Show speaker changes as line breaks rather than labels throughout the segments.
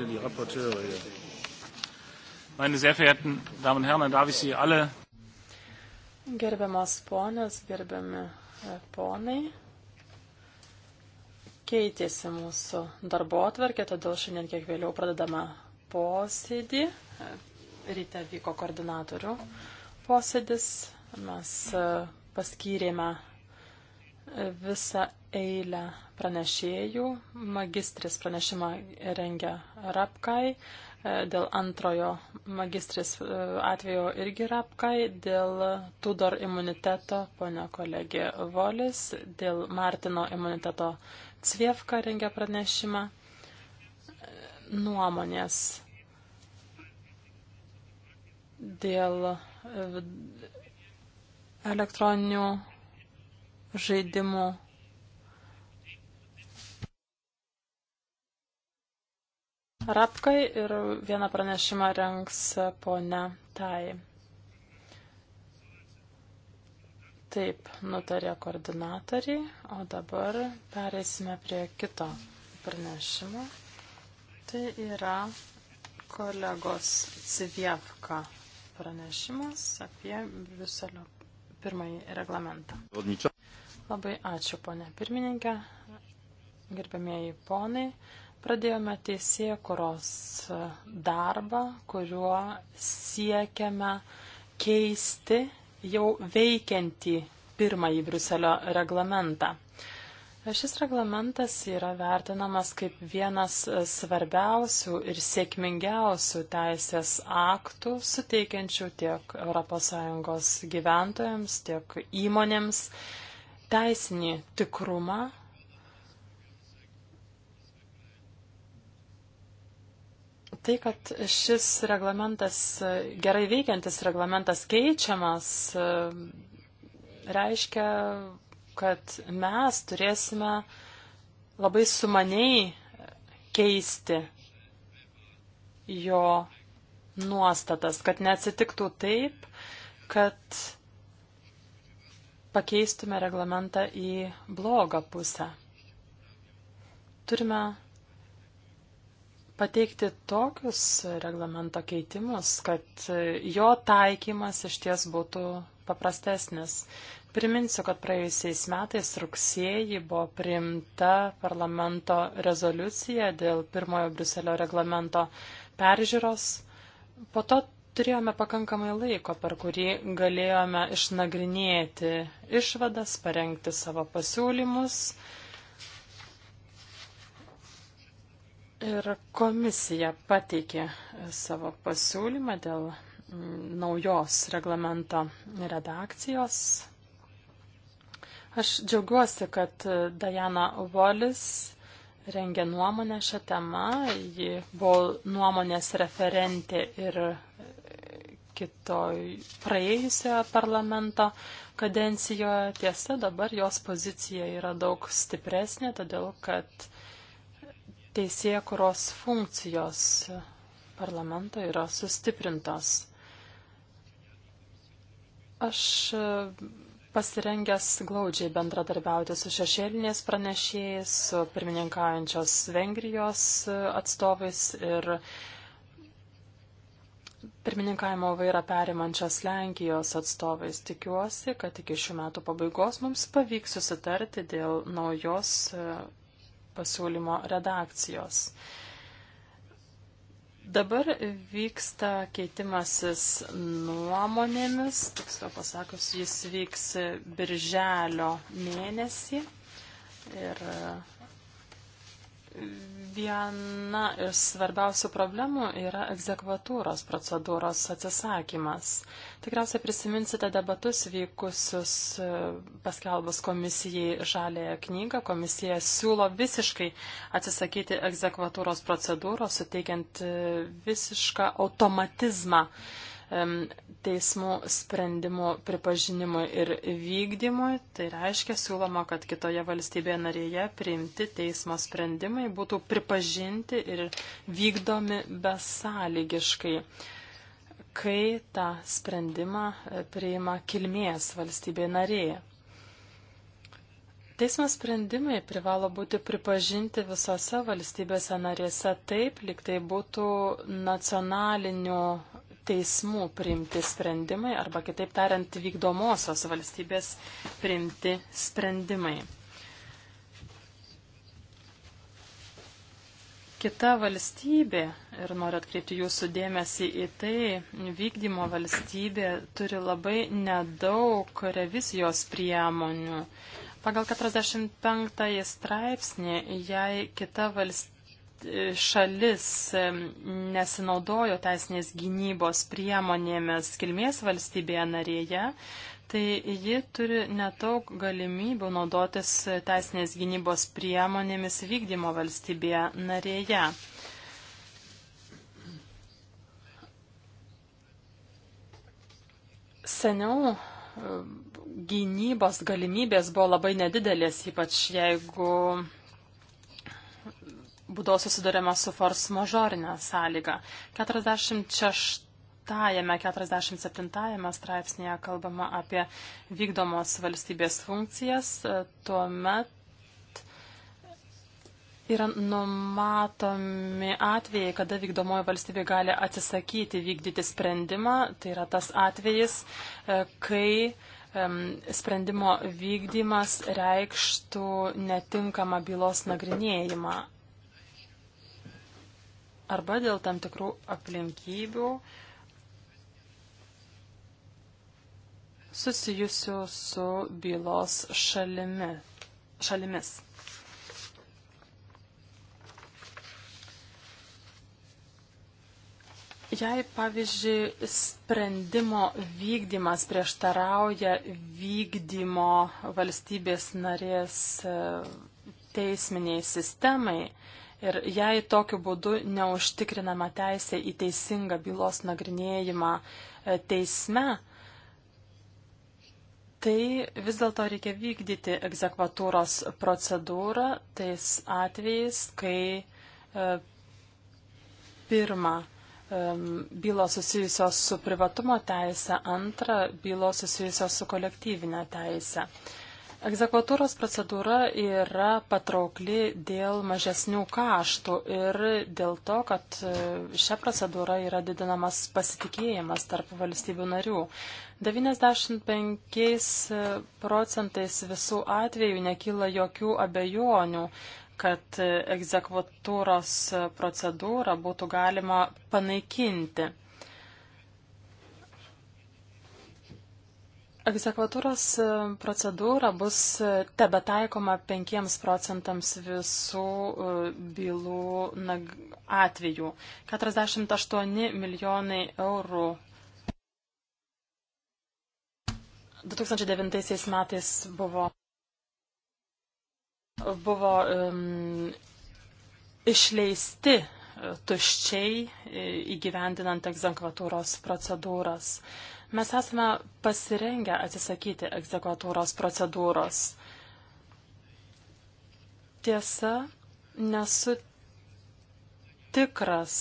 sind denn die Rapporteure hier? Meine sehr verehrten Damen und Herren, dann darf ich Sie alle.
Gerbiamas ponas, gerbiami e, ponai, keitėsi mūsų darbo atverkė, todėl šiandien kiek vėliau pradedame posėdį. E, ryte vyko koordinatorių posėdis, mes e, paskyrėme visą eilę pranešėjų. Magistris pranešimą rengia Rapkai, e, dėl antrojo magistris e, atvejo irgi Rapkai, dėl Tudor imuniteto ponia kolegė Volis, dėl Martino imuniteto Cvievka rengia pranešimą. E, nuomonės dėl elektroninių žaidimų. Rapkai ir vieną pranešimą rengs ponia Tai. Taip, nutarė koordinatoriai, o dabar pereisime prie kito pranešimo. Tai yra kolegos Civievka pranešimas apie Briuselio pirmąjį reglamentą. Labai ačiū, ponė pirmininkė. Gerbėmėjai ponai, pradėjome teisėje kuros darbą, kuriuo siekiame keisti jau veikiantį pirmąjį Bruselio reglamentą. Šis reglamentas yra vertinamas kaip vienas svarbiausių ir sėkmingiausių teisės aktų, suteikiančių tiek ES gyventojams, tiek įmonėms teisinį tikrumą. Tai, kad šis reglamentas, gerai veikiantis reglamentas keičiamas, reiškia, kad mes turėsime labai sumaniai keisti jo nuostatas, kad neatsitiktų taip, kad pakeistume reglamentą į blogą pusę. Turime pateikti tokius reglamento keitimus, kad jo taikymas iš ties būtų paprastesnis. Priminsiu, kad praėjusiais metais rugsėjį buvo priimta parlamento rezoliucija dėl pirmojo Bruselio reglamento peržiūros. Po to turėjome pakankamai laiko, per kurį galėjome išnagrinėti išvadas, parengti savo pasiūlymus. Ir komisija pateikė savo pasiūlymą dėl mm, naujos reglamento redakcijos. Aš džiaugiuosi, kad Diana Wallis rengia nuomonę šią temą. Ji buvo nuomonės referentė ir kitoj praėjusioje parlamento kadencijoje. Tiesa, dabar jos pozicija yra daug stipresnė, todėl kad teisėkuros funkcijos parlamento yra sustiprintos. Aš pasirengęs glaudžiai bendradarbiauti su šešėlinės pranešėjais, su pirmininkaujančios Vengrijos atstovais ir pirmininkavimo vairą perimančios Lenkijos atstovais. Tikiuosi, kad iki šių metų pabaigos mums pavyks susitarti dėl naujos e, pasiūlymo redakcijos. Dabar vyksta keitimasis nuomonėmis, tiksliau pasakius, jis vyks birželio mėnesį ir e, Viena iš svarbiausių problemų yra egzekvatūros procedūros atsisakymas. Tikriausiai prisiminsite debatus vykusius e, paskelbus komisijai žalėją knygą. Komisija siūlo visiškai atsisakyti egzekvatūros procedūros, suteikiant e, visišką automatizmą uh, teismų sprendimų pripažinimui ir vykdymui. Tai reiškia siūloma, kad kitoje valstybėje narėje priimti teismo sprendimai būtų pripažinti ir vykdomi besąlygiškai, kai tą sprendimą e, priima kilmės valstybė narėje. Teismo sprendimai privalo būti pripažinti visose valstybėse narėse taip, lyg tai būtų nacionalinių teismų priimti sprendimai arba kitaip tariant vykdomosios valstybės priimti sprendimai. Kita valstybė, ir noriu atkreipti jūsų dėmesį į tai, vykdymo valstybė turi labai nedaug revizijos priemonių. Pagal 45 straipsnį, jei kita valstybė šalis nesinaudojo teisinės gynybos priemonėmis kilmės valstybėje narėje, tai ji turi netaug galimybių naudotis teisinės gynybos priemonėmis vykdymo valstybėje narėje. Seniau gynybos galimybės buvo labai nedidelės, ypač jeigu būdavo susidurima su force majorinė sąlyga. 46-47 straipsnėje kalbama apie vykdomos valstybės funkcijas, tuomet yra numatomi atvejai, kada vykdomoji valstybė gali atsisakyti vykdyti sprendimą. Tai yra tas atvejis, e, kai sprendimo vykdymas reikštų netinkamą bylos nagrinėjimą arba dėl tam tikrų aplinkybių susijusių su bylos šalimi, šalimis. Jei, pavyzdžiui, sprendimo vykdymas prieštarauja vykdymo valstybės narės e, teisminiai sistemai, Ir jei tokiu būdu neužtikrinama teisė į teisingą bylos nagrinėjimą e, teisme, tai vis dėlto reikia vykdyti egzekvatūros procedūrą tais atvejais, kai e, pirmą e, bylos susijusios su privatumo teise, antrą bylos susijusios su kolektyvinė teise. E, Egzekvatūros procedūra yra patraukli dėl mažesnių kaštų ir dėl to, kad e, šią procedūrą yra didinamas pasitikėjimas tarp valstybių narių. 95 e, procentais visų atvejų nekyla jokių abejonių, kad e, egzekvatūros procedūrą būtų galima panaikinti. Egzekvatūros e, procedūra bus e, tebe taikoma 5 procentams visų e, bylų atvejų. 48 milijonai eurų 2009 metais buvo, buvo um, išleisti tuščiai įgyvendinant egzekvatūros procedūras. Uh, Mes esame pasirengę atsisakyti egzekvatūros procedūros. Tiesa, nesu tikras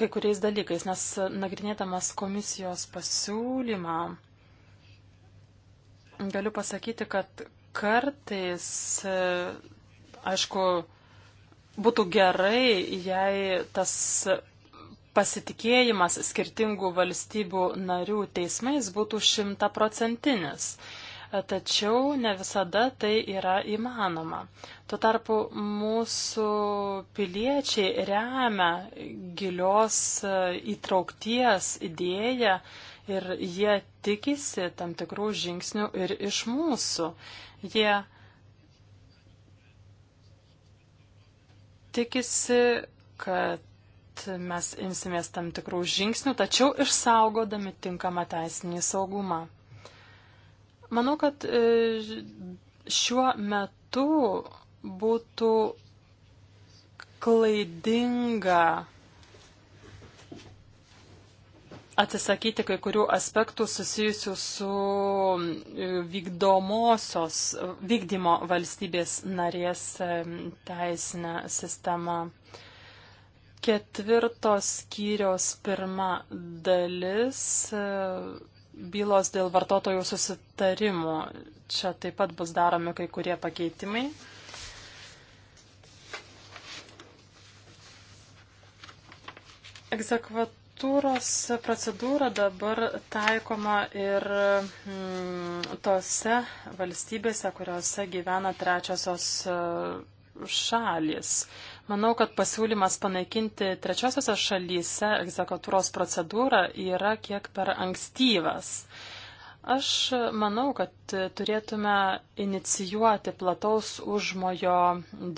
kai kuriais dalykais, nes nagrinėdamas komisijos pasiūlymą galiu pasakyti, kad kartais, aišku, būtų gerai, jei tas pasitikėjimas skirtingų valstybių narių teismais būtų šimtaprocentinis. Tačiau ne visada tai yra įmanoma. Tuo tarpu mūsų piliečiai remia gilios e, įtraukties idėją ir jie tikisi tam tikrų žingsnių ir iš mūsų. Jie tikisi, kad mes imsimės tam tikrų žingsnių, tačiau išsaugodami tinkamą teisinį saugumą. Manau, kad e, šiuo metu būtų klaidinga atsisakyti kai kurių aspektų susijusių su e, vykdomosios vykdymo valstybės narės e, teisinę sistemą. Ketvirtos skyrios pirma dalis e, bylos dėl vartotojų susitarimų. Čia taip pat bus daromi kai kurie pakeitimai. Egzekvatūros procedūra dabar taikoma ir mm, tose valstybėse, kuriuose gyvena trečiosios e, šalis. Mm, Manau, kad pasiūlymas panaikinti trečiosiose šalyse egzekatūros procedūrą yra kiek per ankstyvas. Aš manau, kad turėtume inicijuoti plataus užmojo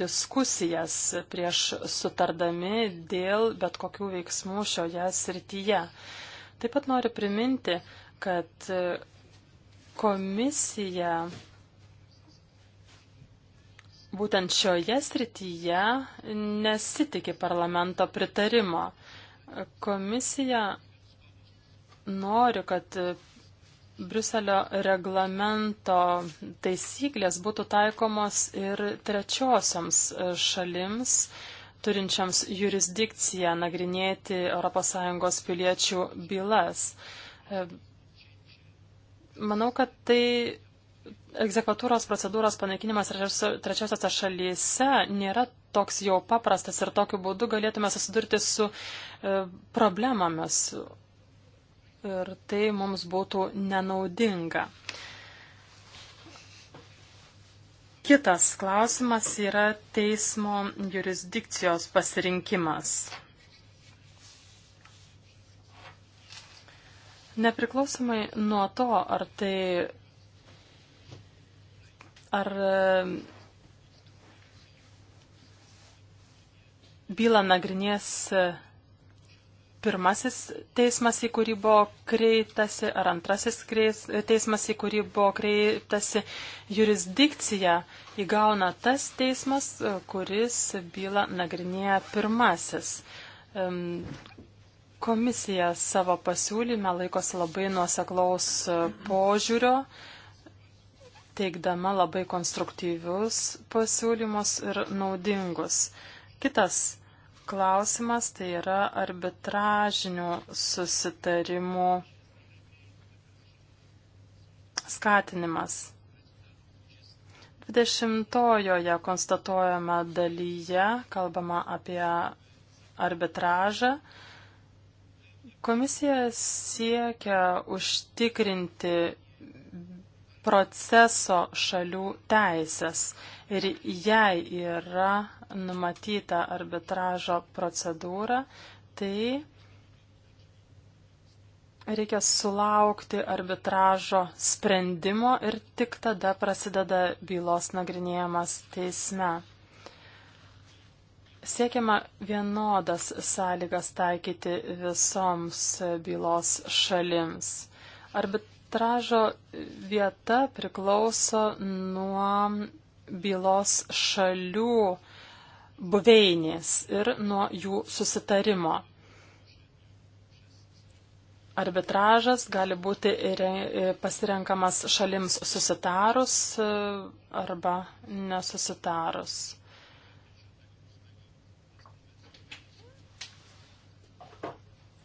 diskusijas prieš sutardami dėl bet kokių veiksmų šioje srityje. Taip pat noriu priminti, kad komisija būtent šioje srityje nesitikė parlamento pritarimo. Komisija nori, kad Bruselio reglamento taisyklės būtų taikomos ir trečiosiams šalims, turinčiams jurisdikciją nagrinėti ES piliečių bylas. Manau, kad tai egzekvatūros procedūros panaikinimas trečiosiose šalyse nėra toks jau paprastas ir tokiu būdu galėtume susidurti su e, problemomis. Ir tai mums būtų nenaudinga. Kitas klausimas yra teismo jurisdikcijos pasirinkimas. Nepriklausomai nuo to, ar tai ar e, bylą nagrinės e, pirmasis teismas, į kurį buvo kreiptasi, ar antrasis e, teismas, į kurį buvo kreiptasi, jurisdikcija įgauna tas teismas, kuris bylą nagrinėja pirmasis. Komisija savo pasiūlyme laikosi labai nuoseklaus požiūrio. Mm -hmm teikdama labai konstruktyvius pasiūlymus ir naudingus. Kitas klausimas tai yra arbitražinių susitarimų skatinimas. 20-ojoje konstatuojama dalyje kalbama apie arbitražą. Komisija siekia užtikrinti proceso šalių teisės ir jei yra numatyta arbitražo procedūra, tai reikia sulaukti arbitražo sprendimo ir tik tada prasideda bylos nagrinėjimas teisme. Siekiama vienodas sąlygas taikyti visoms bylos šalims. Arbit Arbitražo vieta priklauso nuo bylos šalių buveinės ir nuo jų susitarimo. Arbitražas gali būti pasirenkamas šalims susitarus e, arba nesusitarus.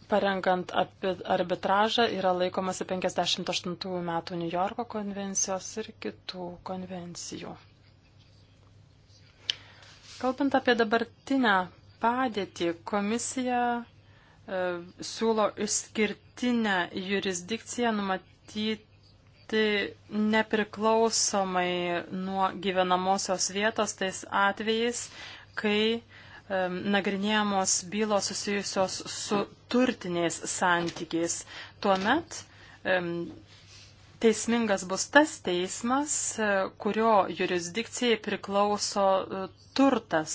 parenkant arbitražą yra laikomasi 58 metų New Yorko konvencijos ir kitų konvencijų. Kalbant apie dabartinę padėtį, komisija e, siūlo išskirtinę jurisdikciją numatyti nepriklausomai nuo gyvenamosios vietos tais atvejais, kai e, nagrinėjamos bylos susijusios su turtiniais santykiais. Tuomet teismingas bus tas teismas, e, kurio jurisdikcijai priklauso e, turtas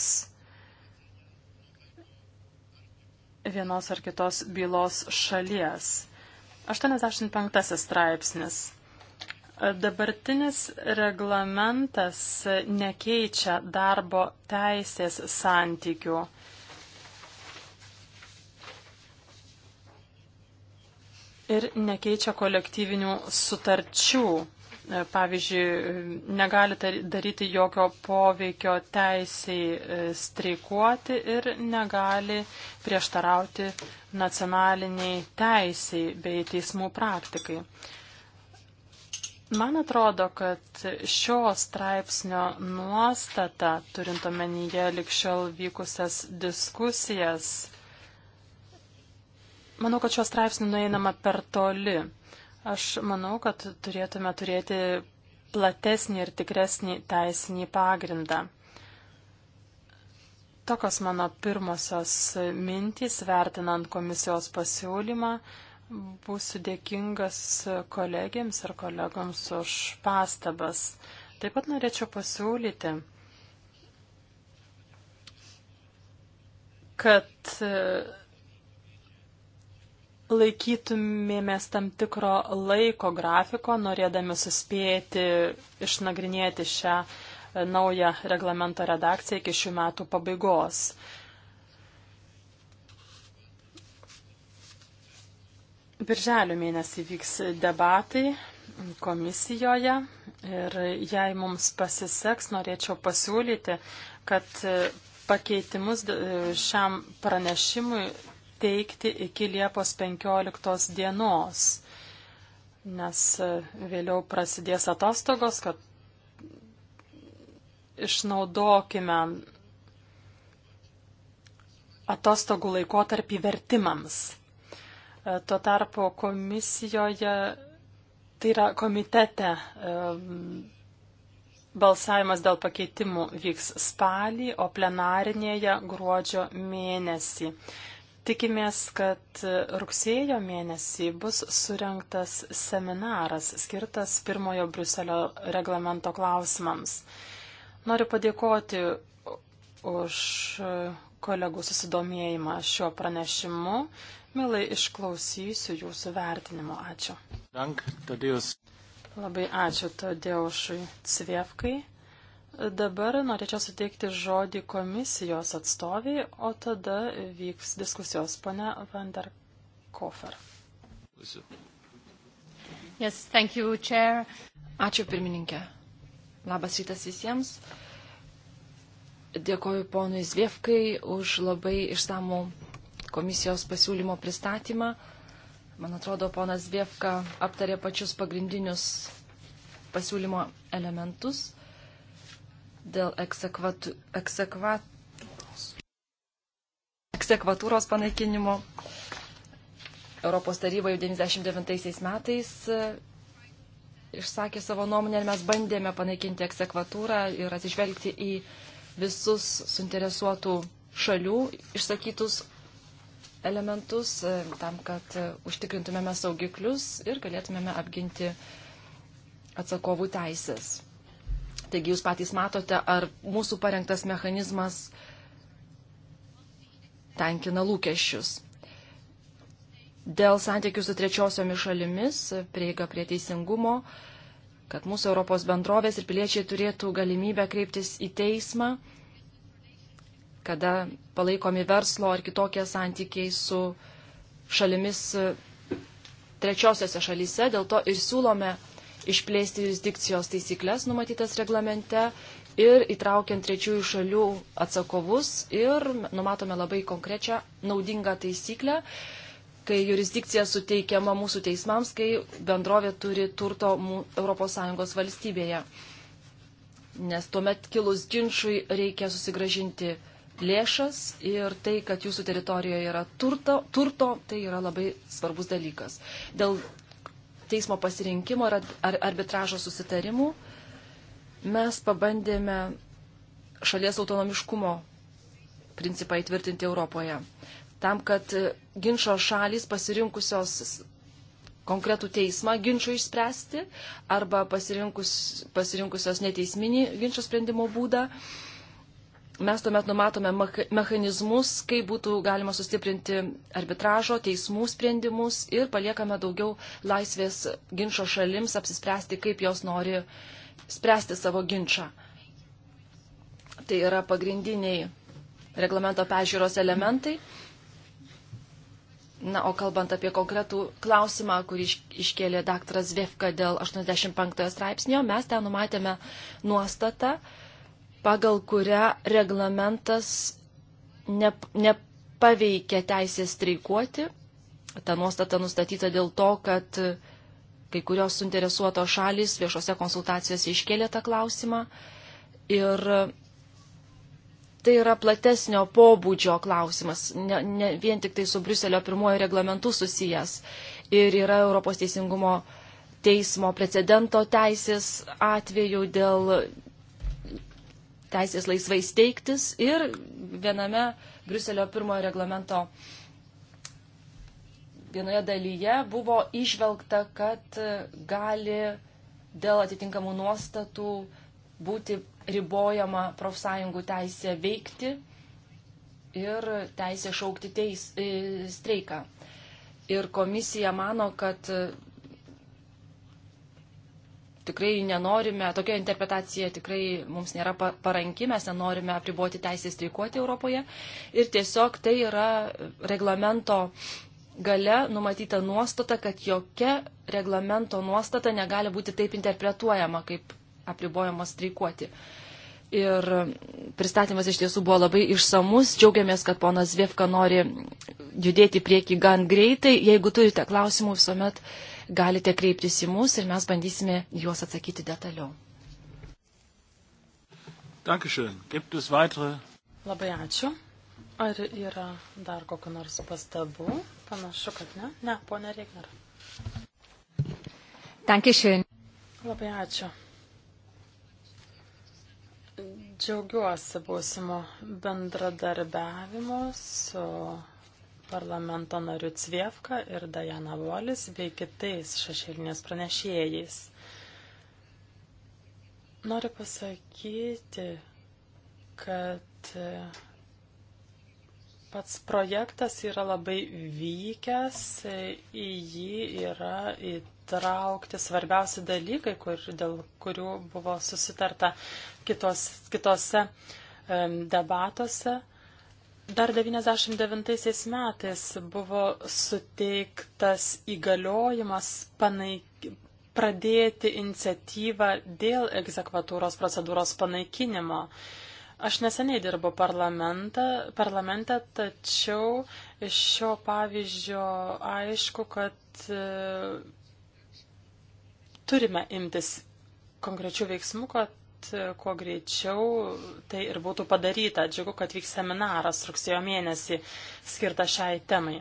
vienos ar kitos bylos šalies. 85 straipsnis. Dabartinis reglamentas nekeičia darbo teisės santykių. Ir nekeičia kolektyvinių sutarčių. Pavyzdžiui, negali daryti jokio poveikio teisiai e, streikuoti ir negali prieštarauti nacionaliniai teisiai bei teismų praktikai. Man atrodo, kad šio straipsnio nuostata, turint omenyje likščiol vykusias diskusijas, manau, kad šio straipsnio nueinama per toli. Aš manau, kad turėtume turėti platesnį ir tikresnį teisinį pagrindą. Tokios mano pirmosios mintys, vertinant komisijos pasiūlymą, Būsiu dėkingas kolegiams ir kolegoms už pastabas. Taip pat norėčiau pasiūlyti, kad e, laikytumėmės tam tikro laiko grafiko, norėdami suspėti išnagrinėti šią e, naują reglamento redakciją iki šių metų pabaigos. Birželio mėnesį vyks debatai komisijoje ir jei mums pasiseks, norėčiau pasiūlyti, kad pakeitimus šiam pranešimui teikti iki Liepos 15 dienos, nes vėliau prasidės atostogos, kad išnaudokime atostogų laikotarpį vertimams. Tuo tarpu komisijoje, tai yra komitete, balsavimas dėl pakeitimų vyks spalį, o plenarinėje gruodžio mėnesį. Tikimės, kad rugsėjo mėnesį bus surinktas seminaras skirtas pirmojo Bruselio reglamento klausimams. Noriu padėkoti už kolegų susidomėjimą šiuo pranešimu. Mielai išklausysiu jūsų vertinimo. Ačiū.
Dank, Tadėjus.
Labai ačiū Tadėjušui Cviefkai. Dabar norėčiau suteikti žodį komisijos atstoviai, o tada vyks diskusijos. Pane Van der Kofer.
Yes, thank you, chair. Ačiū pirmininkė. Labas rytas visiems. Uh, Dėkoju ponui Zviefkai už labai išsamų komisijos pasiūlymo pristatymą. Man atrodo, ponas Zviefka aptarė pačius pagrindinius pasiūlymo elementus dėl eksekvatu, eksekvat, eksekvatūros panaikinimo. Europos taryba jau 99 metais e, išsakė savo nuomonę ir mes bandėme panaikinti eksekvatūrą ir atsižvelgti į visus suinteresuotų šalių išsakytus elementus e, tam, kad e, užtikrintumėme saugiklius ir galėtumėme apginti atsakovų teisės. Taigi jūs patys matote, ar mūsų parengtas mechanizmas tenkina lūkesčius. Dėl santykių su trečiosiomis šalimis, prieiga prie teisingumo, uh, kad mūsų Europos bendrovės ir piliečiai turėtų galimybę kreiptis į teismą, kada palaikomi verslo ar kitokie santykiai su šalimis e, trečiosiose šalyse. Dėl to ir siūlome išplėsti jurisdikcijos taisyklės numatytas reglamente ir įtraukiant trečiųjų šalių atsakovus ir numatome labai konkrečią naudingą taisyklę, kai jurisdikcija suteikiama mūsų teismams, kai bendrovė turi turto ES valstybėje. Nes tuomet kilus ginčiui reikia susigražinti lėšas ir tai, kad jūsų teritorijoje yra turto, turto tai yra labai svarbus dalykas. Dėl teismo pasirinkimo ar arbitražo susitarimų mes pabandėme šalies autonomiškumo principą įtvirtinti Europoje tam, kad ginčio šalys pasirinkusios konkretų teismą ginčio išspręsti arba pasirinkus, pasirinkusios neteisminį ginčio sprendimo būdą. Mes tuomet numatome mechanizmus, kaip būtų galima sustiprinti arbitražo, teismų sprendimus ir paliekame daugiau laisvės ginčio šalims apsispręsti, kaip jos nori spręsti savo ginčą. Tai yra pagrindiniai reglamento pežiūros elementai. Mm. Na, o kalbant apie konkretų klausimą, kurį iškėlė daktaras Vefka dėl 85 straipsnio, mes ten numatėme nuostatą, pagal kurią reglamentas nep nepaveikia teisės streikuoti. Ta nuostata nustatyta dėl to, kad kai kurios suinteresuotos šalis viešose konsultacijose iškėlė tą klausimą. Ir tai yra platesnio pobūdžio klausimas, ne, ne vien tik tai su Bruselio pirmojo reglamentu susijęs. Ir yra Europos teisingumo teismo precedento teisės atveju dėl teisės laisvai steigtis ir viename Bruselio pirmojo reglamento vienoje dalyje buvo išvelgta, kad gali dėl atitinkamų nuostatų būti ribojama profsąjungų teisė veikti ir teisė šaukti teis, e, streiką. Ir komisija mano, kad e, tikrai nenorime, tokia interpretacija tikrai mums nėra paranki, mes nenorime apriboti teisę streikuoti Europoje. Ir tiesiog tai yra reglamento gale numatyta nuostata, kad jokia reglamento nuostata negali būti taip interpretuojama, kaip apribojamos streikuoti. Ir pristatymas iš tiesų buvo labai išsamus. Džiaugiamės, kad ponas Vievka nori judėti prieki gan greitai. Jeigu turite klausimų, visuomet galite kreiptis į mus ir mes bandysime juos atsakyti detaliau.
Dankeschön. Gibt es weitere?
Labai ačiū.
Ar yra dar kokiu nors pastabu? Panašu, kad ne. Ne, ponia Regner. Dankeschön. Labai ačiū. Džiaugiuosi būsimu bendradarbiavimu su parlamento nariu Cvievka ir Dajana Volis bei kitais šešėlinės pranešėjais. Noriu pasakyti, kad e, pats projektas yra labai vykęs, e, į jį yra įtraukti įtraukti svarbiausi dalykai, kur, dėl kurių buvo susitarta kitos, kitose debatuose. Dar 99 metais buvo suteiktas įgaliojimas panaik... pradėti iniciatyvą dėl egzekvatūros procedūros panaikinimo. Aš neseniai dirbu parlamente, tačiau iš šio pavyzdžio aišku, kad turime imtis konkrečių veiksmų, kad e, kuo greičiau tai ir būtų padaryta. Džiugu, kad vyks seminaras rugsėjo mėnesį skirta šiai temai.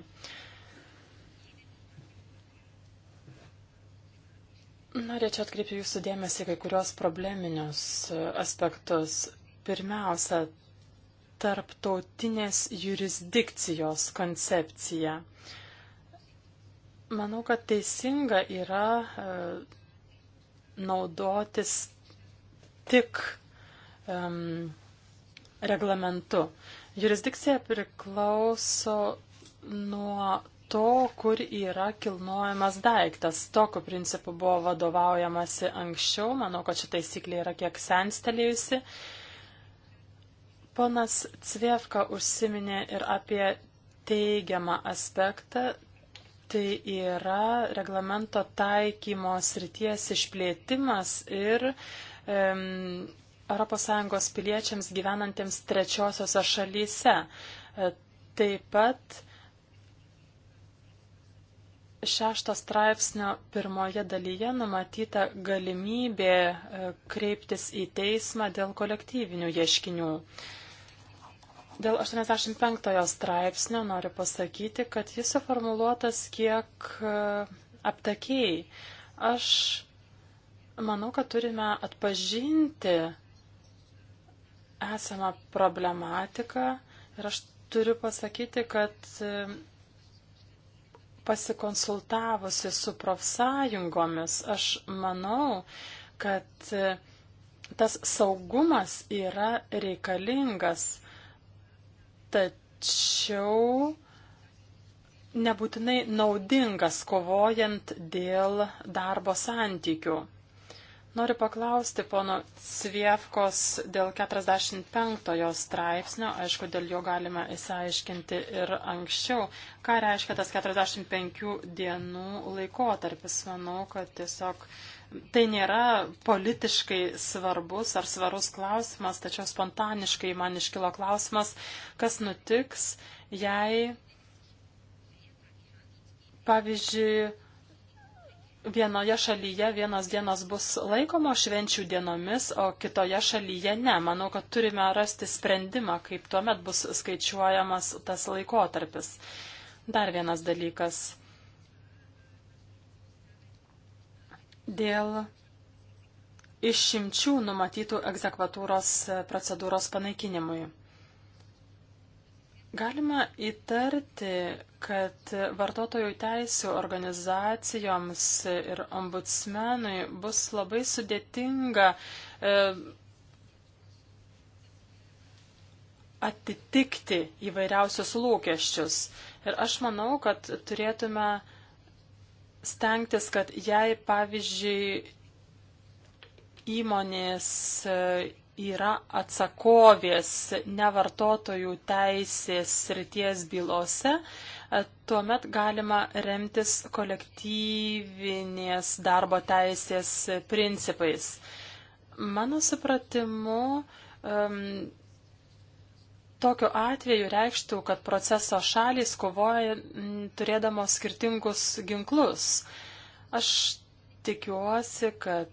Norėčiau atkreipti jūsų dėmesį kai kurios probleminius e, aspektus. Pirmiausia, tarptautinės jurisdikcijos koncepcija. Manau, kad teisinga yra e, naudotis tik um, reglamentu. Jurisdikcija priklauso nuo to, kur yra kilnojamas daiktas. Tokiu principu buvo vadovaujamasi anksčiau. Manau, kad ši taisyklė yra kiek senstelėjusi. Ponas Cvievka užsiminė ir apie teigiamą aspektą, tai yra reglamento taikymo srities išplėtimas ir um, ES piliečiams gyvenantiems trečiosiose šalyse. E, taip pat šešto straipsnio pirmoje dalyje numatyta galimybė e, kreiptis į teismą dėl kolektyvinių ieškinių. Uh, Dėl 85 straipsnio noriu pasakyti, kad jis suformuluotas kiek e, aptakiai. Aš manau, kad turime atpažinti esamą problematiką ir aš turiu pasakyti, kad e, pasikonsultavusi su profsąjungomis, aš manau, kad e, tas saugumas yra reikalingas tačiau nebūtinai naudingas kovojant dėl darbo santykių. Noriu paklausti pono Svievkos dėl 45 straipsnio, aišku, dėl jo galima įsiaiškinti ir anksčiau. Ką reiškia tas 45 dienų laikotarpis? Manau, kad tiesiog uh, tai nėra politiškai svarbus ar svarus klausimas, tačiau spontaniškai man iškilo klausimas, kas nutiks, jei, pavyzdžiui, vienoje šalyje vienos dienos bus laikomos švenčių dienomis, o kitoje šalyje ne. Manau, kad turime rasti sprendimą, kaip tuomet bus skaičiuojamas tas laikotarpis. Dar vienas dalykas. dėl išimčių numatytų egzekvatūros procedūros panaikinimui. Galima įtarti, kad vartotojų teisų organizacijoms ir ombudsmenui bus labai sudėtinga e, atitikti įvairiausius lūkesčius. Ir aš manau, kad turėtume stengtis, kad jei, pavyzdžiui, įmonės e, yra atsakovės nevartotojų teisės srities bylose, e, tuomet galima remtis kolektyvinės darbo teisės principais. Mano supratimu, um, Tokiu atveju reikštų, kad proceso šalys kovoja mm, turėdamos skirtingus ginklus. Aš tikiuosi, kad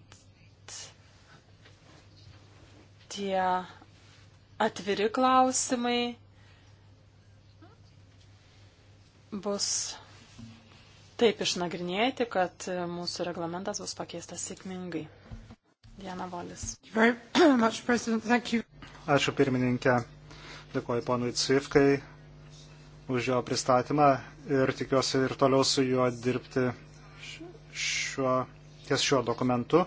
tie atviri klausimai bus taip išnagrinėti, kad mūsų reglamentas bus pakeistas sėkmingai. Diana Volis.
Ačiū pirmininkė. Dėkuoju ponui Cifkai už jo pristatymą ir tikiuosi ir toliau su juo dirbti šiuo, ties šiuo dokumentu.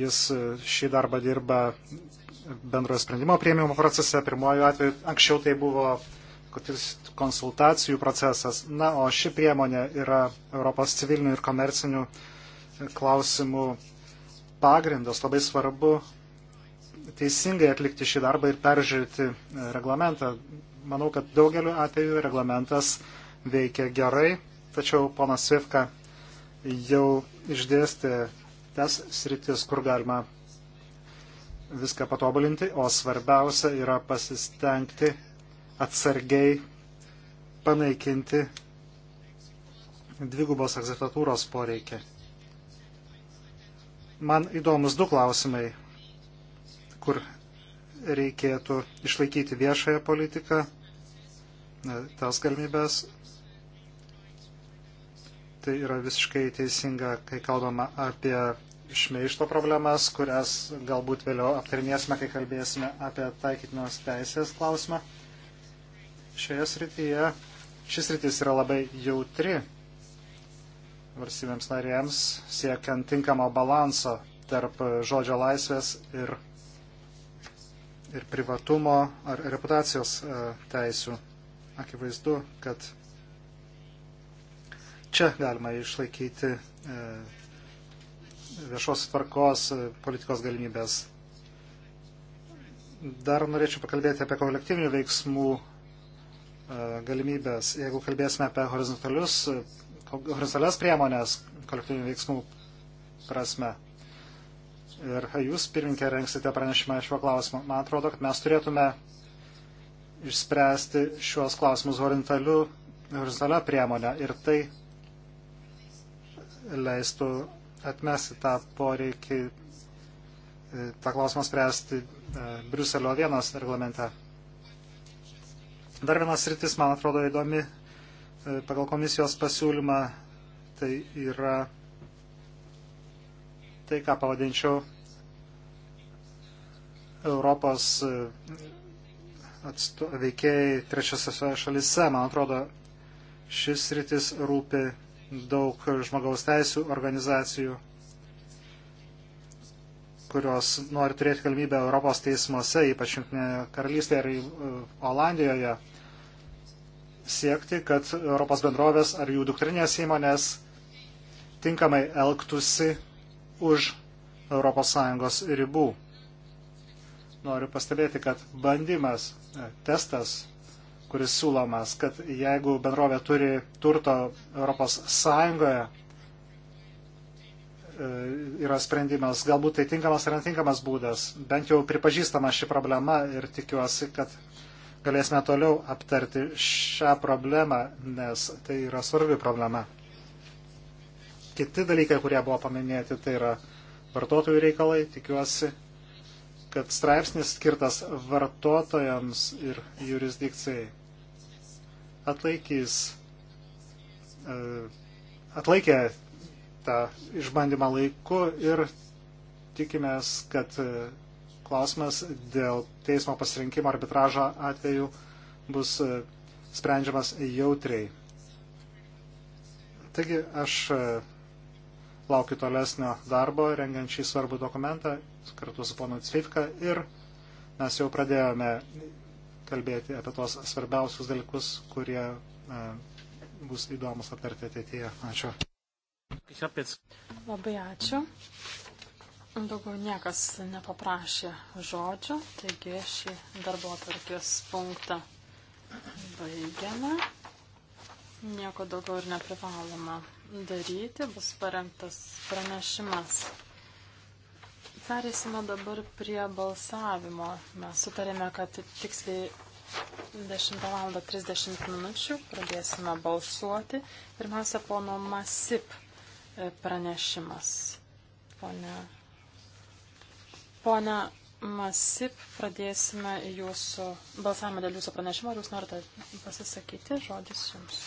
Jis šį darbą dirba bendrojo sprendimo prieimimo procese. Pirmoju atveju anksčiau tai buvo konsultacijų procesas. Na, o ši priemonė yra Europos civilinių ir komercinių klausimų pagrindas. Labai svarbu teisingai atlikti šį darbą ir peržiūrėti e, reglamentą. Manau, kad daugeliu atveju reglamentas veikia gerai, tačiau ponas Svifka jau išdėstė tas sritis, kur galima viską patobulinti, o svarbiausia yra pasistengti atsargiai panaikinti dvigubos egzekvatūros poreikį. Man įdomus du klausimai kur reikėtų išlaikyti viešąją politiką, tas galimybės. Tai yra visiškai teisinga, kai kalbama apie šmeišto problemas, kurias galbūt vėliau aptarnėsime, kai kalbėsime apie taikytinos teisės klausimą. Šioje srityje šis rytis yra labai jautri valstybėms narėms, siekiant tinkamo balanso tarp žodžio laisvės ir ir privatumo ar reputacijos e, teisų. Akivaizdu, kad čia galima išlaikyti e, viešos tvarkos e, politikos galimybės. Dar norėčiau pakalbėti apie kolektyvinių veiksmų galimybės. Jeigu kalbėsime apie horizontalias priemonės kolektyvinių veiksmų prasme, ir jūs, pirminkė, rengsite pranešimą šiuo klausimu. Man atrodo, kad mes turėtume išspręsti šiuos klausimus horizontalią priemonę ir tai leistų atmesti tą poreikį, e, tą klausimą spręsti e, Briuselio vienos reglamente. Dar vienas rytis, man atrodo, įdomi e, pagal komisijos pasiūlymą, tai yra tai, ką pavadinčiau Europos e, atsto, veikėjai trečiosiose šalise. Man atrodo, šis rytis rūpi daug žmogaus teisų organizacijų, kurios nori turėti galimybę Europos teismuose, ypač Junktinėje karalystėje ir e, Olandijoje, siekti, kad Europos bendrovės ar jų dukterinės įmonės tinkamai elgtųsi už ES ribų. Noriu pastebėti, kad bandymas, e, testas, kuris siūlomas, kad jeigu bendrovė turi turto ES, e, yra sprendimas, galbūt tai tinkamas ar netinkamas būdas. Bent jau pripažįstama ši problema ir tikiuosi, kad galėsime toliau aptarti šią problemą, nes tai yra svarbi problema kiti dalykai, kurie buvo paminėti, tai yra vartotojų reikalai. Tikiuosi, kad straipsnis skirtas vartotojams ir jurisdikcijai atlaikys, e, atlaikė tą išbandymą laiku ir tikimės, kad e, klausimas dėl teismo pasirinkimo arbitražo atveju bus e, sprendžiamas jautriai. Taigi aš laukiu tolesnio darbo, rengiant šį svarbų dokumentą kartu su ponu Cvifka ir mes jau pradėjome kalbėti apie tos svarbiausius dalykus, kurie e, bus įdomus aptarti ateityje. Ačiū.
Labai ačiū. Daugiau niekas nepaprašė žodžio, taigi šį darbo atvarkės punktą baigiame. Nieko daugiau ir neprivaloma daryti, bus parengtas pranešimas. Perėsime dabar prie balsavimo. Mes sutarėme, kad tiksliai 10 val. 30 minučių pradėsime balsuoti. Pirmiausia, pono Masip pranešimas. Pone, pone Masip, pradėsime jūsų balsavimą dėl jūsų pranešimo. Ar jūs norite pasisakyti? Žodis jums.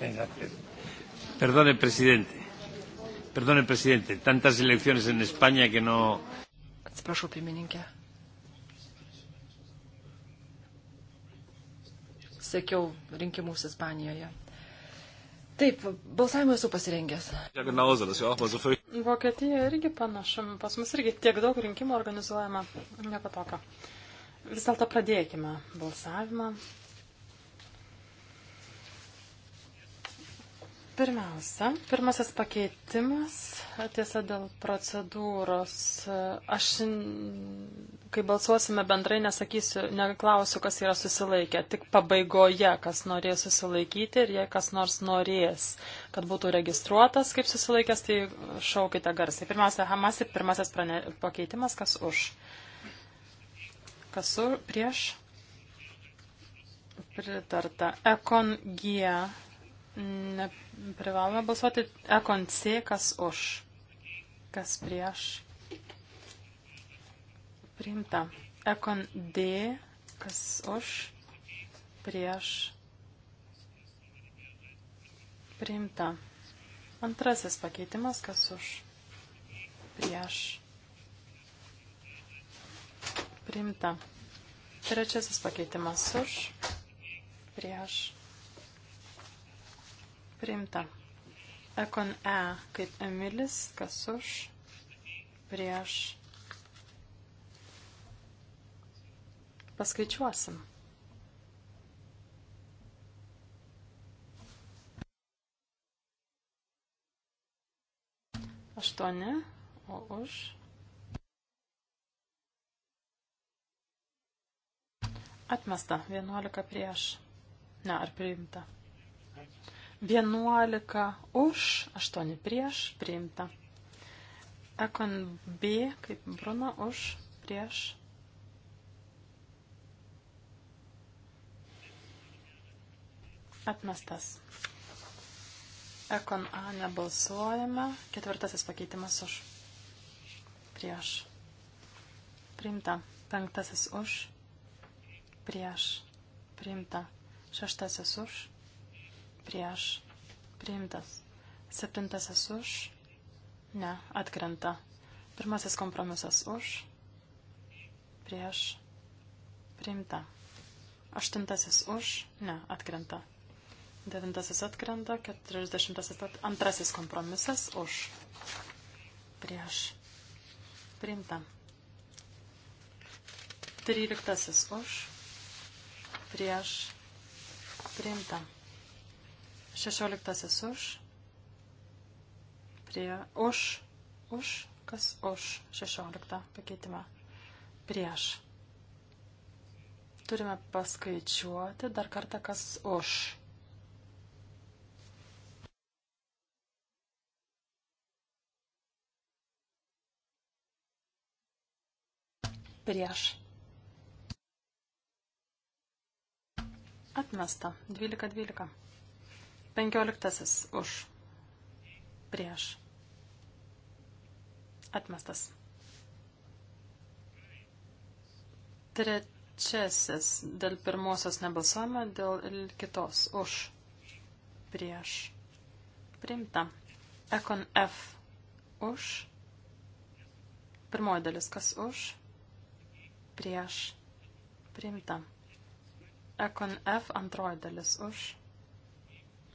Gracias.
Perdone, presidente. Perdone, presidente. Tantas elecciones en España que no.
Atsiprašau, pirmininkė. Sekiau rinkimus Ispanijoje. Taip, balsavimą esu pasirengęs. Vokietija irgi
panašum, pas mus irgi tiek daug rinkimų organizuojama, nieko tokio. Vis dėlto pradėkime balsavimą. Pirmiausia, pirmasis pakeitimas, tiesa dėl procedūros. Aš, kai balsuosime bendrai, nesakysiu, neklausiu, kas yra susilaikę, tik pabaigoje, kas norės susilaikyti ir jei kas nors norės, kad būtų registruotas kaip susilaikęs, tai šaukite garsiai. Pirmiausia, Hamasi, pirmasis prane, pakeitimas, kas už. Kas už, prieš. Pritarta. Ekon G Neprivalome balsuoti. Ekon C, kas už, kas prieš. Priimta. Ekon D, kas už, prieš. Priimta. Antrasis pakeitimas, kas už, prieš. Priimta. Trečiasis pakeitimas už, prieš. Priimta. Ekon E kaip Emilis, kas už, prieš. Paskaičiuosim. Aštuoni, o už. Atmesta, vienuolika prieš. Ne, ar priimta. 11 už, 8 prieš, priimta. Ekon B, kaip Bruna, už, prieš. Atmestas. Ekon A nebalsuojame. Ketvirtasis pakeitimas už. Prieš. Priimta. Penktasis už. Prieš. Priimta. Šeštasis už prieš, priimtas. Septintasis už, ne, atkrenta. Pirmasis kompromisas už, prieš, priimta. Aštuntasis už, ne, atkrenta. Devintasis atkrenta, keturiasdešimtasis at... antrasis kompromisas už, prieš, priimta. Tryliktasis už, prieš, priimta. Šešioliktasis už. Prie. Už. Už. Kas už. Šešioliktą pakeitimą. Prieš. Turime paskaičiuoti dar kartą, kas už. prieš. Atmesta. 12-12. Penkioliktasis už. Prieš. Atmestas. Trečiasis. Dėl pirmosios nebalsuojama, dėl kitos. Už. Prieš. Primta. Ekon F. Už. Pirmoji dalis. Kas už? Prieš. Primta. Ekon F. Antroji dalis. Už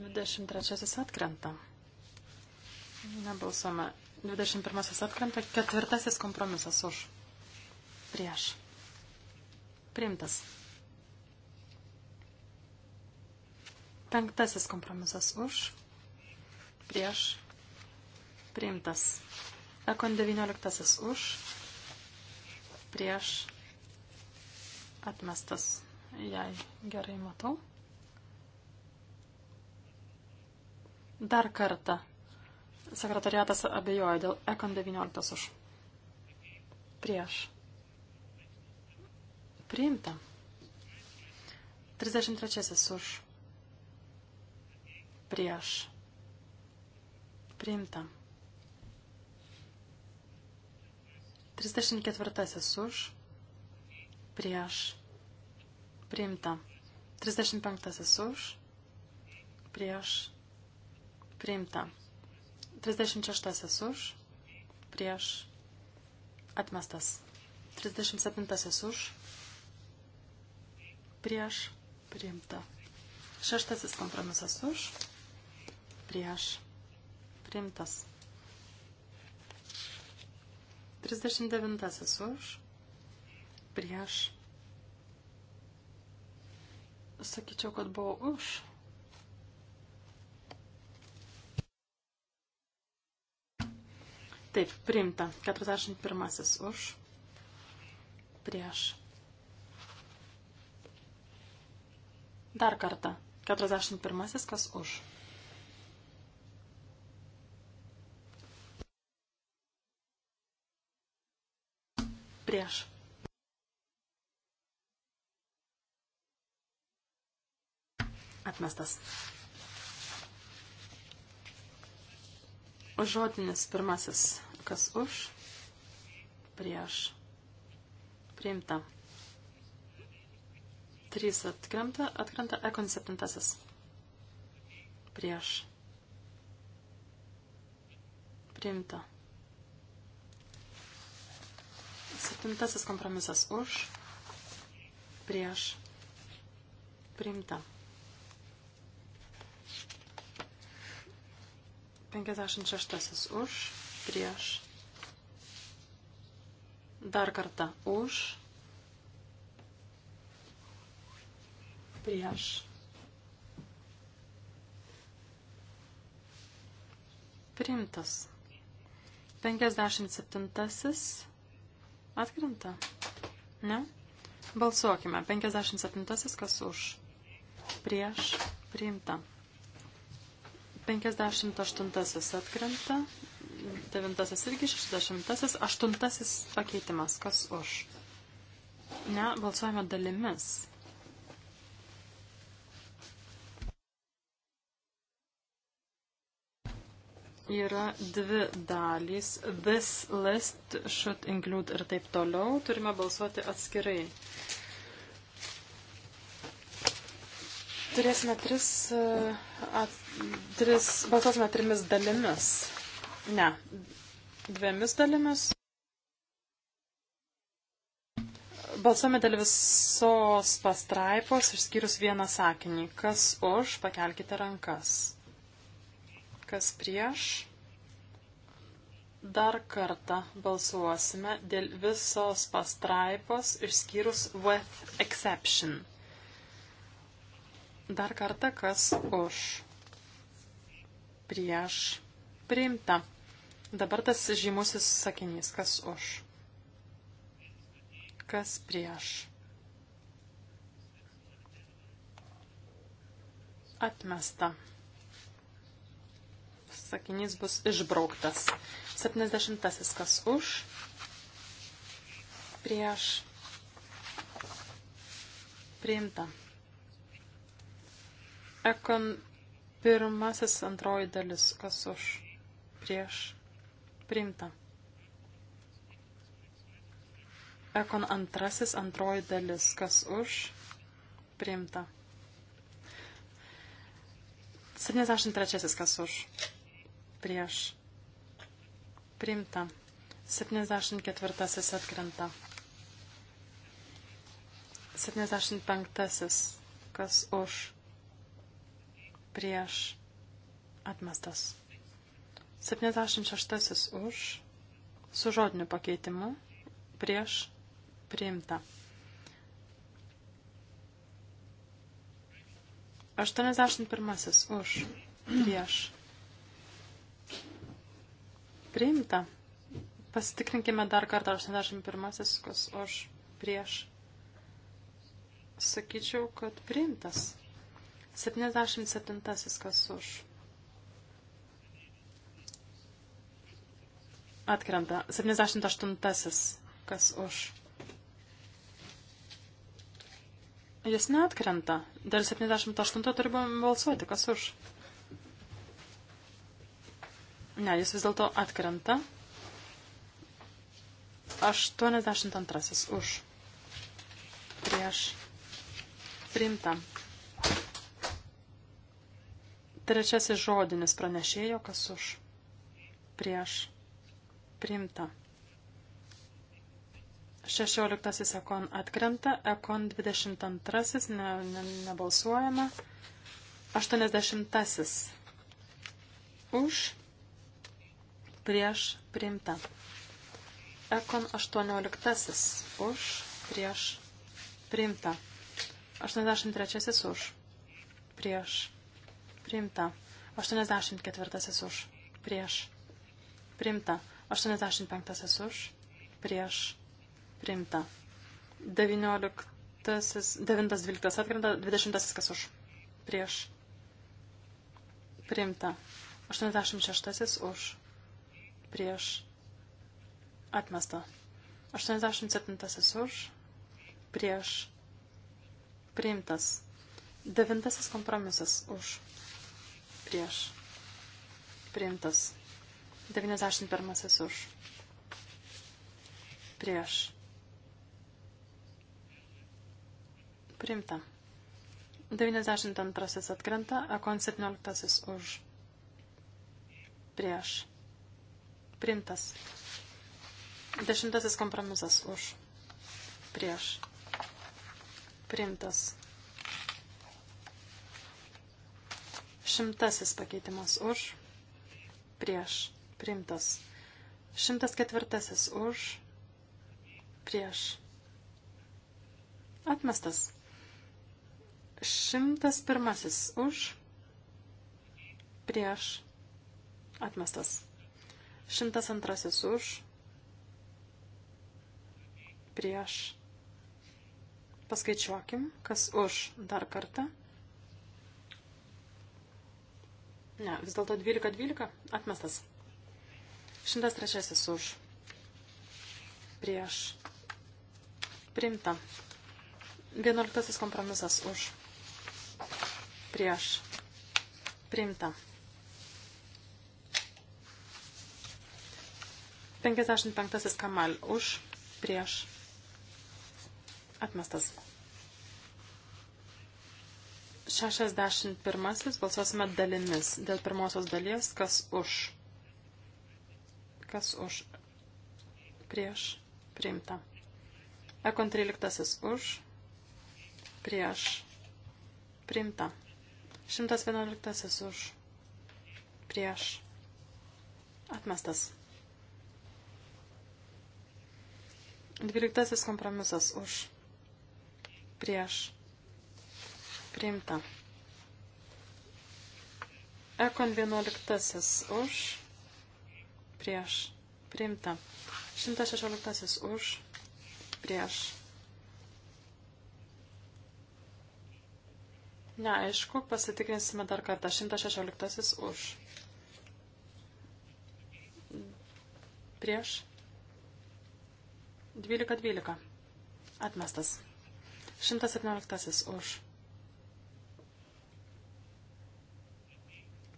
23 atkrenta. Nebalsuome. 21 atkrenta. Ketvirtasis kompromisas už. Prieš. Priimtas. Penktasis kompromisas už. Prieš. Priimtas. Ekon 19 už. Prieš. Atmestas. Jei gerai matau. Dar kartą. Sekretariatas abejoja dėl Ekon 19 už. Prieš. Priimta. 33 už. Prieš. Priimta. 34 už. Prieš. Priimta. 35 už. Prieš Priimta. 36 už, prieš, atmestas. 37 už, prieš, priimta. Šeštasis kompromisas už, prieš, priimtas. 39 už, prieš. Sakyčiau, kad buvo už. Taip, priimta. 41 už. Prieš. Dar kartą. 41 kas už. Prieš. Atmestas. Žodinis pirmasis, kas už, prieš, priimta. 3 atkrenta, atkrenta ekon septintasis. Prieš. Priimta. Septintasis kompromisas už. Prieš. Priimta. 56 už, prieš. Dar kartą už, prieš. Priimtas. 57 atkrenta. Ne? Balsuokime. 57 kas už. Prieš. Priimta. 58 atkrenta, 9 irgi 60, 8 pakeitimas, kas už. Ne, balsuojame dalimis. Yra dvi dalys. This list should include ir taip toliau. Turime balsuoti atskirai. Turėsime tris, e, at, tris balsuosime trimis dalimis. Ne, dviemis dalimis. Balsuojame dėl visos pastraipos, išskyrus vieną sakinį. Kas už, pakelkite rankas. Kas prieš? Dar kartą balsuosime dėl visos pastraipos, išskyrus with exception. Dar kartą, kas už prieš priimta. Dabar tas žymusis sakinys, kas už, kas prieš. Atmesta. Sakinys bus išbrauktas. 70. Kas už, prieš, priimta. Ekon pirmasis antroji dalis, kas už prieš priimta. Ekon antrasis antroji dalis, kas už priimta. 73 kas už prieš priimta. 74 atkrenta. 75 kas už prieš atmestas. 76 už su žodiniu pakeitimu prieš priimta. 81 už prieš priimta. Pasitikrinkime dar kartą 81 kas už prieš. Sakyčiau, kad priimtas. 77 kas už. Atkrenta. 78 kas už. Jis neatkrenta. Dėl 78 turime balsuoti. Kas už? Ne, jis vis dėlto atkrenta. 82 už. Prieš. Priimta. Trečiasis žodinis pranešėjo, kas už prieš primta. Šešioliktasis ekon atkrenta, ekon 22, ne, ne, nebalsuojame. Aštuoniasdešimtasis už prieš primta. Ekon 18 už prieš primta. 83 už prieš Priimta. 84 už. Prieš. Primta. 85 už. Prieš. Primta. 19. 9.12 atkrenta. 20 kas už. Prieš. Primta. 86 už. Prieš. Atmesta. 87 už. Prieš. Priimtas. Devintasis kompromisas už prieš. Priimtas. 91 už. Prieš. Priimta. 92 atkrenta, akon 17 už. Prieš. Priimtas. 10 kompromisas už. Prieš. Priimtas. Šimtasis pakeitimas už, prieš, primtas. Šimtas ketvirtasis už, prieš, atmestas. Šimtas pirmasis už, prieš, atmestas. Šimtas antrasis už, prieš. Paskaičiuokim, kas už dar kartą. Ne, vis dėlto 12-12 atmestas. 103 už. Prieš. Primta. 11 kompromisas už. Prieš. Primta. 55 kamal už. Prieš. Atmestas. 61. Balsuosime dalimis. Dėl pirmosios dalies, kas už. Kas už. Prieš. Priimta. Ekon 13. Už. Prieš. Priimta. 111. Už. Prieš. Atmestas. 12. Kompromisas už. Prieš Priimta. Ekon 11 už, prieš, priimta. 116 už, prieš. Neaišku, pasitikrinsime dar kartą. 116 už. Prieš. 12.12. 12. Atmestas. 117 už.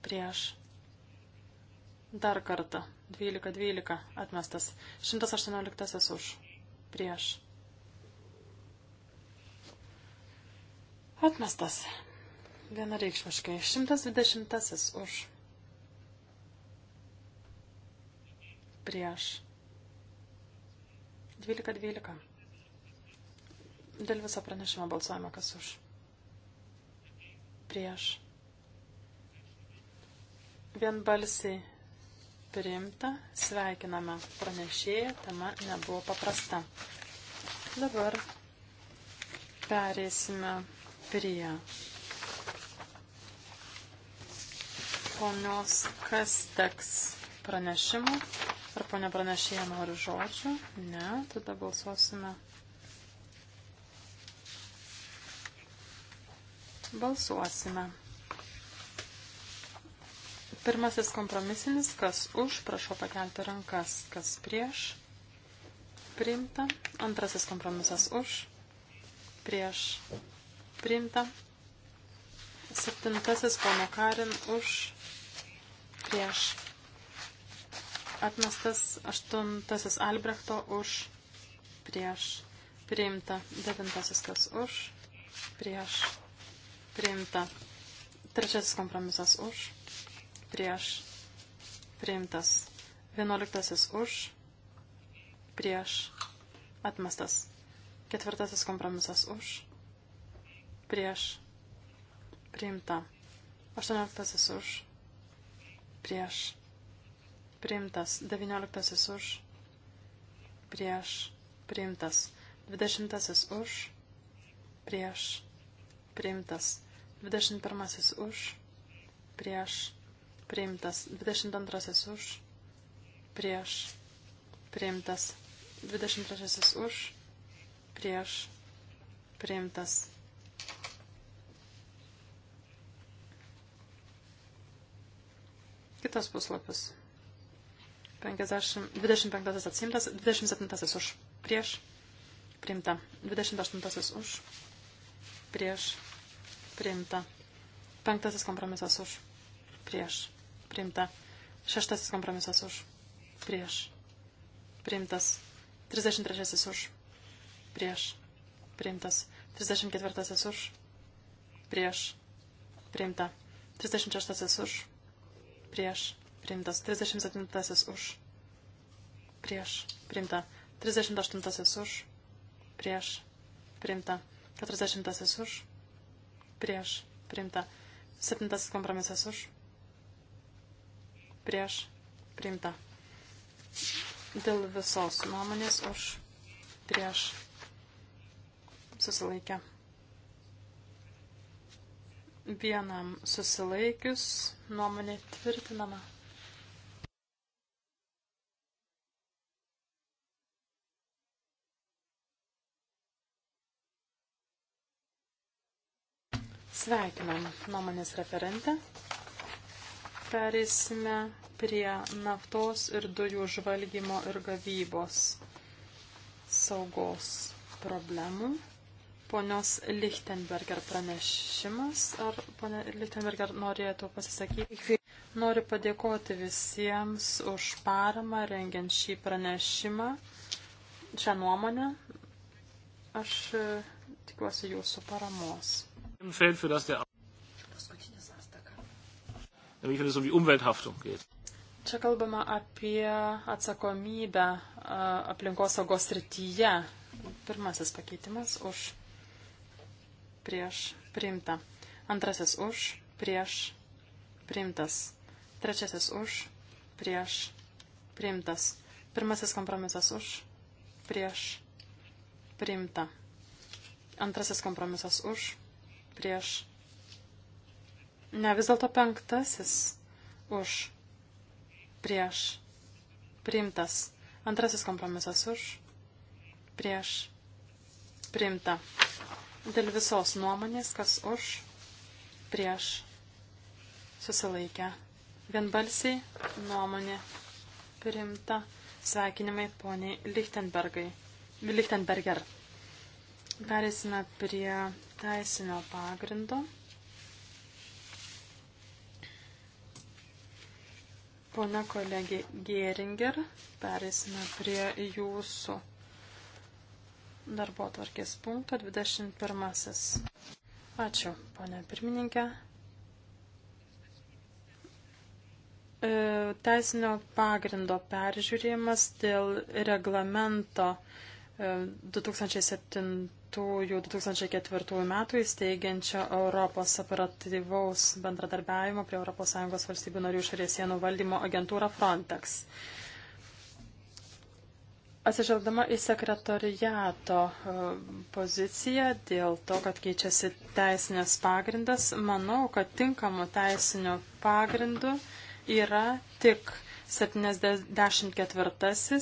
prieš. Dar kartą. 12-12 atmestas. 118 už. Prieš. Atmestas. Vienareikšmiškai. 120 už. Prieš. 12-12. Dėl viso pranešimo balsuojame, kas už. Prieš vienbalsiai priimta, sveikiname pranešėją, tema nebuvo paprasta. Dabar perėsime prie ponios Kasteks pranešimų. Ar ponia pranešėja nori žodžių? Ne, tada balsuosime. Balsuosime. Pirmasis kompromisinis, kas už, prašau pakelti rankas, kas prieš, priimta. Antrasis kompromisas už, prieš, priimta. Septintasis pono Karin už, prieš, atmestas. Aštuntasis Albrechto už, prieš, priimta. Devintasis kas už, prieš, priimta. Trečiasis kompromisas už prieš priimtas, vienuoliktasis už prieš atmestas, ketvirtasis kompromisas už prieš priimta, aštuonioliktasis už prieš priimtas, devynioliktasis už prieš priimtas, dvidešimtasis už prieš priimtas. 21 už, prieš, priimtas. 22 už, prieš, priimtas. 23 už, prieš, priimtas. Kitas puslapis. 50, 25 atsimtas, 27 už, prieš, priimta. 28 už, prieš, priimta. Penktasis kompromisas už, prieš, Priimta. Šeštasis kompromisas už. Prieš. Priimtas. 33 už. Prieš. Priimtas. 34 už. Prieš. Priimta. 36 už. Prieš. Priimtas. 37 už. Prieš. Priimta. 38 už. Prieš. Priimta. 40 už. Prieš. Priimta. 7 kompromisas už prieš priimta. Dėl visos nuomonės už prieš susilaikę. Vienam susilaikius nuomonė tvirtinama. Sveikinam nuomonės referentę perėsime prie naftos ir dujų žvalgymo ir gavybos saugos problemų. Ponios Lichtenberger pranešimas, ar ponia Lichtenberger norėtų pasisakyti? Noriu padėkoti visiems už paramą rengiant šį pranešimą, šią nuomonę. Aš e, tikiuosi jūsų paramos
nämlich wenn es um die Umwelthaftung geht.
Čia kalbama apie atsakomybę aplinkosaugos rytyje. Pirmasis pakeitimas už prieš priimta. Antrasis už prieš priimtas. Trečiasis už prieš priimtas. Pirmasis kompromisas už prieš priimta. Antrasis kompromisas už prieš priimta. Ne, vis dėlto penktasis už prieš priimtas. Antrasis kompromisas už prieš priimta. Dėl visos nuomonės, kas už prieš susilaikę. Vienbalsiai nuomonė priimta. Sveikinimai poniai Lichtenbergai. Lichtenberger. Perėsime prie teisinio pagrindo. Pone kolegė Geringer, perėsime prie jūsų darbo tvarkės punkto 21. Ačiū, ponė pirmininkė. E, teisinio pagrindo peržiūrėjimas dėl reglamento 2021-2027 2007-2004 metų įsteigiančio Europos operatyvaus bendradarbiavimo prie ES valstybių narių išorės sienų valdymo agentūrą Frontex. Atsižvelgdama į sekretoriato e, poziciją dėl to, kad keičiasi teisinės pagrindas, manau, kad tinkamų teisinių pagrindų yra tik 74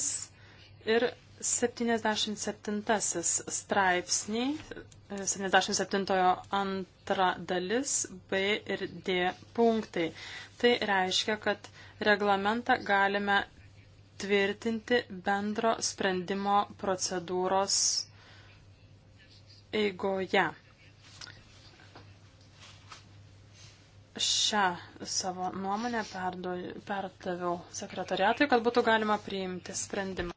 ir 77 straipsniai, 77 e, antra dalis B ir D punktai. Tai reiškia, kad reglamentą galime tvirtinti bendro sprendimo procedūros eigoje. šią savo nuomonę perdaviau sekretariatui, kad būtų galima priimti sprendimą.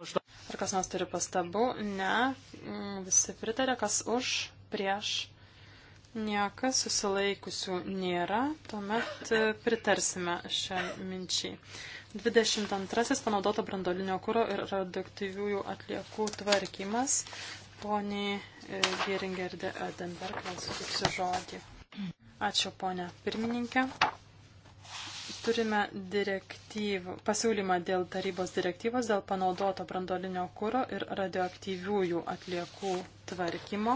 Ar kas nors turi pastabų? Ne. Mm, visi pritarė, kas už, prieš. Niekas susilaikusių nėra, tuomet e, pritarsime šią minčiai. 22. Panaudoto brandolinio kūro ir radioaktyviųjų atliekų tvarkymas. Poniai e, Geringerdė Edenberg, man sutiksiu žodį. Ačiū, ponia pirmininkė. Turime direktyvų, pasiūlymą dėl tarybos direktyvos dėl panaudoto brandolinio kūro ir radioaktyviųjų atliekų tvarkymo.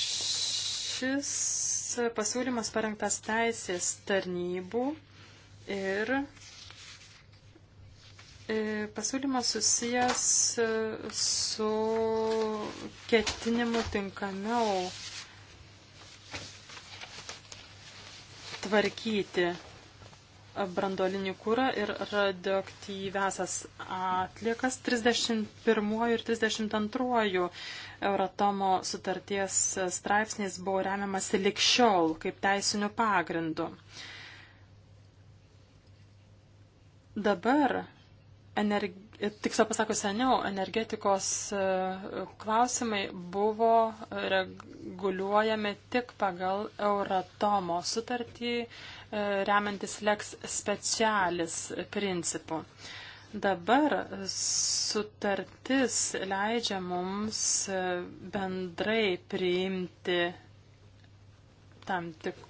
Šis pasiūlymas parengtas teisės tarnybų ir e, pasiūlymas susijęs su ketinimu tinkamiau tvarkyti brandolinį kūrą ir radioaktyvesias atliekas 31 ir 32 Euratomo sutarties straipsniais buvo remiamasi likščiol kaip teisiniu pagrindu. Dabar energi tiksliau pasako seniau, energetikos e, klausimai buvo reguliuojami tik pagal Euratomo sutartį, e, remiantis leks specialis principu. Dabar sutartis leidžia mums e, bendrai priimti tam tik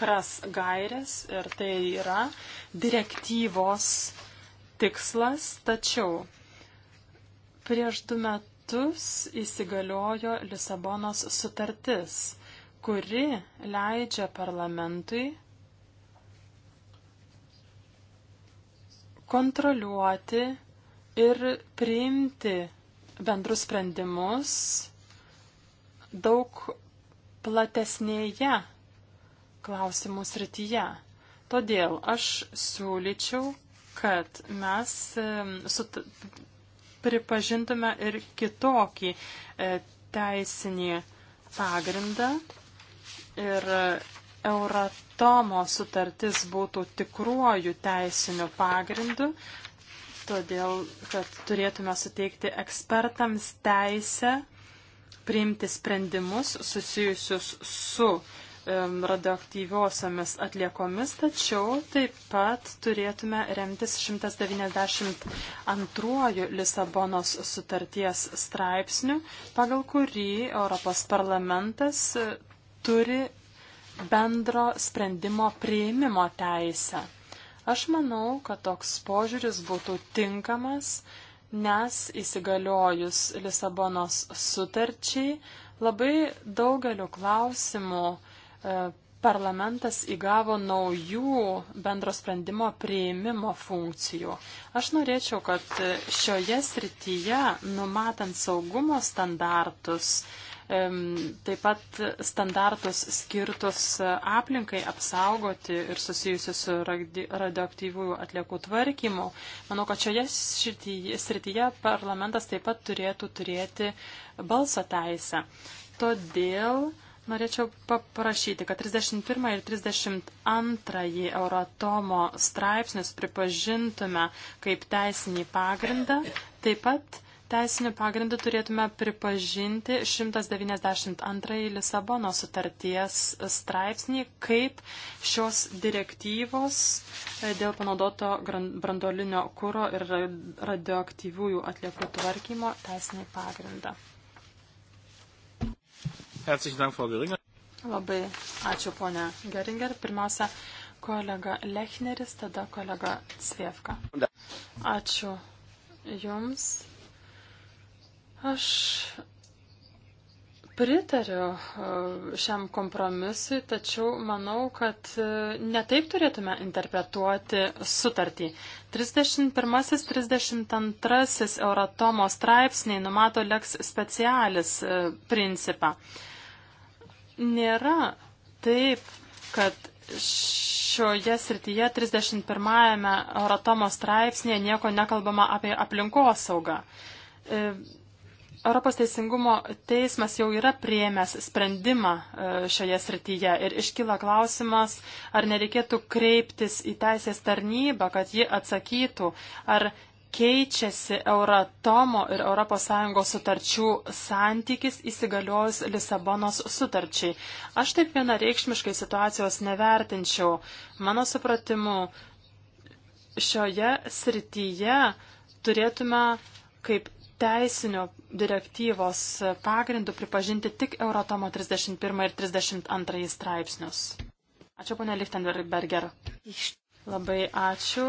tikras gairias ir tai yra direktyvos tikslas, tačiau prieš du metus įsigaliojo Lisabonos sutartis, kuri leidžia parlamentui kontroliuoti ir priimti bendrus sprendimus daug platesnėje klausimų srityje. Todėl aš siūlyčiau, kad mes sut pripažintume ir kitokį e, teisinį pagrindą ir Euratomo sutartis būtų tikruoju teisiniu pagrindu, todėl kad turėtume suteikti ekspertams teisę priimti sprendimus susijusius su radioaktyviosiomis atliekomis, tačiau taip pat turėtume remtis 192 Lisabonos sutarties straipsniu, pagal kurį Europos parlamentas e, turi bendro sprendimo prieimimo teisę. Aš manau, kad toks požiūris būtų tinkamas, nes įsigaliojus Lisabonos sutarčiai labai daugeliu klausimų E, parlamentas įgavo naujų bendro sprendimo prieimimo funkcijų. Aš norėčiau, kad šioje srityje, numatant saugumo standartus, taip pat standartus skirtus aplinkai apsaugoti ir susijusius su radioaktyviųjų atliekų tvarkymu, manau, kad šioje srityje parlamentas taip pat turėtų turėti balso teisę. Todėl uh, Norėčiau paprašyti, kad 31 ir 32 Euratomo straipsnius pripažintume kaip teisinį pagrindą, taip pat teisiniu pagrindu turėtume pripažinti 192 Lisabono sutarties straipsnį kaip šios direktyvos e, dėl panaudoto brandolinio kūro ir radioaktyviųjų atliekų tvarkymo teisinį pagrindą.
Labai
ačiū, ponia Geringer. Pirmiausia, kolega Lechneris, tada kolega Cvievka. Ačiū Jums. Aš pritariu e, šiam kompromisui, tačiau manau, kad e, netaip turėtume interpretuoti sutartį. 31-32 Euratomo straipsniai numato leks specialis e, principą. Nėra taip, kad šioje srityje 31-ame Euratomo straipsnėje nieko nekalbama apie aplinkosaugą. E, Europos teisingumo teismas jau yra priėmęs sprendimą e, šioje srityje ir iškyla klausimas, ar nereikėtų kreiptis į teisės tarnybą, kad ji atsakytų, ar keičiasi Euratomo ir ES sutarčių santykis įsigaliojus Lisabonos sutarčiai. Aš taip vienareikšmiškai situacijos nevertinčiau. Mano supratimu, šioje srityje turėtume kaip teisinio direktyvos pagrindų pripažinti tik Euratomo 31 ir 32 straipsnius. Ačiū, ponė Lichtenberger. Iš Labai ačiū.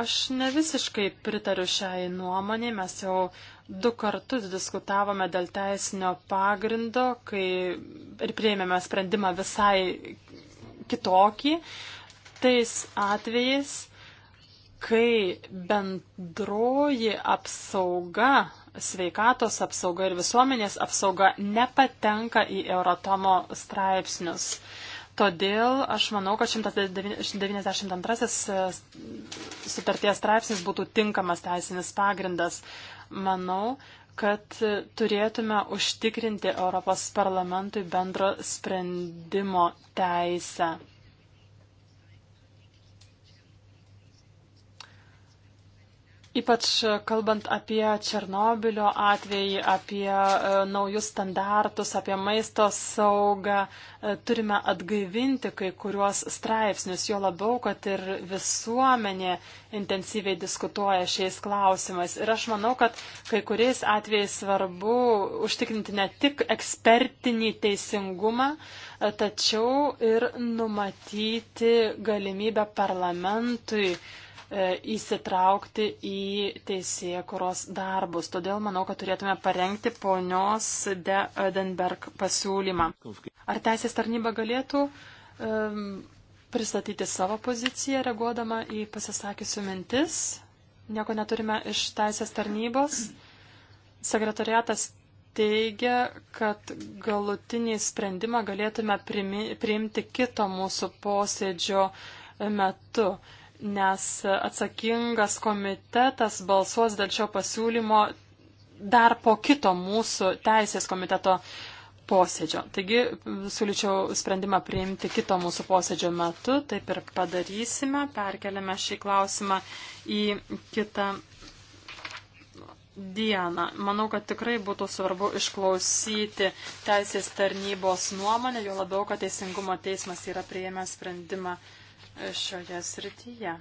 Aš ne visiškai pritariu šiai nuomonė. Mes jau du kartus diskutavome dėl teisinio pagrindo kai ir prieimėme sprendimą visai kitokį. Tais atvejais, kai bendroji apsauga, sveikatos apsauga ir visuomenės apsauga nepatenka į Euratomo straipsnius. Uh, Todėl aš manau, kad 192 sutarties straipsnis būtų tinkamas teisinis pagrindas. Manau, kad turėtume užtikrinti Europos parlamentui bendro sprendimo teisę. Ypač e, kalbant apie Černobilio atvejį, apie e, naujus standartus, apie maisto saugą, e, turime atgaivinti kai kuriuos straipsnius, jo labiau, kad ir visuomenė intensyviai diskutuoja šiais klausimais. Ir aš manau, kad kai kuriais atvejais svarbu užtikrinti ne tik ekspertinį teisingumą, tačiau ir numatyti galimybę parlamentui E, įsitraukti į teisėkuros darbus. Todėl manau, kad turėtume parengti ponios De Odenberg pasiūlymą. Ar teisės tarnyba galėtų um, pristatyti savo poziciją, reaguodama į pasisakysių mintis? Nieko neturime iš teisės tarnybos. Sekretariatas teigia, kad galutinį sprendimą galėtume primi, priimti kito mūsų posėdžio metu nes atsakingas komitetas balsuos dėl šio pasiūlymo dar po kito mūsų teisės komiteto posėdžio. Taigi, siūlyčiau sprendimą priimti kito mūsų posėdžio metu, taip ir padarysime, perkeliame šį klausimą į kitą dieną. Manau, kad tikrai būtų svarbu išklausyti teisės tarnybos nuomonę, jo labiau, kad Teisingumo teismas yra prieėmęs sprendimą šioje srityje.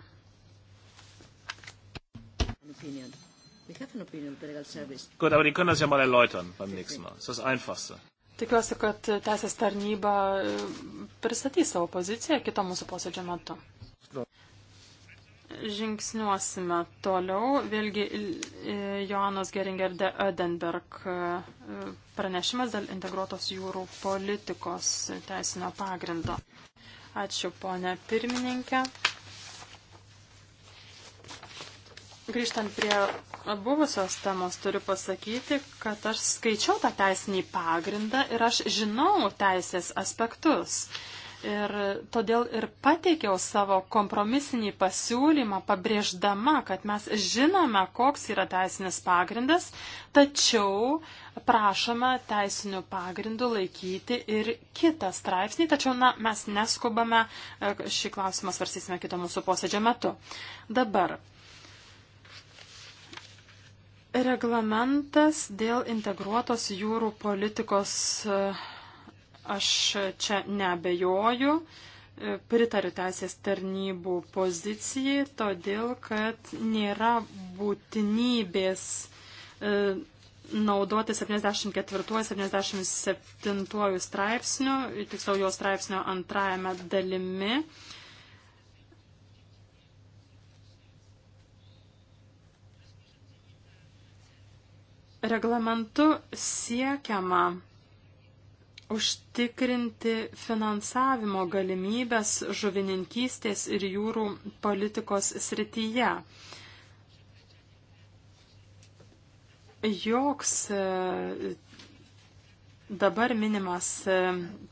Gut, aber die können das ja mal erläutern beim nächsten Mal. Das ist das Einfachste.
Tikiuosi, kad Teisės tarnyba e, pristatys savo poziciją kito mūsų posėdžio metu. Žingsniuosime toliau. Vėlgi e, Joanos Geringer de Ödenberg e, pranešimas dėl integruotos jūrų politikos teisinio pagrindo. Ačiū, ponė pirmininkė. Grįžtant prie buvusios temos, turiu pasakyti, kad aš skaičiau tą teisinį pagrindą ir aš žinau teisės aspektus. Ir todėl ir pateikiau savo kompromisinį pasiūlymą, pabrėždama, kad mes žinome, koks yra teisinis pagrindas, tačiau prašome teisinių pagrindų laikyti ir kitą straipsnį, tačiau na, mes neskubame, e, šį klausimą svarsysime kito mūsų posėdžio metu. Dabar. Reglamentas dėl integruotos jūrų politikos e, Aš čia nebejoju, pritariu teisės tarnybų pozicijai, todėl kad nėra būtinybės e, naudoti 74-77 straipsnių, tiksliau jo straipsnio antrajame dalimi. Reglamentu siekiama užtikrinti finansavimo galimybės žuvininkystės ir jūrų politikos srityje. Joks e, dabar minimas e,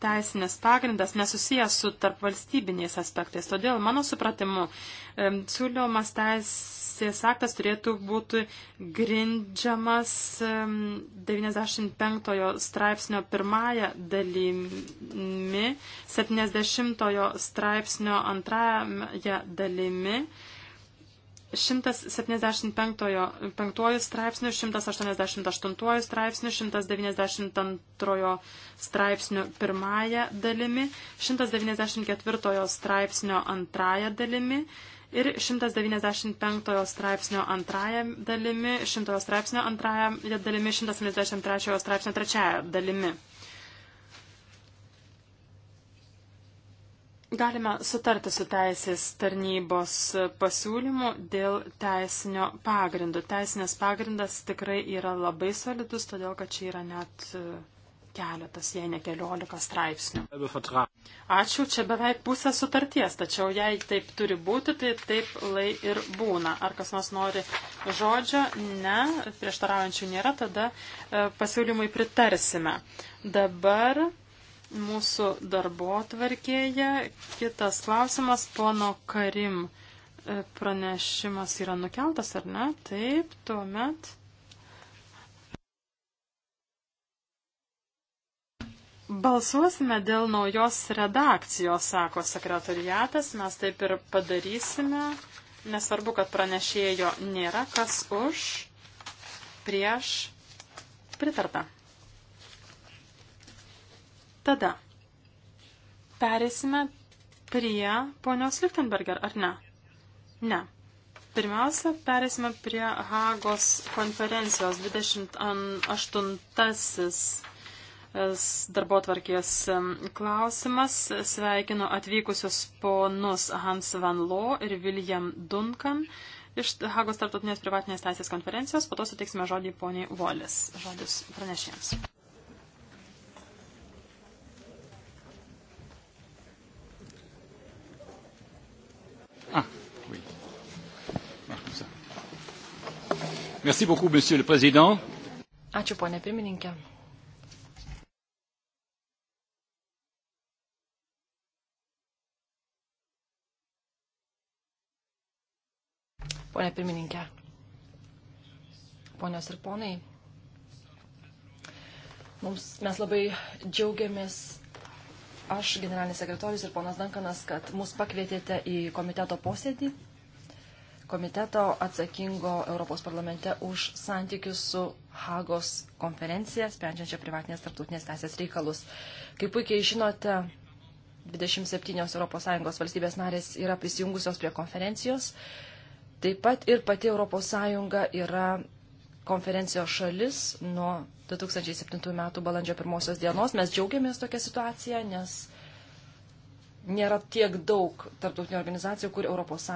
teisinės pagrindas nesusijęs su tarpvalstybiniais aspektais. Todėl, mano supratimu, e, siūlomas teis, teisės aktas turėtų būti grindžiamas 95 straipsnio pirmąją dalimi, 70 straipsnio antrąją dalimi. 175 straipsnių, 188 straipsnių, 192 straipsnių pirmąją dalimi, 194 straipsnio antrąją dalimi, ir 195 straipsnio antrąją dalimi, 100 straipsnio antrąją dalimi, 173 straipsnio trečiąją dalimi. Galime sutarti su teisės tarnybos pasiūlymu dėl teisinio pagrindo. Teisinės pagrindas tikrai yra labai solidus, todėl kad čia yra net keletas, jei ne keliolika straipsnių. Ačiū, čia beveik pusė sutarties, tačiau jei taip turi būti, tai taip lai ir būna. Ar kas nors nori žodžio? Ne, prieštaraujančių nėra, tada e, pasiūlymui pritarsime. Dabar mūsų darbo tvarkėje kitas klausimas, pono Karim e, pranešimas yra nukeltas ar ne? Taip, tuomet. Balsuosime dėl naujos redakcijos, sako sekretariatas, mes taip ir padarysime. Nesvarbu, kad pranešėjo nėra, kas už, prieš, pritarta. Tada perėsime prie ponios Lichtenberger, ar ne? Ne. Pirmiausia, perėsime prie Hagos konferencijos 28 darbo tvarkės klausimas. Sveikinu atvykusius ponus Hans Van Lo ir William Duncan iš Hagos tarptautinės privatinės teisės konferencijos. Po to suteiksime žodį poniai Volis. Žodis pranešėjams. Ah, oui. Ah, Merci beaucoup, Monsieur le
Président.
Ačiū, ponė pirmininkė. Pone pirmininkė, ponios ir ponai, mums, mes labai džiaugiamės, aš, generalinis sekretorius ir ponas Dankanas, kad mus pakvietėte į komiteto posėdį, komiteto atsakingo Europos parlamente už santykius su Hagos konferencija, sprendžiančia privatinės tarptautinės teisės reikalus. Kaip puikiai žinote, 27 ES valstybės narės yra prisijungusios prie konferencijos Taip pat ir pati ES yra konferencijos šalis nuo 2007 metų balandžio pirmosios dienos. Mes džiaugiamės tokią situaciją, nes nėra tiek daug tarptautinių organizacijų, kur ES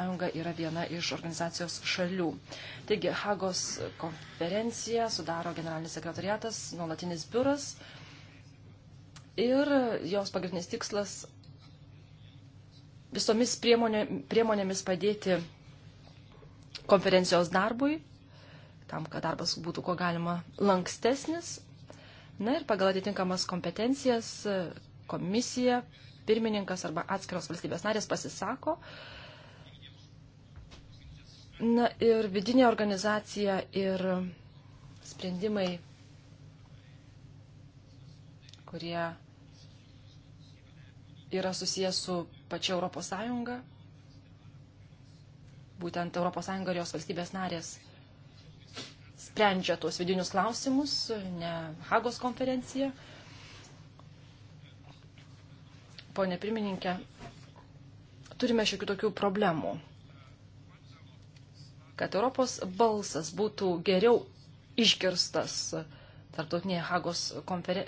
yra viena iš organizacijos šalių. Taigi, Hagos konferenciją sudaro generalinis sekretariatas, nuolatinis biuras ir jos pagrindinis tikslas visomis priemonė, priemonėmis padėti konferencijos darbui, tam, kad darbas būtų kuo galima lankstesnis. Na ir pagal atitinkamas kompetencijas e, komisija, pirmininkas arba atskiros valstybės narės pasisako. Na ir vidinė organizacija ir sprendimai, kurie yra susijęs su pačia Europos Sąjunga, būtent ES ir jos valstybės narės sprendžia tuos vidinius klausimus, ne Hagos konferencija. Pone pirmininkė, turime šiokių tokių problemų. Kad Europos balsas būtų geriau išgirstas tarptautinėje Hagos, konferen...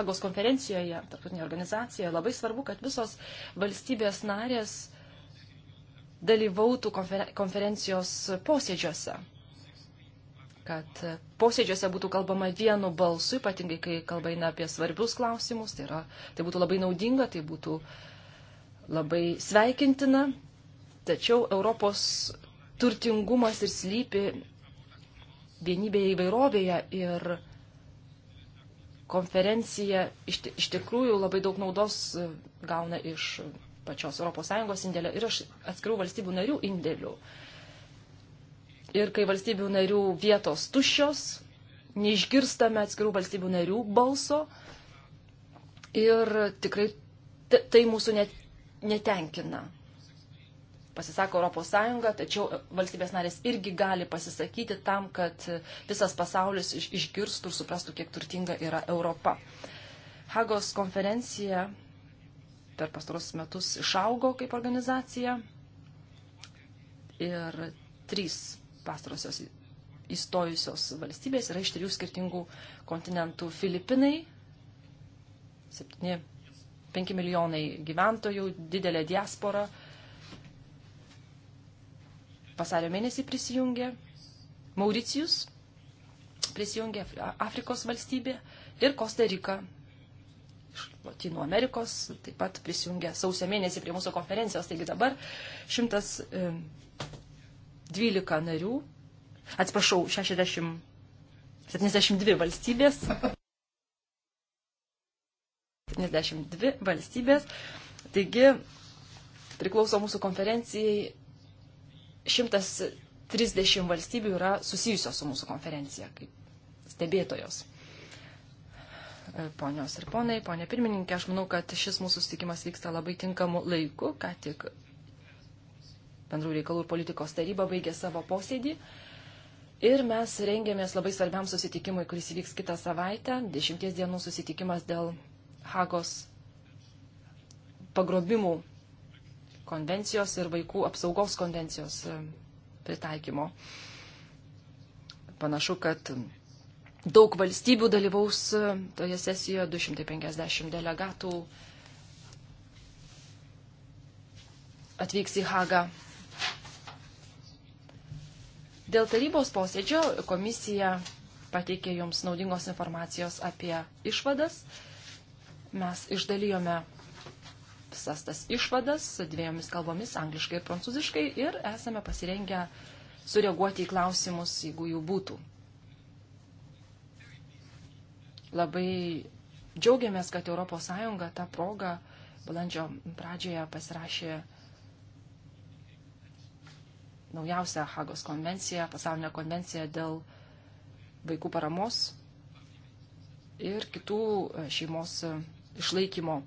Hagos konferencijoje, tarptautinėje organizacijoje, labai svarbu, kad visos valstybės narės dalyvautų konferencijos posėdžiuose, kad posėdžiuose būtų kalbama vienu balsu, ypatingai kai kalba eina apie svarbius klausimus, tai, yra, tai būtų labai naudinga, tai būtų labai sveikintina, tačiau Europos turtingumas ir slypi vienybėje įvairovėje ir konferencija iš, iš tikrųjų labai daug naudos gauna iš pačios ES indėlio ir iš atskirų valstybių narių indėlių. Ir kai valstybių narių vietos tuščios, neišgirstame atskirų valstybių narių balso ir tikrai tai mūsų net, netenkina. Pasisako ES, tačiau valstybės narės irgi gali pasisakyti tam, kad visas pasaulis išgirstų ir suprastų, kiek turtinga yra Europa. Hagos konferencija per pastarosius metus išaugo kaip organizacija. Ir trys pastarosios įstojusios valstybės yra iš trijų skirtingų kontinentų. Filipinai, 7, 5 milijonai gyventojų, didelė diaspora. Vasario mėnesį prisijungė Mauricijus, prisijungė Afrikos valstybė ir Kosta Rika, iš Latino Amerikos, taip pat prisijungė sausio mėnesį prie mūsų konferencijos, taigi dabar 112 narių, atsiprašau, 60, 72 valstybės. 72 valstybės. Taigi priklauso mūsų konferencijai 130 valstybių yra susijusios su mūsų konferencija kaip stebėtojos ponios ir ponai, ponė pirmininkė, aš manau, kad šis mūsų susitikimas vyksta labai tinkamu laiku, ką tik bendrų reikalų ir politikos taryba baigė savo posėdį. Ir mes rengėmės labai svarbiam susitikimui, kuris įvyks kitą savaitę, dešimties dienų susitikimas dėl Hagos pagrobimų konvencijos ir vaikų apsaugos konvencijos e, pritaikymo. Panašu, kad daug valstybių dalyvaus e, toje sesijoje, 250 delegatų atvyks į Hagą. Dėl tarybos posėdžio komisija pateikė jums naudingos informacijos apie išvadas. Mes išdalijome visas tas išvadas dviejomis kalbomis, angliškai ir prancūziškai, ir esame pasirengę sureaguoti į klausimus, jeigu jų būtų. Labai džiaugiamės, kad ES tą progą balandžio pradžioje pasirašė naujausią Hagos konvenciją, pasaulinę konvenciją dėl vaikų paramos ir kitų e, šeimos e, išlaikymo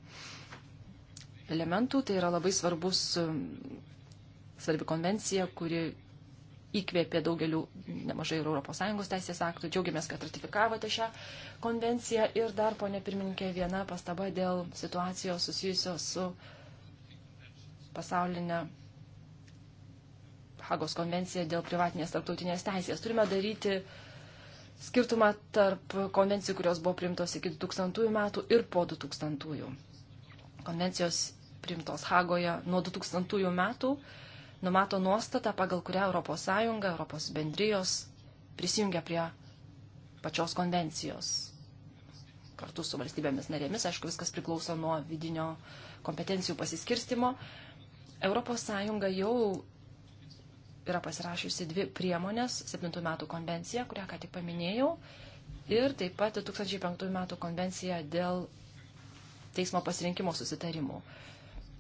elementų. Tai yra labai svarbus, e, svarbi konvencija, kuri įkvėpė daugeliu nemažai ir ES teisės aktų. Džiaugiamės, kad ratifikavote šią konvenciją. Ir dar, ponė pirmininkė, viena pastaba dėl situacijos susijusios su pasaulinė Hagos konvencija dėl privatinės tarptautinės teisės. Turime daryti skirtumą tarp konvencijų, kurios buvo primtos iki 2000 metų ir po 2000. -ųjų. Konvencijos primtos Hagoje nuo 2000 metų numato nuostatą, pagal kurią ES, ES bendrijos prisijungia prie pačios konvencijos kartu su valstybėmis narėmis, aišku, viskas priklauso nuo vidinio kompetencijų pasiskirstimo. ES jau yra pasirašiusi dvi priemonės - 7 metų konvencija, kurią ką tik paminėjau, ir taip pat 2005 metų konvencija dėl teismo pasirinkimo susitarimų.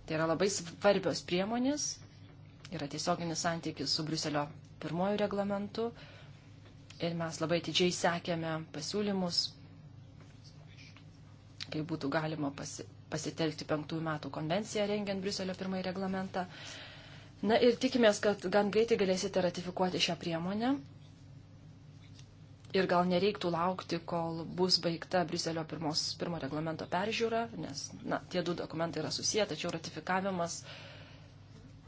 Tai yra labai svarbios priemonės, yra tiesioginis santykis su Bruselio pirmojų reglamentu ir mes labai atidžiai sekėme pasiūlymus, kaip būtų galima pasi, pasitelkti penktųjų metų konvenciją rengiant Bruselio pirmąjį reglamentą. Na ir tikimės, kad gan greitai galėsite ratifikuoti šią priemonę. Ir gal nereiktų laukti, kol bus baigta Briuselio pirmos, pirmo reglamento peržiūra, nes na, tie du dokumentai yra susiję, tačiau ratifikavimas uh,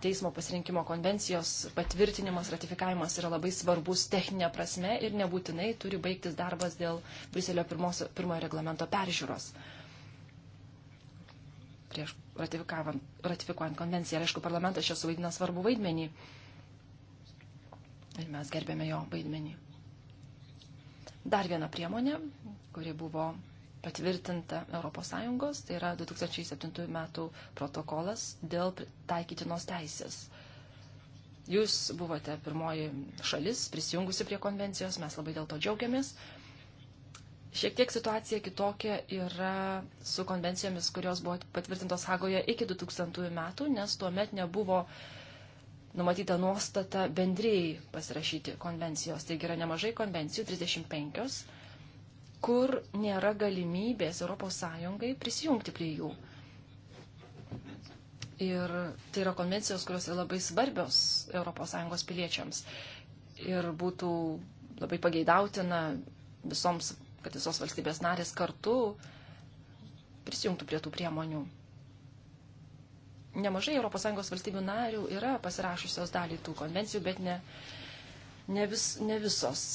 teismo pasirinkimo konvencijos patvirtinimas, ratifikavimas yra labai svarbus techninė prasme ir nebūtinai turi baigtis darbas dėl Briuselio pirmos, pirmojo reglamento peržiūros. Prieš ratifikuojant konvenciją, ir, aišku, parlamentas čia suvaidina svarbu vaidmenį. Ir mes gerbėme jo vaidmenį. Dar viena priemonė, kuri buvo patvirtinta ES, tai yra 2007 metų protokolas dėl taikytinos teisės. Jūs buvote pirmoji šalis prisijungusi prie konvencijos, mes labai dėl to džiaugiamės. Šiek tiek situacija kitokia yra su konvencijomis, kurios buvo patvirtintos Hagoje iki 2000 metų, nes tuomet nebuvo numatyta nuostata bendrėjai pasirašyti konvencijos. Taigi yra nemažai konvencijų, 35 kur nėra galimybės ES prisijungti prie jų. Ir tai yra konvencijos, kurios yra labai svarbios ES piliečiams. Ir būtų labai pageidautina visoms, kad visos valstybės narės kartu prisijungtų prie tų priemonių. Nemažai ES valstybių narių yra pasirašusios dalį tų konvencijų, bet ne, ne, vis, ne visos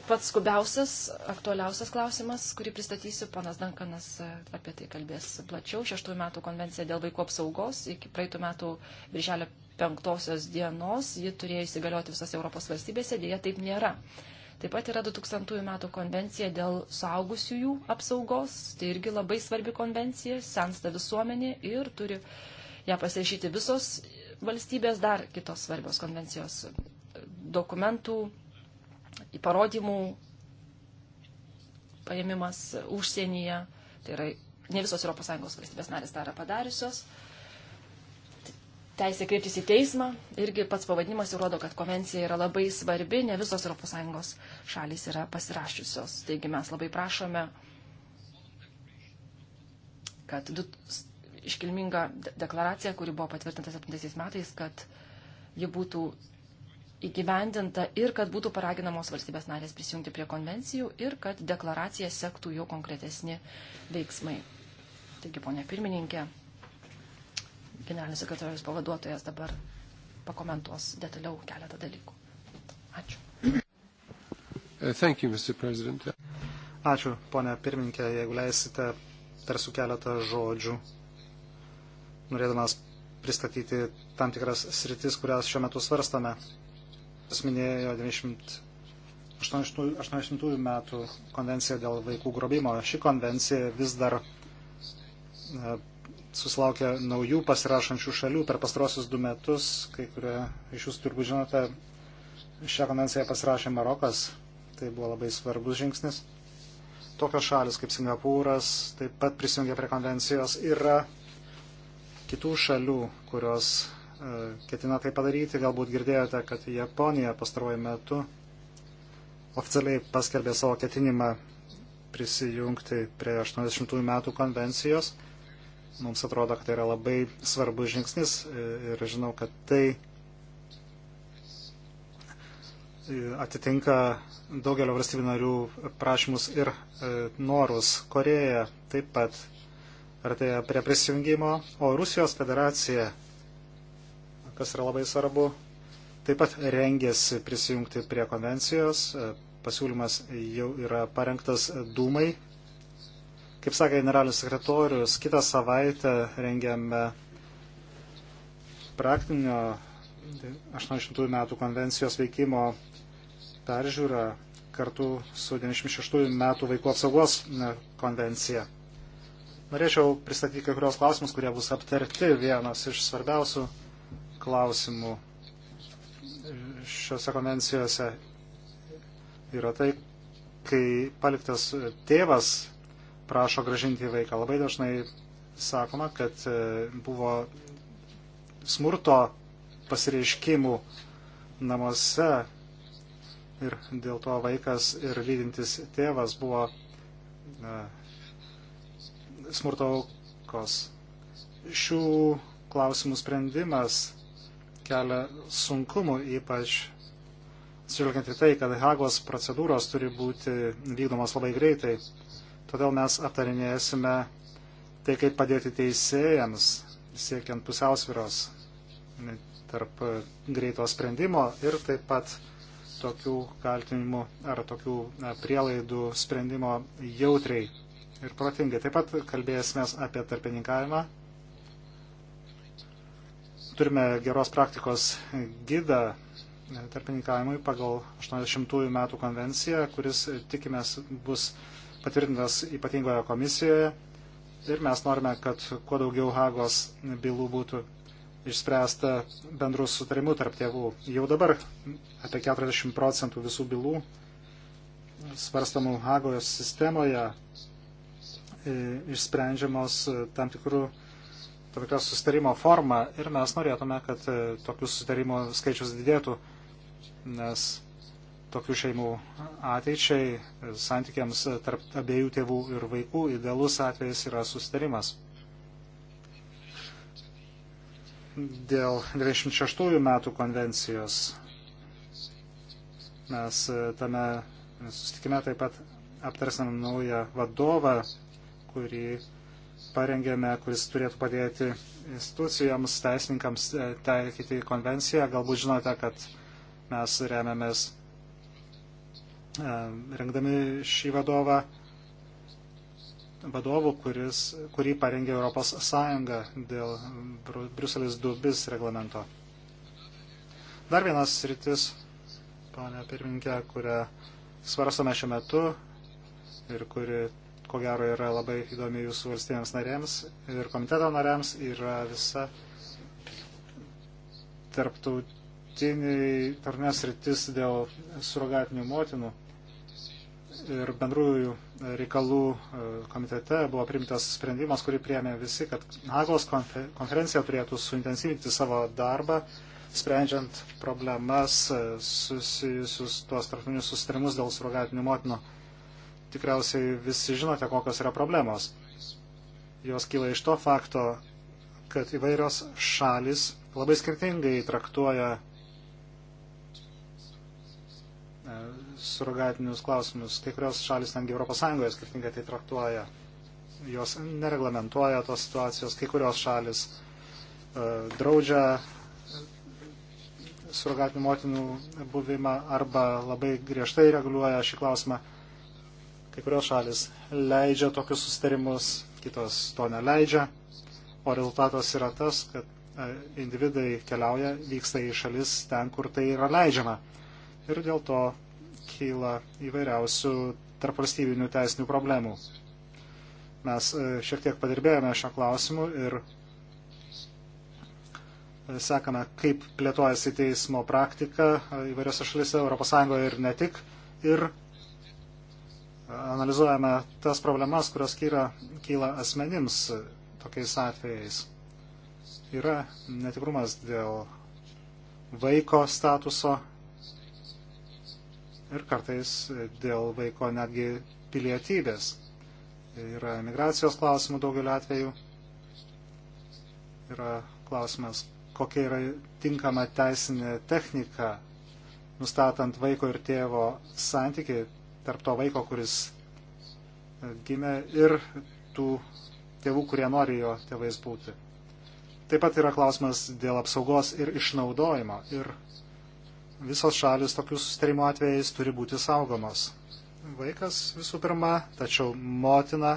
pats skubiausias, aktualiausias klausimas, kurį pristatysiu. Ponas Dankanas e, apie tai kalbės plačiau. Šeštųjų metų konvencija dėl vaikų apsaugos iki praeitų metų birželio penktosios dienos ji turėjo įsigalioti visose Europos valstybėse, dėja taip nėra. Taip pat yra 2000 metų konvencija dėl suaugusiųjų apsaugos, tai irgi labai svarbi konvencija, sensta visuomenė ir turi ją pasirašyti visos valstybės, dar kitos svarbios konvencijos dokumentų įparodymų paėmimas užsienyje, tai yra ne visos ES valstybės narės tą yra padariusios. Teisė kreiptis į teismą irgi pats pavadinimas įrodo, kad konvencija yra labai svarbi, ne visos ES šalys yra pasirašiusios. Taigi mes labai prašome, kad iškilminga deklaracija, kuri buvo patvirtinta 70 metais, kad ji būtų įgyvendinta ir kad būtų paraginamos valstybės narės prisijungti prie konvencijų ir kad deklaracija sektų jau konkretesni veiksmai. Taigi, ponė pirmininkė, generalinis sekretorius pavaduotojas dabar pakomentuos detaliau keletą dalykų. Ačiū.
Uh, thank you, Mr. President. Ačiū, ponė pirmininkė, jeigu leisite, tarsiu keletą žodžių, norėdamas pristatyti tam tikras sritis, kurias šiuo metu svarstame. Jis minėjo 1980 metų konvenciją dėl vaikų grobimo. Ši konvencija vis dar e, susilaukė naujų pasirašančių šalių per pastarosius du metus, kai kurie iš jūsų turbūt žinote, šią konvenciją pasirašė Marokas, tai buvo labai svarbus žingsnis. Tokios šalis kaip Singapūras taip pat prisijungė prie konvencijos. Yra kitų šalių, kurios E, ketina tai padaryti. Galbūt girdėjote, kad Japonija pastaruoju metu oficialiai paskelbė savo ketinimą prisijungti prie 80 metų konvencijos. Mums atrodo, kad tai yra labai svarbus žingsnis e, ir žinau, kad tai e, atitinka daugelio valstybių narių prašymus ir norus. Koreja taip pat artėja prie prisijungimo, o Rusijos federacija kas yra labai svarbu. Taip pat rengėsi prisijungti prie konvencijos. Pasiūlymas jau yra parengtas Dūmai. Kaip sakė generalinis sekretorius, kitą savaitę rengiame praktinio 80 metų konvencijos veikimo peržiūrą kartu su 96 metų vaikų apsaugos konvencija. Norėčiau pristatyti kai kurios klausimus, kurie bus aptarti. Vienas iš svarbiausių klausimų šiuose konvencijose yra tai, kai paliktas tėvas prašo gražinti vaiką. Labai dažnai sakoma, kad e, buvo smurto pasireiškimų namuose ir dėl to vaikas ir lydintis tėvas buvo e, smurto aukos. Šių klausimų sprendimas kelia sunkumų, ypač atsižvelgiant į tai, kad Hagos procedūros turi būti vykdomos labai greitai. Todėl mes aptarinėsime tai, kaip padėti teisėjams, siekiant pusiausviros tarp greito sprendimo ir taip pat tokių kaltinimų ar tokių e, prielaidų sprendimo jautriai ir protingai. Taip pat kalbėsime apie tarpininkavimą turime geros praktikos gydą tarpininkavimui pagal 80-ųjų metų konvenciją, kuris tikimės bus patvirtintas ypatingoje komisijoje. Ir mes norime, kad kuo daugiau Hagos bylų būtų išspręsta bendrų sutarimų tarp tėvų. Jau dabar apie 40 procentų visų bylų svarstamų Hagos sistemoje e, išsprendžiamos tam tikrų tokią susitarimo formą ir mes norėtume, kad e, tokių susitarimų skaičius didėtų, nes tokių šeimų ateičiai, e, santykiams tarp abiejų tėvų ir vaikų idealus atvejis yra susitarimas. Dėl 96 metų konvencijos mes e, tame sustikime taip pat aptarsim naują vadovą, kurį parengėme, kuris turėtų padėti institucijoms, teisininkams e, taikyti konvenciją. Galbūt žinote, kad mes remiamės e, rengdami šį vadovą vadovų, kuris, kurį parengė Europos Sąjunga dėl Bruselis 2 bis reglamento. Dar vienas rytis, ponia pirminkė, kurią svarstame šiuo metu ir kuri ko gero yra labai įdomi jūsų valstybėms narėms ir komiteto narėms yra visa tarptautinės rytis dėl surogatinių motinų. Ir bendrųjų reikalų e, komitete buvo primtas sprendimas, kurį priemė visi, kad Hagos konferencija turėtų suintensyvinti savo darbą, sprendžiant problemas e, susijusius tuos tarptautinius sustarimus dėl surogatinių motinų tikriausiai visi žinote, kokios yra problemos. Jos kyla iš to fakto, kad įvairios šalis labai skirtingai traktuoja e, surogatinius klausimus. Kai kurios šalis tengi ES skirtingai tai traktuoja. Jos nereglamentuoja tos situacijos. Kai kurios šalis uh, draudžia surogatinių motinų buvimą arba labai griežtai reguliuoja šį klausimą. Kai kurios šalis leidžia tokius sustarimus, kitos to neleidžia, o rezultatas yra tas, kad e, individai keliauja, vyksta į šalis ten, kur tai yra leidžiama. Ir dėl to kyla įvairiausių tarpvalstybinių teisinių problemų. Mes e, šiek tiek padirbėjome šio klausimu ir e, sekame, kaip plėtojasi teismo praktika įvairiose šalise, ES ir ne tik. Ir analizuojame tas problemas, kurios kyra, kyla asmenims tokiais atvejais. Yra netikrumas dėl vaiko statuso ir kartais dėl vaiko netgi pilietybės. Yra migracijos klausimų daugeliu atveju. Yra klausimas, kokia yra tinkama teisinė technika, nustatant vaiko ir tėvo santyki tarp to vaiko, kuris e, gimė ir tų tėvų, kurie nori jo tėvais būti. Taip pat yra klausimas dėl apsaugos ir išnaudojimo. Ir visos šalis tokių sustarimo atvejais turi būti saugomos. Vaikas visų pirma, tačiau motina,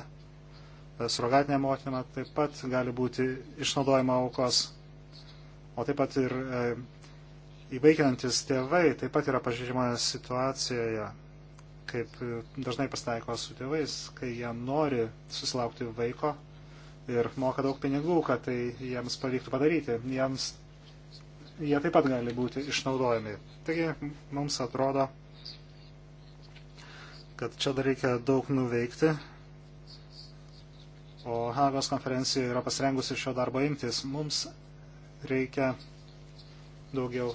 e, surogatinė motina taip pat gali būti išnaudojama aukos. O taip pat ir e, įvaikinantis tėvai taip pat yra pažeidžiamoje situacijoje kaip e, dažnai pasitaiko su tėvais, kai jie nori susilaukti vaiko ir moka daug pinigų, kad tai jiems pavyktų padaryti. Jiems, jie taip pat gali būti išnaudojami. Taigi mums atrodo, kad čia dar reikia daug nuveikti. O Hagos konferencija yra pasirengusi šio darbo imtis. Mums reikia daugiau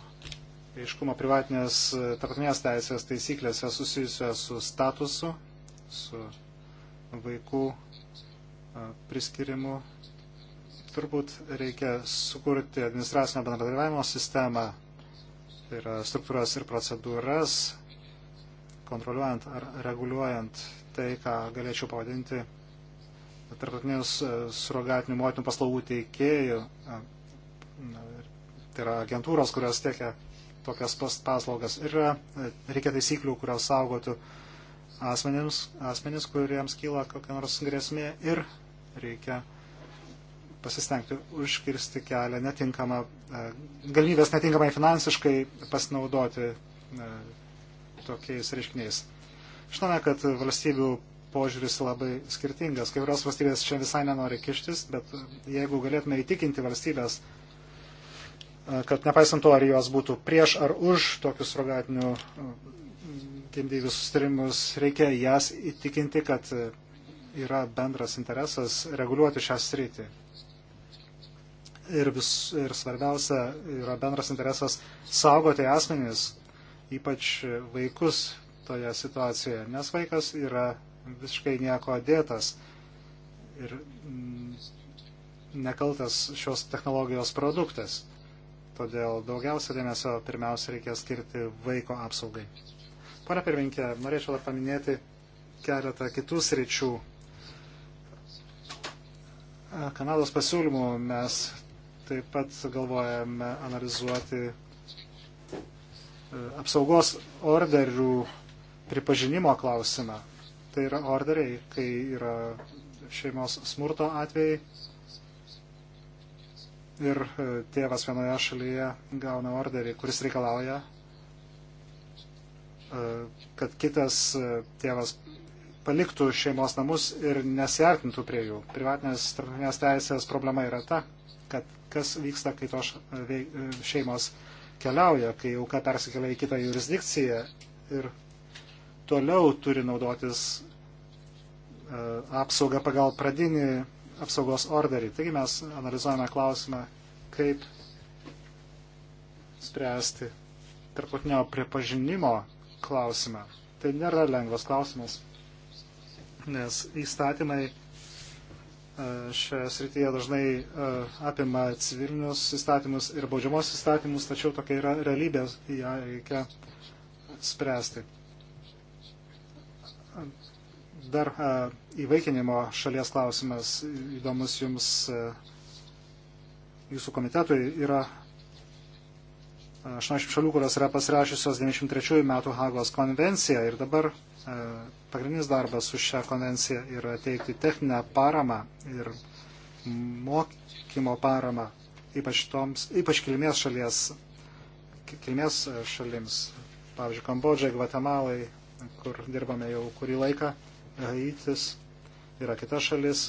aiškumo privatinės e, tarptautinės teisės taisyklėse susijusioje su statusu, su vaikų e, priskirimu. Turbūt reikia sukurti administracinio bendradarbiavimo sistemą, tai yra struktūras ir procedūras, kontroliuojant ar reguliuojant tai, ką galėčiau pavadinti tarptautinius e, surogatinių motinų paslaugų teikėjų, tai yra agentūros, kurios tiekia tokias paslaugas. Ir e, reikia taisyklių, kurios saugotų asmenims, asmenis, kuriems kyla kokia nors grėsmė ir reikia pasistengti užkirsti kelią netinkamą, e, galimybės netinkamai finansiškai pasinaudoti e, tokiais reiškiniais. Žinome, kad valstybių požiūris labai skirtingas. Kai kurios valstybės čia visai nenori kištis, bet jeigu galėtume įtikinti valstybės, kad nepaisant to, ar jos būtų prieš ar už tokius rogatinių mm, gimdyvių sustarimus, reikia jas įtikinti, kad yra bendras interesas reguliuoti šią sritį. Ir, vis, ir svarbiausia, yra bendras interesas saugoti asmenys, ypač vaikus toje situacijoje, nes vaikas yra visiškai nieko dėtas ir mm, nekaltas šios technologijos produktas todėl daugiausia dėmesio pirmiausia reikia skirti vaiko apsaugai. Pone pirminkė, norėčiau dar paminėti keletą kitų sričių. Kanados pasiūlymų mes taip pat galvojame analizuoti e, apsaugos orderių pripažinimo klausimą. Tai yra orderiai, kai yra šeimos smurto atvejai ir e, tėvas vienoje šalyje gauna orderį, kuris reikalauja, e, kad kitas e, tėvas paliktų šeimos namus ir nesiartintų prie jų. Privatinės tarptautinės teisės problema yra ta, kad kas vyksta, kai tos šeimos keliauja, kai auka persikelia į kitą jurisdikciją ir toliau turi naudotis apsaugą pagal pradinį apsaugos orderį. Taigi mes analizuojame klausimą, kaip spręsti tarptautinio pripažinimo klausimą. Tai nėra lengvas klausimas, nes įstatymai e, šioje srityje dažnai e, apima civilinius įstatymus ir baudžiamos įstatymus, tačiau tokia yra realybė, ją reikia spręsti Dar įvaikinimo šalies klausimas įdomus jums, jūsų komitetui, yra 80 šalių, kurios yra pasirašysios 93 metų Hagos konvenciją ir dabar pagrindinis darbas su šią konvenciją yra teikti techninę paramą ir mokymo paramą, ypač, toms, ypač kilmės šalies, kilmės šalims, pavyzdžiui, Kambodžai, Gvatemalai, kur dirbame jau kurį laiką. Haitis, yra kita šalis,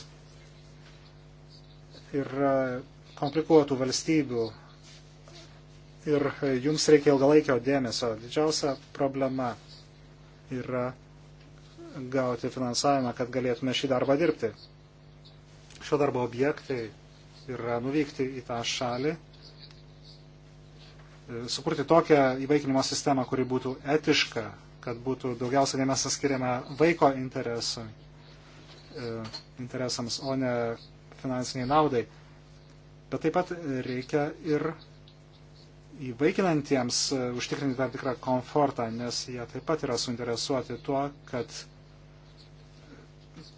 yra komplikuotų valstybių ir jums reikia ilgalaikio dėmesio. Didžiausia problema yra gauti finansavimą, kad galėtume šį darbą dirbti. Šio darbo objektai yra nuvykti į tą šalį, sukurti tokią įvaikinimo sistemą, kuri būtų etiška, kad būtų daugiausia dėmesio skiriama vaiko interesui, e, interesams, o ne finansiniai naudai. Bet taip pat reikia ir įvaikinantiems e, užtikrinti tam tikrą komfortą, nes jie taip pat yra suinteresuoti tuo, kad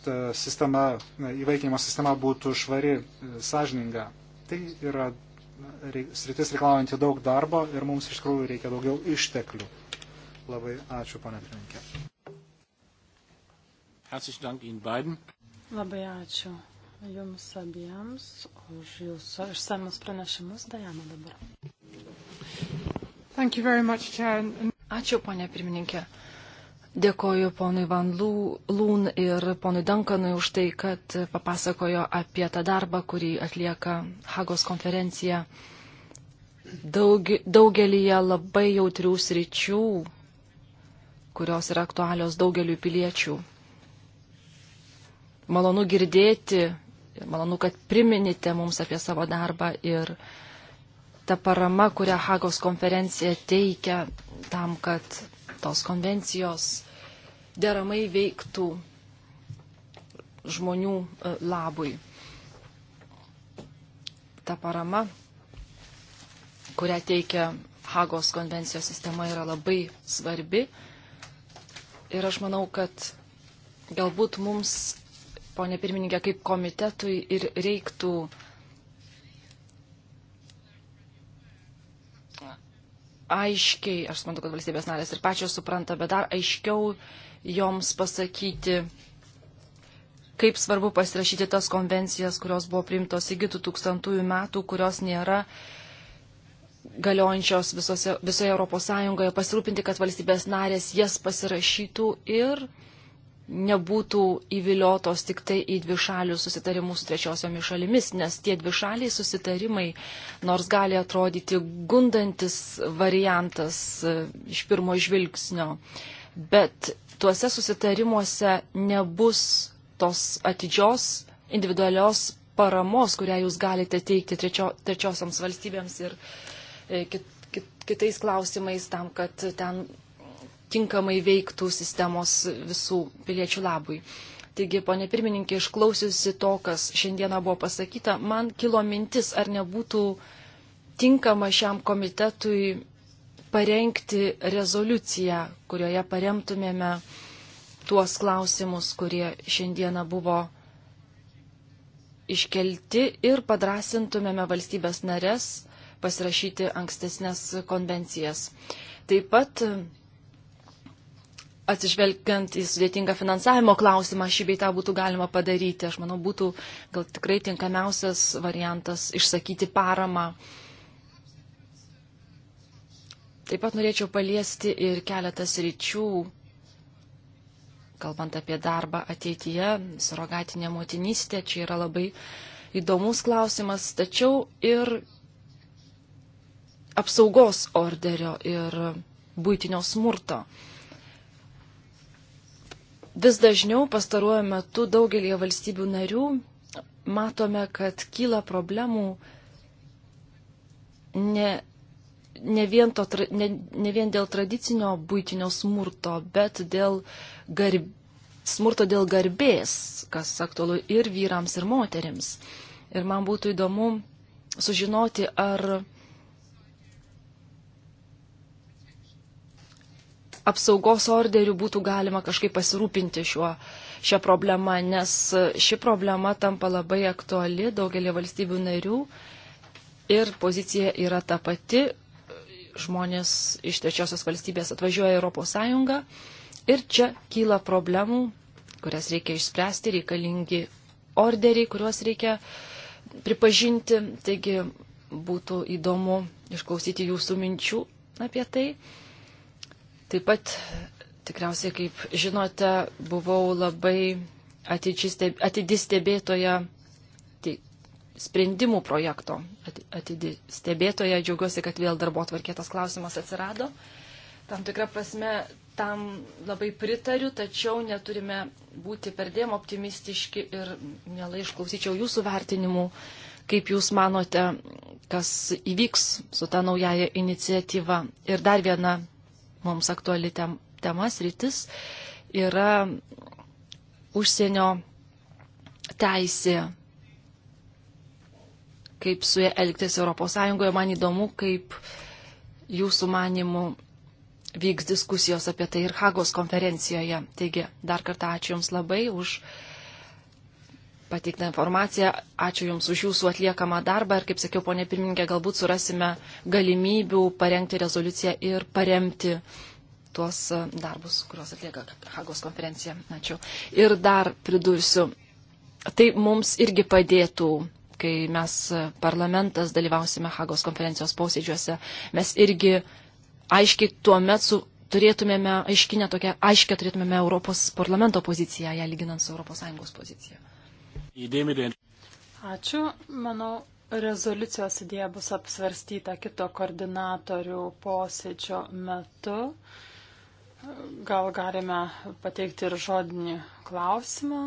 ta sistema, įvaikinimo sistema būtų švari, e, sąžininga. Tai yra sritis reikalaujanti daug darbo ir mums iš tikrųjų reikia daugiau išteklių. Labai ačiū, pane Prinkė.
Labai ačiū Jums abiems už Jūsų išsamius pranešimus. Dajana dabar.
Much, ačiū, ponė pirmininkė. Dėkoju ponui Van Lūn ir ponui Dankanui už tai, kad papasakojo apie tą darbą, kurį atlieka Hagos konferencija daug, daugelįje labai jautrių sričių, kurios yra aktualios daugeliu piliečių. Malonu girdėti, malonu, kad priminite mums apie savo darbą ir ta parama, kurią Hagos konferencija teikia tam, kad tos konvencijos deramai veiktų žmonių e, labui. Ta parama, kurią teikia Hagos konvencijos sistema, yra labai svarbi Ir aš manau, kad galbūt mums, ponė pirmininkė, kaip komitetui ir reiktų aiškiai, aš suprantu, kad valstybės narės ir pačios supranta, bet dar aiškiau joms pasakyti, kaip svarbu pasirašyti tas konvencijas, kurios buvo priimtos iki 2000 metų, kurios nėra uh, galiojančios visose, visoje Europos Sąjungoje, pasirūpinti, kad valstybės narės jas pasirašytų ir nebūtų įviliotos tik tai į dvišalių susitarimus su trečiosiomis šalimis, nes tie dvišaliai susitarimai, nors gali atrodyti gundantis variantas e, iš pirmo žvilgsnio, bet tuose susitarimuose nebus tos atidžios individualios paramos, kurią jūs galite teikti trečio, trečiosioms valstybėms ir uh, E, kit, kit, kitais klausimais tam, kad ten tinkamai veiktų sistemos visų piliečių labui. Taigi, ponė pirmininkė, išklausiusi to, kas šiandieną buvo pasakyta, man kilo mintis, ar nebūtų tinkama šiam komitetui parengti rezoliuciją, kurioje paremtumėme tuos klausimus, kurie šiandieną buvo iškelti ir padrasintumėme valstybės narės pasirašyti ankstesnės konvencijas. Taip pat atsižvelgiant į sudėtingą finansavimo klausimą, šį beitą būtų galima padaryti. Aš manau, būtų gal tikrai tinkamiausias variantas išsakyti paramą. Taip pat norėčiau paliesti ir keletas ryčių, kalbant apie darbą ateityje, surogatinė motinystė, čia yra labai įdomus klausimas, tačiau ir apsaugos orderio ir būtinio smurto. Vis dažniau pastaruoju metu daugelį valstybių narių matome, kad kyla problemų ne, ne, vien, to, ne, ne vien dėl tradicinio būtinio smurto, bet dėl garb, smurto dėl garbės, kas aktualu ir vyrams, ir moterims. Ir man būtų įdomu sužinoti, ar apsaugos orderių būtų galima kažkaip pasirūpinti šiuo, šią problemą, nes ši problema tampa labai aktuali daugelį valstybių narių ir pozicija yra ta pati. Žmonės iš trečiosios valstybės atvažiuoja Europos Sąjungą ir čia kyla problemų, kurias reikia išspręsti, reikalingi orderiai, kuriuos reikia pripažinti. Taigi būtų įdomu išklausyti jūsų minčių apie tai. Taip pat, tikriausiai, kaip žinote, buvau labai atidži stebėtoja tai, sprendimų projekto. Atidži stebėtoja, džiaugiuosi, kad vėl darbo atvarkėtas klausimas atsirado. Tam tikrą prasme, tam labai pritariu, tačiau neturime būti perdėm optimistiški ir mielai išklausyčiau jūsų vertinimų, kaip jūs manote, kas įvyks su ta naujaja iniciatyva. Ir dar viena mums aktuali tem, temas rytis yra užsienio teisė, kaip su jie elgtis ES. Man įdomu, kaip jūsų manimų vyks diskusijos apie tai ir Hagos konferencijoje. Taigi, dar kartą ačiū Jums labai už pateiktą informaciją. Ačiū Jums už Jūsų atliekamą darbą ir, kaip sakiau, ponė pirmininkė, galbūt surasime galimybių parengti rezoliuciją ir paremti tuos e, darbus, kuriuos atlieka Hagos konferencija. Ačiū. Ir dar pridursiu, tai mums irgi padėtų kai mes e, parlamentas dalyvausime Hagos konferencijos posėdžiuose, mes irgi aiškiai tuo metu turėtumėme, aiškinę tokią, aiškę turėtumėme Europos parlamento poziciją, ją lyginant su ES pozicija.
Ačiū.
Manau, rezoliucijos idėja bus apsvarstyta kito koordinatorių posėdžio metu. Gal galime pateikti ir žodinį klausimą,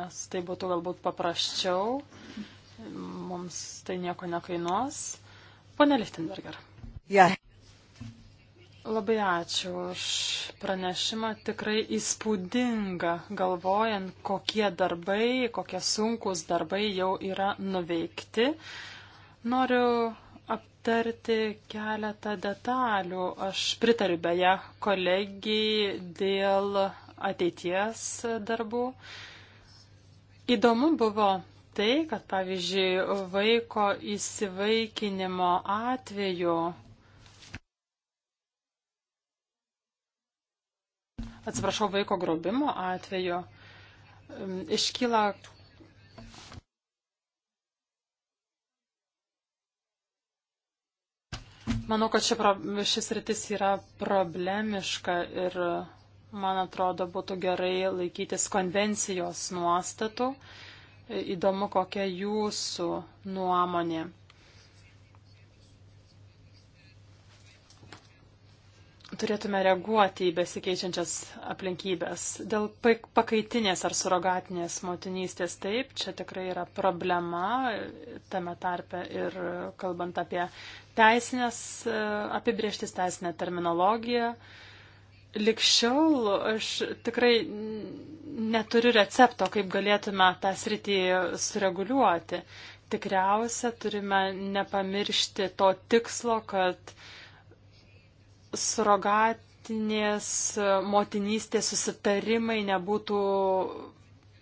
nes tai būtų galbūt paprasčiau. Mums tai nieko nekainuos. Pone Lichtenberger. Yeah. Labai ačiū už pranešimą. Tikrai įspūdinga, galvojant, kokie darbai, kokie sunkus darbai jau yra nuveikti. Noriu aptarti keletą detalių. Aš pritariu beje kolegijai dėl ateities darbų. Įdomu buvo tai, kad pavyzdžiui vaiko įsivaikinimo atveju atsiprašau, vaiko grobimo atveju iškyla Manau, kad ši, pro, šis rytis yra problemiška ir, man atrodo, būtų gerai laikytis konvencijos nuostatų. Įdomu, kokia jūsų nuomonė. turėtume reaguoti į besikeičiančias aplinkybės. Dėl pakaitinės ar surogatinės motinystės taip, čia tikrai yra problema, tame tarpe ir kalbant apie teisinės e, apibrieštis, teisinę terminologiją. Likščiau aš tikrai neturiu recepto, kaip galėtume tą sritį sureguliuoti. Tikriausia, turime nepamiršti to tikslo, kad uh, surogatinės motinystės susitarimai nebūtų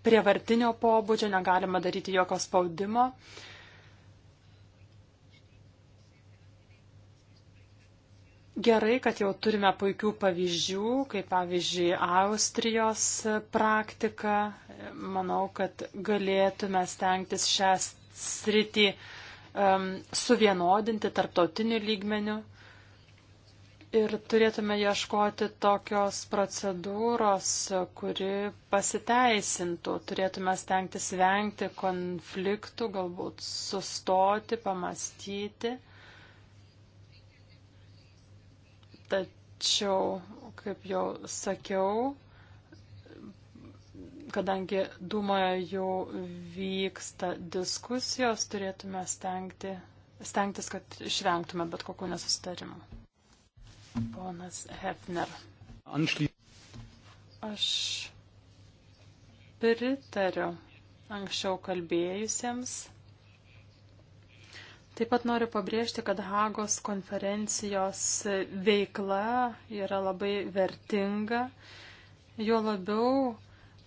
prievartinio pobūdžio, negalima daryti jokio spaudimo. Gerai, kad jau turime puikių pavyzdžių, kaip pavyzdžiui Austrijos praktika. Manau, kad galėtume stengtis šią sritį um, suvienodinti tarptautiniu lygmeniu. Ir turėtume ieškoti tokios procedūros, kuri pasiteisintų. Turėtume stengtis vengti konfliktų, galbūt sustoti, pamastyti. Tačiau, kaip jau sakiau, kadangi Dūmoje jau vyksta diskusijos, turėtume stengti, stengtis, kad išvengtume bet kokių nesustarimų. Ponas Hefner. Aš pritariu anksčiau kalbėjusiems. Taip pat noriu pabrėžti, kad Hagos konferencijos veikla yra labai vertinga, jo labiau,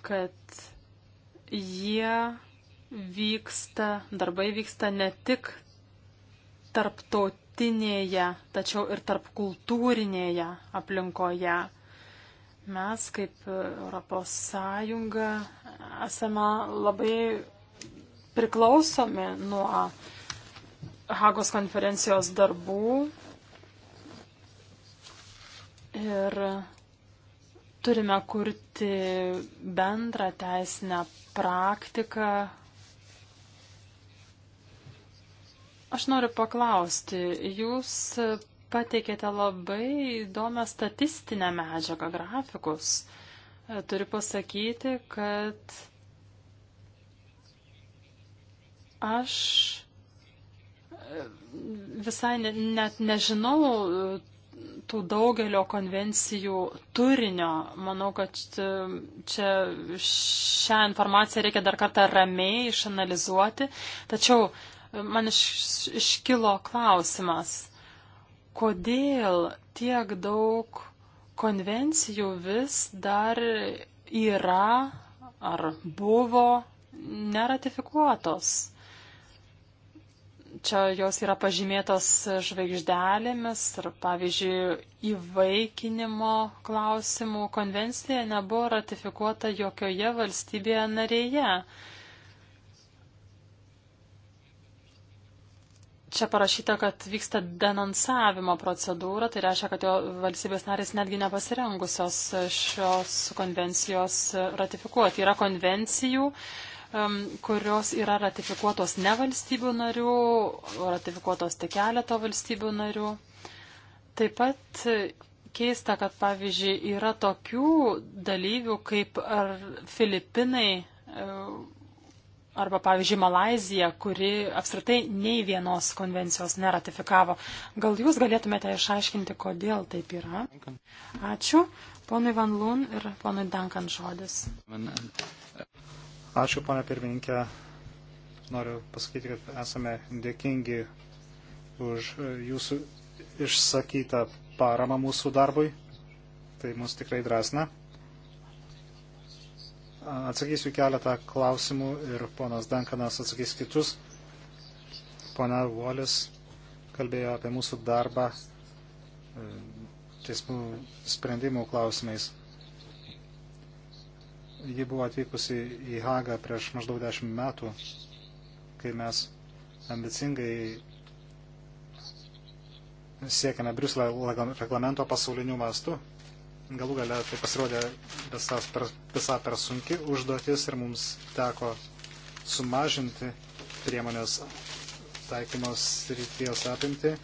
kad jie vyksta, darbai vyksta ne tik tarptautiniai, nuolatinėje, tačiau ir tarp kultūrinėje aplinkoje. Mes kaip Europos Sąjunga esame labai priklausomi nuo Hagos konferencijos darbų ir turime kurti bendrą teisinę praktiką, Aš noriu paklausti, jūs pateikėte labai įdomią statistinę medžiagą, grafikus. E, turiu pasakyti, kad aš e, visai net nežinau e, tų daugelio konvencijų turinio. Manau, kad čia šią informaciją reikia dar kartą ramiai išanalizuoti. Tačiau man iš, iškilo klausimas, kodėl tiek daug konvencijų vis dar yra ar buvo neratifikuotos. Čia jos yra pažymėtos žvaigždelėmis ir, pavyzdžiui, įvaikinimo klausimų konvencija nebuvo ratifikuota jokioje valstybėje narėje. Čia parašyta, kad vyksta denonsavimo procedūra, tai reiškia, kad jo valstybės narės netgi nepasirengusios šios konvencijos ratifikuoti. Yra konvencijų, kurios yra ratifikuotos ne valstybių narių, ratifikuotos tik keleto valstybių narių. Taip pat keista, kad pavyzdžiui yra tokių dalyvių kaip ar Filipinai arba, pavyzdžiui, Malazija, kuri apskritai nei vienos konvencijos neratifikavo. Gal jūs galėtumėte išaiškinti, kodėl taip yra? Ačiū. Ponui Van Lun ir ponui Dankan žodis.
Ačiū, ponia pirmininkė. Noriu pasakyti, kad esame dėkingi už jūsų išsakytą paramą mūsų darbui. Tai mus tikrai drąsna. Atsakysiu keletą klausimų ir ponas Dankanas atsakys kitus. Pona Volis kalbėjo apie mūsų darbą e, teismų sprendimų klausimais. Ji buvo atvykusi į Hagą prieš maždaug dešimt metų, kai mes ambicingai siekiame Briuselio reglamento pasauliniu mastu galų gale tai pasirodė visas per, visa per sunki užduotis ir mums teko sumažinti priemonės taikymos ryties apimti.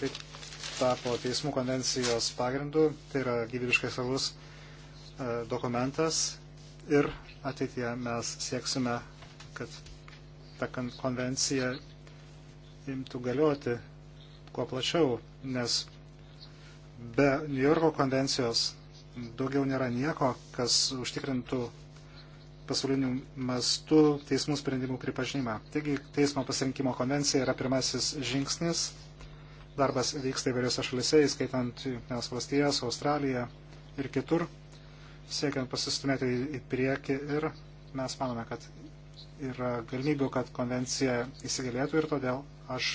Tai tapo teismų konvencijos pagrindu, tai yra gyvybiškai salus e, dokumentas ir ateitie mes sieksime, kad ta konvencija imtų galioti kuo plačiau, nes be New Yorko konvencijos daugiau nėra nieko, kas užtikrintų pasaulinių mastų teismų sprendimų pripažinimą. Taigi teismo pasirinkimo konvencija yra pirmasis žingsnis. Darbas vyksta įvairiose šalise, įskaitant Junktinės valstijas, Australiją ir kitur, siekiant pasistumėti į priekį ir mes manome, kad yra galimybių, kad konvencija įsigalėtų ir todėl aš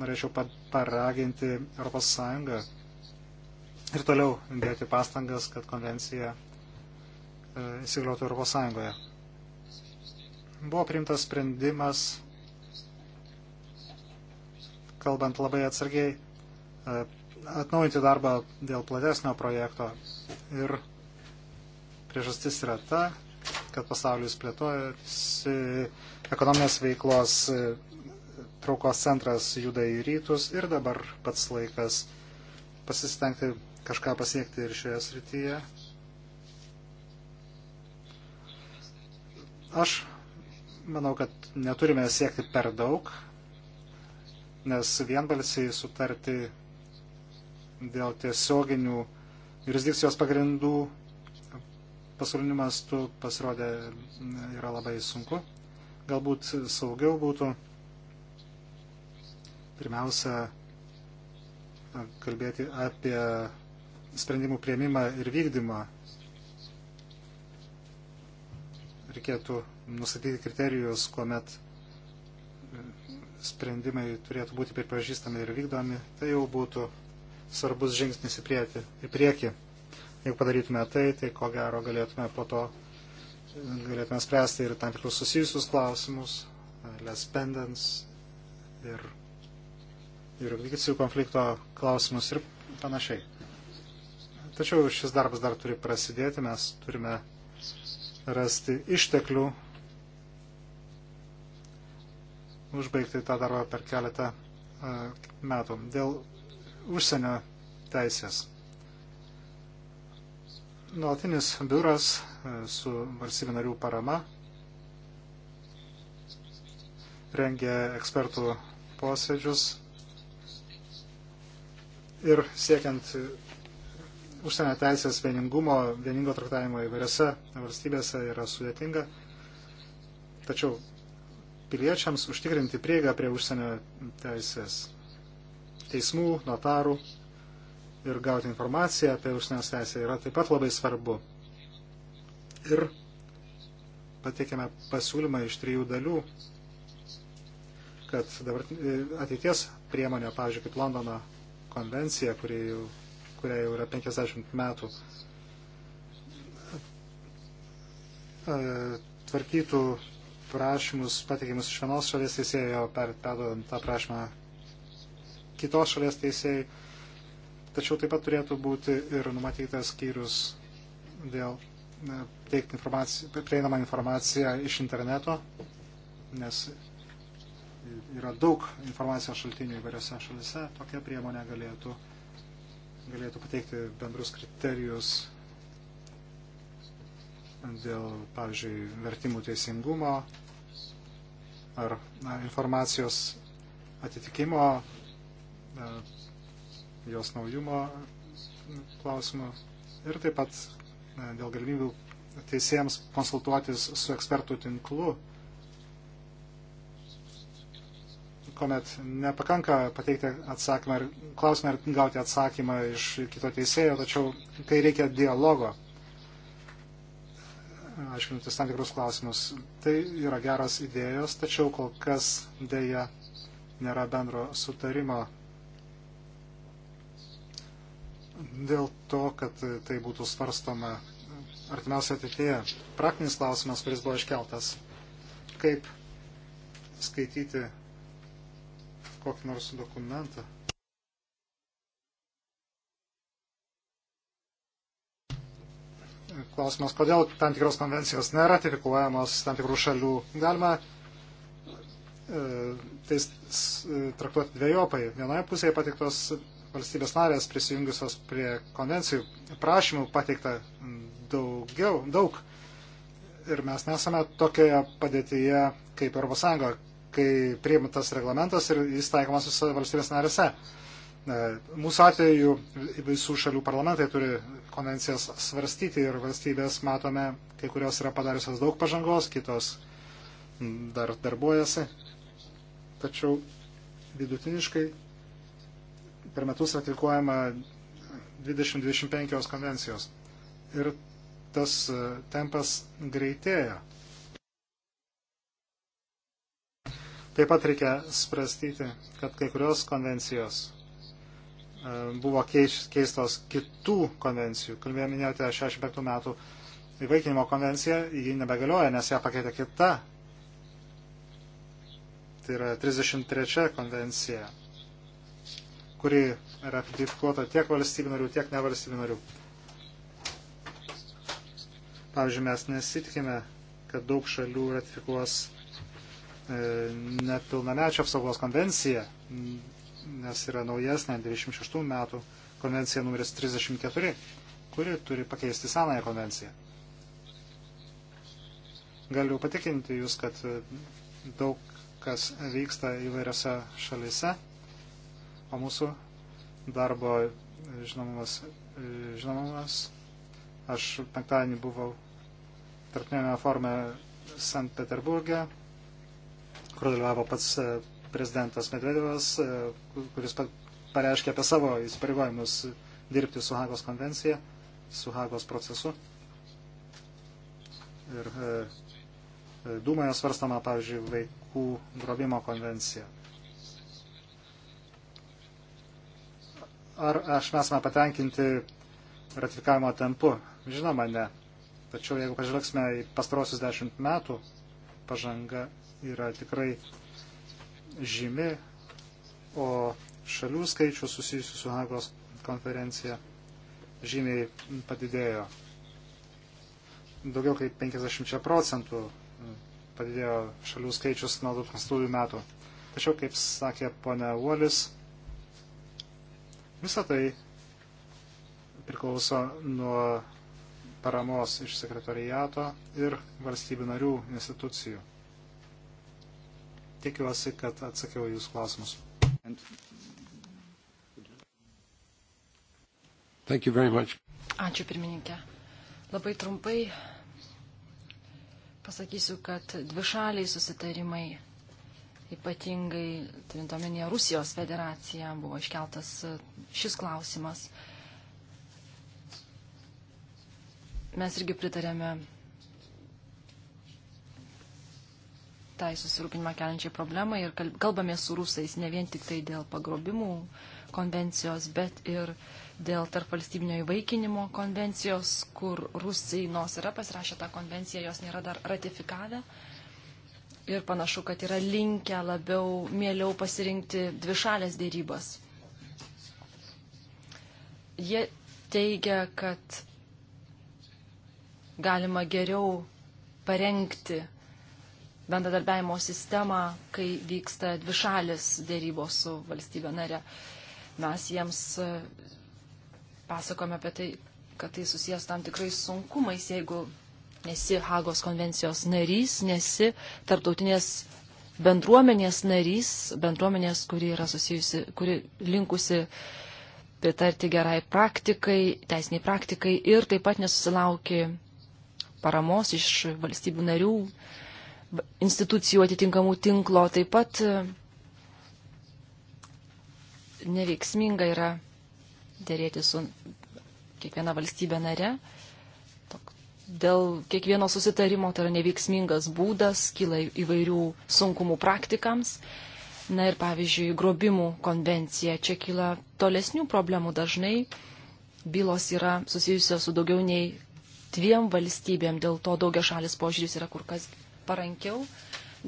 norėčiau paraginti ES ir toliau dėti pastangas, kad konvencija e, įsigaliotų Europos Sąjungoje. Buvo priimtas sprendimas, kalbant labai atsargiai, e, atnaujinti darbą dėl platesnio projekto. Ir priežastis yra ta, kad pasaulis plėtojasi, ekonominės veiklos e, traukos centras juda į rytus ir dabar pats laikas pasistengti kažką pasiekti ir šioje srityje. Aš manau, kad neturime siekti per daug, nes vienbalsiai sutarti dėl tiesioginių jurisdikcijos pagrindų pasauliniu mastu pasirodė yra labai sunku. Galbūt saugiau būtų pirmiausia kalbėti apie sprendimų prieimimą ir vykdymą. Reikėtų nustatyti kriterijus, kuomet e, sprendimai turėtų būti pripažįstami ir vykdomi. Tai jau būtų svarbus žingsnis į priekį. Į priekį. Jeigu padarytume tai, tai ko gero galėtume po to e, galėtume spręsti ir tam tikrus susijusius klausimus, e, less pendants ir jurisdikcijų konflikto klausimus ir panašiai. Tačiau šis darbas dar turi prasidėti, mes turime rasti išteklių, užbaigti tą darbą per keletą e, metų. Dėl užsienio teisės. Nuolatinis biuras e, su valstybių narių parama rengia ekspertų posėdžius ir siekiant e, užsienio teisės vieningumo, vieningo traktavimo įvairiose valstybėse yra sudėtinga. Tačiau piliečiams užtikrinti prieigą prie užsienio teisės teismų, notarų ir gauti informaciją apie užsienio teisę yra taip pat labai svarbu. Ir pateikėme pasiūlymą iš trijų dalių, kad dabar e, ateities priemonė, pavyzdžiui, kaip Londono konvenciją, kurie jau, kurie jau yra 50 metų, e, tvarkytų prašymus pateikimus iš vienos šalies teisėjo, perdodant tą prašymą kitos šalies teisėjai. Tačiau taip pat turėtų būti ir numatytas skyrius dėl e, teikti informaciją, prieinamą informaciją iš interneto, nes yra daug informacijos šaltinių įvairiose šalise, tokia priemonė galėtų, galėtų pateikti bendrus kriterijus dėl, pavyzdžiui, vertimų teisingumo ar na, informacijos atitikimo, jos naujumo klausimų ir taip pat dėl galimybių teisėjams konsultuotis su ekspertų tinklu kuomet nepakanka pateikti atsakymą ir klausimą ir gauti atsakymą iš kito teisėjo, tačiau kai reikia dialogo, aiškinantis tam tikrus klausimus, tai yra geros idėjos, tačiau kol kas dėja nėra bendro sutarimo dėl to, kad tai būtų svarstoma artimiausia ateityje. Praktinis klausimas, kuris buvo iškeltas, kaip skaityti kokį nors dokumentą. Klausimas, kodėl tam tikros konvencijos neratifikuojamos tam tikrų šalių. Galima e, tai e, traktuoti dviejopai. Vienoje pusėje patiktos valstybės narės prisijungusios prie konvencijų prašymų pateikta daugiau, daug. Ir mes nesame tokioje padėtyje kaip ES, kai priimtas reglamentas ir jis taikomas visose valstybės narėse. E, mūsų atveju visų šalių parlamentai turi konvencijas svarstyti ir valstybės matome, kai kurios yra padariusios daug pažangos, kitos dar darbuojasi. Tačiau vidutiniškai per metus ratifikuojama 20-25 konvencijos. Ir tas e, tempas greitėja. Taip pat reikia sprastyti, kad kai kurios konvencijos e, buvo keistos kitų konvencijų. Kalbėjome, minėjote 65 metų įvaikinimo konvenciją, ji nebegalioja, nes ją pakeitė kita. Tai yra 33 konvencija, kuri ratifikuota tiek valstybių narių, tiek nevalstybių narių. Pavyzdžiui, mes nesitikime, kad daug šalių ratifikuos E, nepilnamečio apsaugos konvencija, nes yra naujesnė 26 metų konvencija numeris 34, kuri turi pakeisti senąją konvenciją. Galiu patikinti Jūs, kad daug kas vyksta įvairiose šalyse, o mūsų darbo žinomas, žinomas aš penktadienį buvau tarptautinėme forume Sankt Peterburgė, kur dalyvavo pats e, prezidentas Medvedevas, e, kuris pareiškė apie savo įsipareigojimus dirbti su Hagos konvencija, su Hagos procesu. Ir e, Dūmoje svarstama, pavyzdžiui, vaikų grobimo konvencija. Ar aš mesame patenkinti ratifikavimo tempu? Žinoma, ne. Tačiau jeigu pažvelgsime į pastarosius dešimt metų, pažanga yra tikrai žymi, o šalių skaičių susijusių su Hagos konferencija žymiai padidėjo. Daugiau kaip 50 procentų padidėjo šalių skaičius nuo 2000 metų. Tačiau, kaip sakė ponia Uolis, visą tai priklauso nuo paramos iš sekretariato ir valstybių narių institucijų tikiuosi, kad atsakiau jūs klausimus.
Ačiū pirmininkė. Labai trumpai pasakysiu, kad dvišaliai susitarimai, ypatingai turintomenėje Rusijos federacija, buvo iškeltas šis klausimas. Mes irgi pritarėme tai susirūpinimą keliančiai problemai ir kalbame su rusais ne vien tik tai dėl pagrobimų konvencijos, bet ir dėl tarpvalstybinio įvaikinimo konvencijos, kur rusai nors yra pasirašę tą konvenciją, jos nėra dar ratifikavę. Ir panašu, kad yra linkę labiau, mieliau pasirinkti dvišalės dėrybas. Jie teigia, kad galima geriau parengti bendradarbiavimo sistemą, kai vyksta dvišalis dėrybos su valstybė nare. Mes jiems e, pasakome apie tai, kad tai susijęs tam tikrais sunkumais, jeigu nesi Hagos konvencijos narys, nesi tarptautinės bendruomenės narys, bendruomenės, kuri yra susijusi, kuri linkusi pritarti gerai praktikai, teisiniai praktikai ir taip pat nesusilauki paramos iš valstybių narių, institucijų atitinkamų tinklo, taip pat e, neveiksminga yra dėrėti su kiekviena valstybė nare. Dėl kiekvieno susitarimo tai yra neveiksmingas būdas, kyla įvairių sunkumų praktikams. Na ir pavyzdžiui, grobimų konvencija. Čia kyla tolesnių problemų dažnai. Bylos yra susijusios su daugiau nei dviem valstybėm, dėl to daugia šalis požiūris yra kur kas parankiau.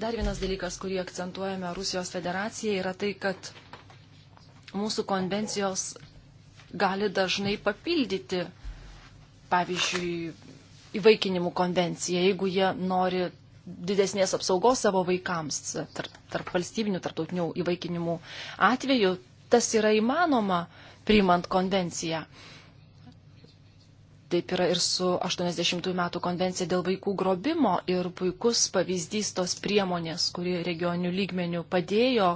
Dar vienas dalykas, kurį akcentuojame Rusijos federacijai, yra tai, kad mūsų konvencijos gali dažnai papildyti, pavyzdžiui, įvaikinimų konvenciją, jeigu jie nori didesnės apsaugos savo vaikams tarp, tarp valstybinių, tarptautinių įvaikinimų atveju, tas yra įmanoma priimant konvenciją. Uh, Taip yra ir su 80 metų konvencija dėl vaikų grobimo ir puikus pavyzdys tos priemonės, kuri regionių lygmenių padėjo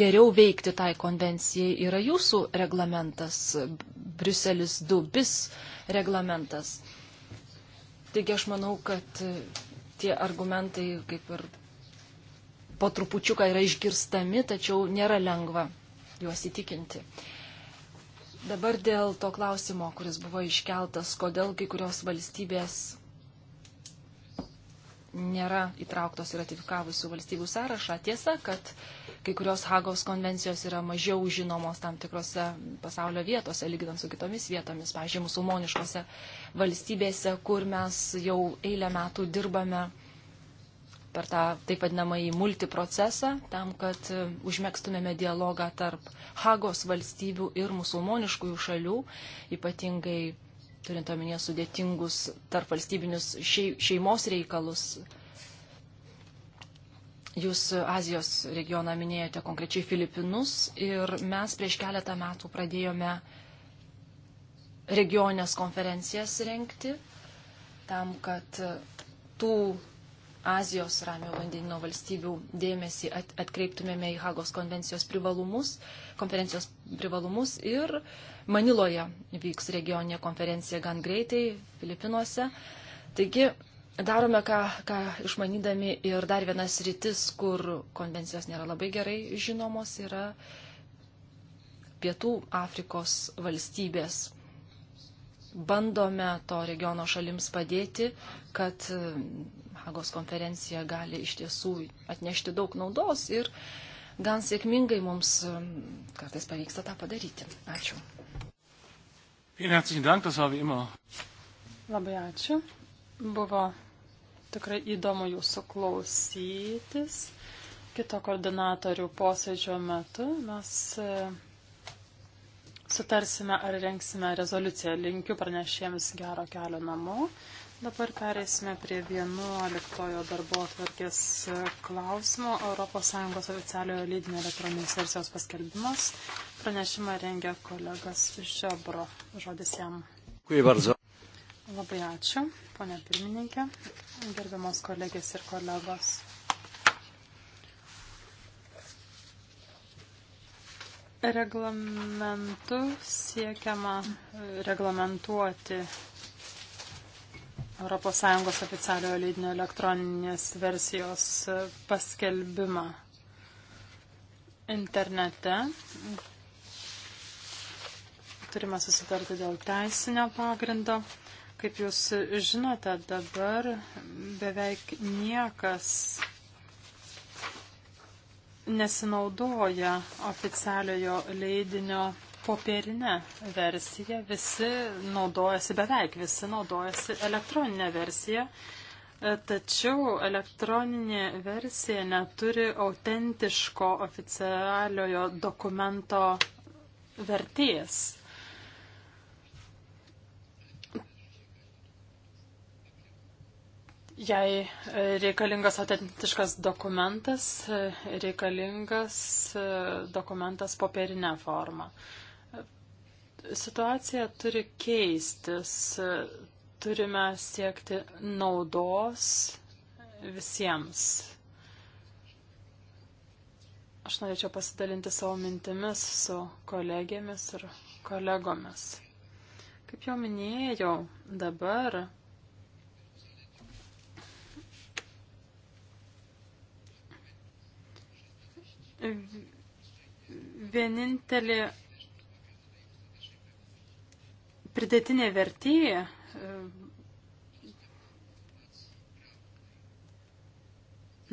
geriau veikti tai konvencijai, yra jūsų reglamentas, Briuselis 2 bis reglamentas. Taigi aš manau, kad tie argumentai kaip ir po trupučiuką yra išgirstami, tačiau nėra lengva juos įtikinti. Uh, Dabar dėl to klausimo, kuris buvo iškeltas, kodėl kai kurios valstybės nėra įtrauktos į ratifikavusių valstybių sąrašą. Tiesa, kad kai kurios Hagos konvencijos yra mažiau žinomos tam tikrose pasaulio vietose, lyginant su kitomis vietomis, pažiūrėjau, musulmoniškose valstybėse, kur mes jau eilę metų dirbame per tą taip vadinamąjį multiprocesą, tam, kad e, užmėgstumėme dialogą tarp Hagos valstybių ir musulmoniškųjų šalių, ypatingai turint omenyje sudėtingus tarp valstybinius šeimos reikalus. Jūs Azijos regioną minėjote konkrečiai Filipinus ir mes prieš keletą metų pradėjome regionės konferencijas renkti tam, kad tų Azijos ramio vandenino valstybių dėmesį atkreiptumėme į Hagos konvencijos privalumus, konferencijos privalumus ir Maniloje vyks regioninė konferencija gan greitai, Filipinuose. Taigi darome, ką, ką išmanydami ir dar vienas rytis, kur konvencijos nėra labai gerai žinomos, yra Pietų Afrikos valstybės bandome to regiono šalims padėti, kad Hagos konferencija gali iš tiesų atnešti daug naudos ir gan sėkmingai mums um, kartais pavyksta tą padaryti. Ačiū. Labai ačiū. Buvo
tikrai įdomu jūsų klausytis. Kito koordinatorių posėdžio metu mes e, sutarsime, ar rengsime rezoliuciją. Linkiu pranešėjams gero kelio namo. Dabar perėsime prie 11 darbo atvarkės e, klausimo ES oficialiojo lydinio elektroninės versijos paskelbimas. Pranešimą rengia kolegas Žiobro. Žodis jam. Labai ačiū, ponė pirmininkė, gerbiamos kolegės ir kolegos. Reglamentu siekiama e, reglamentuoti ES oficialiojo leidinio elektroninės versijos paskelbimą internete. Turime susitarti dėl teisinio pagrindo. Kaip jūs žinote, dabar beveik niekas nesinaudoja oficialiojo leidinio popierinę versiją, visi naudojasi, beveik visi naudojasi elektroninę versiją, e, tačiau elektroninė versija neturi autentiško oficialiojo dokumento vertės. Jei reikalingas autentiškas dokumentas, reikalingas e, dokumentas popierinė forma situacija turi keistis. Turime siekti naudos visiems. Aš norėčiau pasidalinti savo mintimis su kolegėmis ir kolegomis. Kaip jau minėjau, dabar vienintelį pridėtinė vertė e,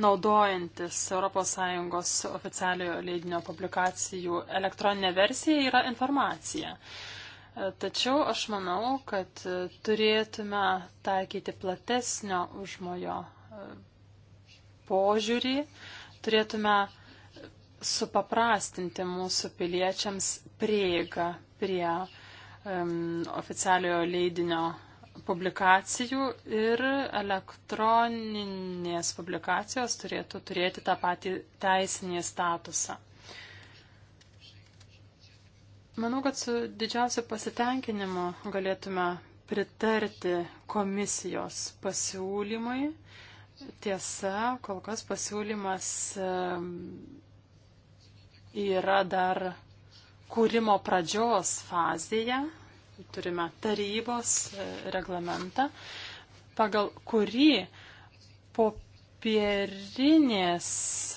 naudojantis ES oficialiojo leidinio publikacijų elektroninė versija yra informacija. E, tačiau aš manau, kad e, turėtume taikyti platesnio užmojo požiūrį, turėtume supaprastinti mūsų piliečiams prieigą prie um, oficialiojo leidinio publikacijų ir elektroninės publikacijos turėtų turėti tą patį teisinį statusą. Manau, kad su didžiausiu pasitenkinimu galėtume pritarti komisijos pasiūlymui. Tiesa, kol kas pasiūlymas yra dar kūrimo pradžios fazėje turime tarybos e, reglamentą, pagal kurį popierinės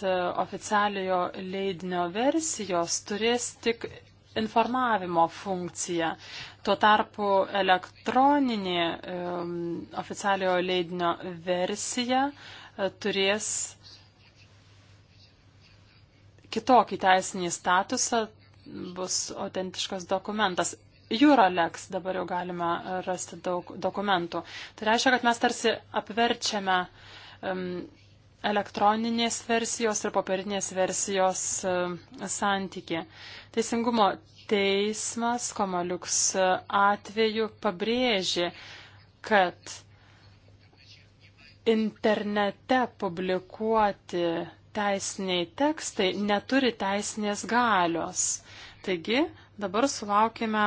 e, oficialiojo leidinio versijos turės tik informavimo funkciją. Tuo tarpu elektroninė um, oficialiojo leidinio versija uh, turės kitokį teisinį statusą, bus autentiškas dokumentas. Euroleks dabar jau galima rasti daug dokumentų. Tai reiškia, kad mes tarsi apverčiame um, elektroninės versijos ir popierinės versijos um, e, santyki. Teisingumo teismas Komaliuks e, atveju pabrėžė, kad internete publikuoti teisiniai tekstai neturi teisinės galios. Taigi dabar sulaukime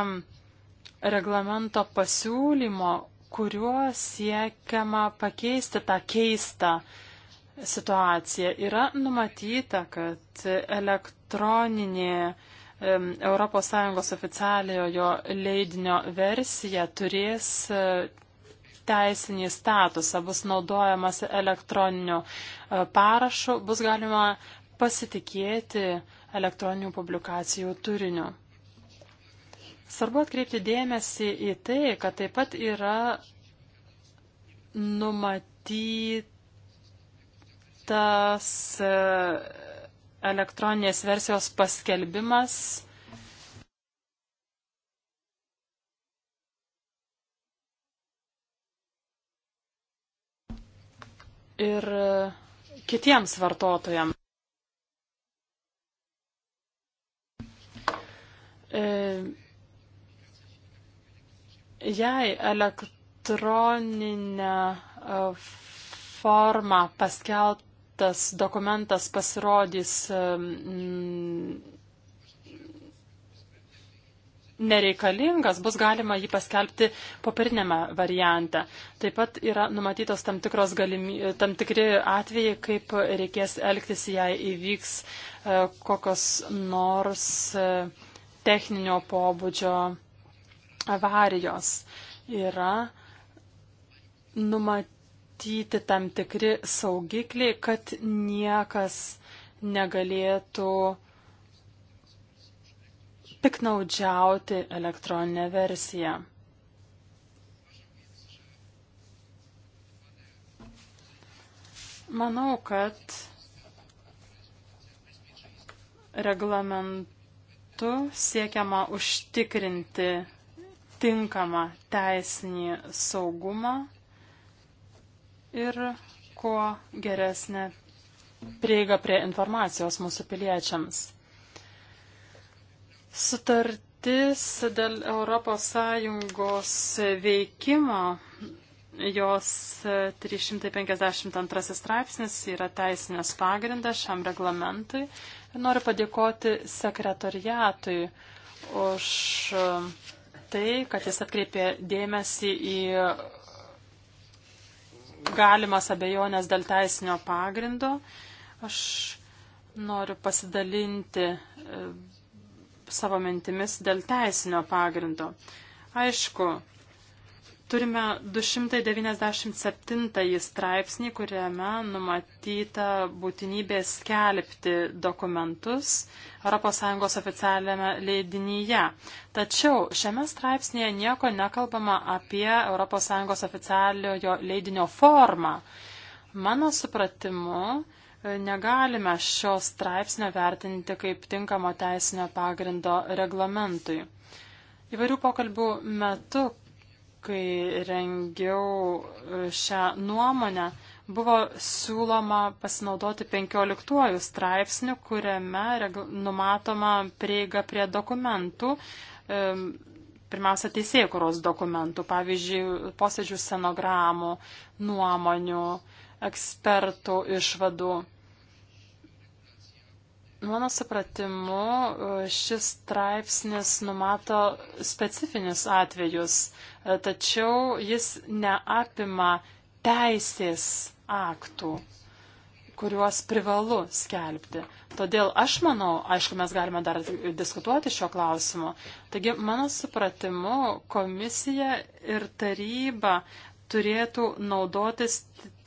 reglamento pasiūlymo, kuriuo siekiama pakeisti tą keistą situaciją. Yra numatyta, kad elektroninė ES oficialiojo leidinio versija turės e, teisinį statusą, bus naudojamas elektroniniu e, parašu, bus galima pasitikėti uh, elektroninių publikacijų turiniu. Svarbu atkreipti dėmesį į tai, kad taip pat yra numatytas e, elektroninės versijos paskelbimas ir e, kitiems vartotojams. E, jei elektroninę e, formą paskelbtas dokumentas pasirodys e, nereikalingas, bus galima jį paskelbti popirinėme variante. Taip pat yra numatytos tam, galimy, tam tikri atvejai, kaip reikės elgtis, jei įvyks kokios nors uh, techninio pobūdžio avarijos yra numatyti tam tikri saugikliai, kad niekas negalėtų piknaudžiauti elektroninę versiją. Manau, kad reglament metu siekiama užtikrinti tinkamą teisinį saugumą ir kuo geresnę prieigą prie informacijos mūsų piliečiams. Sutartis dėl ES veikimo jos 352 straipsnis yra teisinės pagrindas šiam reglamentui. Ir noriu padėkoti sekretariatui už e, tai, kad jis atkreipė dėmesį į galimas abejonės dėl teisinio pagrindo. Aš noriu pasidalinti e, savo mintimis dėl teisinio pagrindo. Aišku, Turime 297 straipsnį, kuriame numatyta būtinybė skelbti dokumentus ES oficialiame leidinyje. Tačiau šiame straipsnėje nieko nekalbama apie ES oficialiojo leidinio formą. Mano supratimu, negalime šio straipsnio vertinti kaip tinkamo teisinio pagrindo reglamentui. Įvairių pokalbių metu kai rengiau e, šią nuomonę, buvo siūloma pasinaudoti 15 straipsniu, kuriame numatoma prieiga prie dokumentų, pirmiausia, teisėkuros dokumentų, pavyzdžiui, posėdžių scenogramų, nuomonių, ekspertų išvadų. Mano supratimu, šis straipsnis numato specifinius atvejus, tačiau jis neapima teisės aktų, kuriuos privalu skelbti. Todėl aš manau, aišku, mes galime dar diskutuoti šio klausimu. Taigi, mano supratimu, komisija ir taryba turėtų naudotis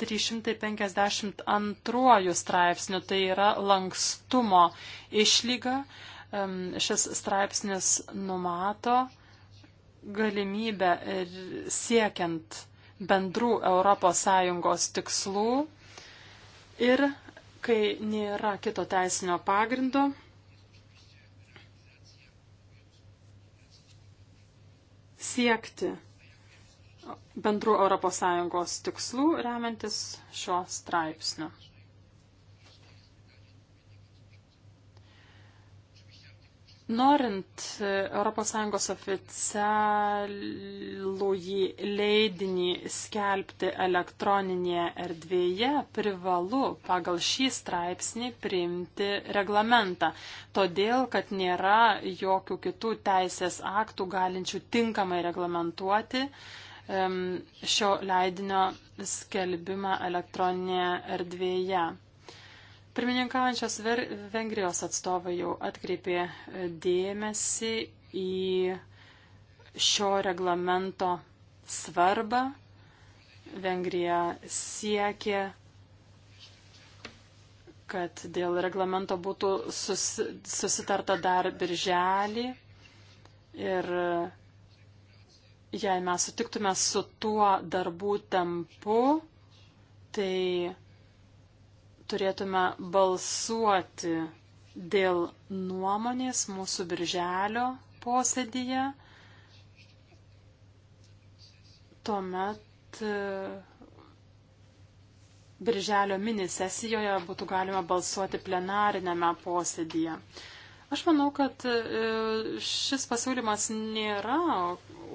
352 straipsniu, tai yra lankstumo išlyga. Šis straipsnis numato galimybę ir siekiant bendrų ES tikslų ir kai nėra kito teisinio pagrindo, siekti bendrų ES tikslų remiantis šio straipsnio. Norint ES oficialųjį leidinį skelbti elektroninėje erdvėje, privalu pagal šį straipsnį priimti reglamentą, todėl kad nėra jokių kitų teisės aktų galinčių tinkamai reglamentuoti uh, šio leidinio skelbimą elektroninėje erdvėje. Pirmininkaujančios Vengrijos atstovai jau atkreipė e, dėmesį į šio reglamento svarbą. Vengrija siekė kad dėl reglamento būtų susitarta dar birželį ir jei mes sutiktume su tuo darbų tempu, tai turėtume balsuoti dėl nuomonės mūsų birželio posėdyje. Tuomet e, birželio minisesijoje būtų galima balsuoti plenarinėme posėdyje. Aš manau, kad e, šis pasiūlymas nėra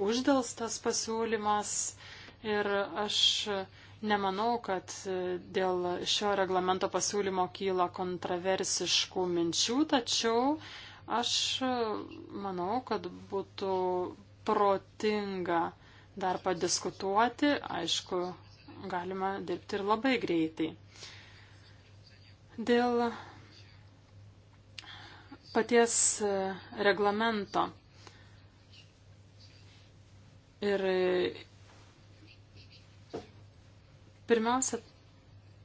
uždėlstas pasiūlymas ir aš nemanau, kad e, dėl šio reglamento pasiūlymo kyla kontraversiškų minčių, tačiau aš manau, kad būtų protinga dar padiskutuoti, aišku, galima dirbti ir labai greitai. Dėl paties e, reglamento. Ir e, pirmiausia,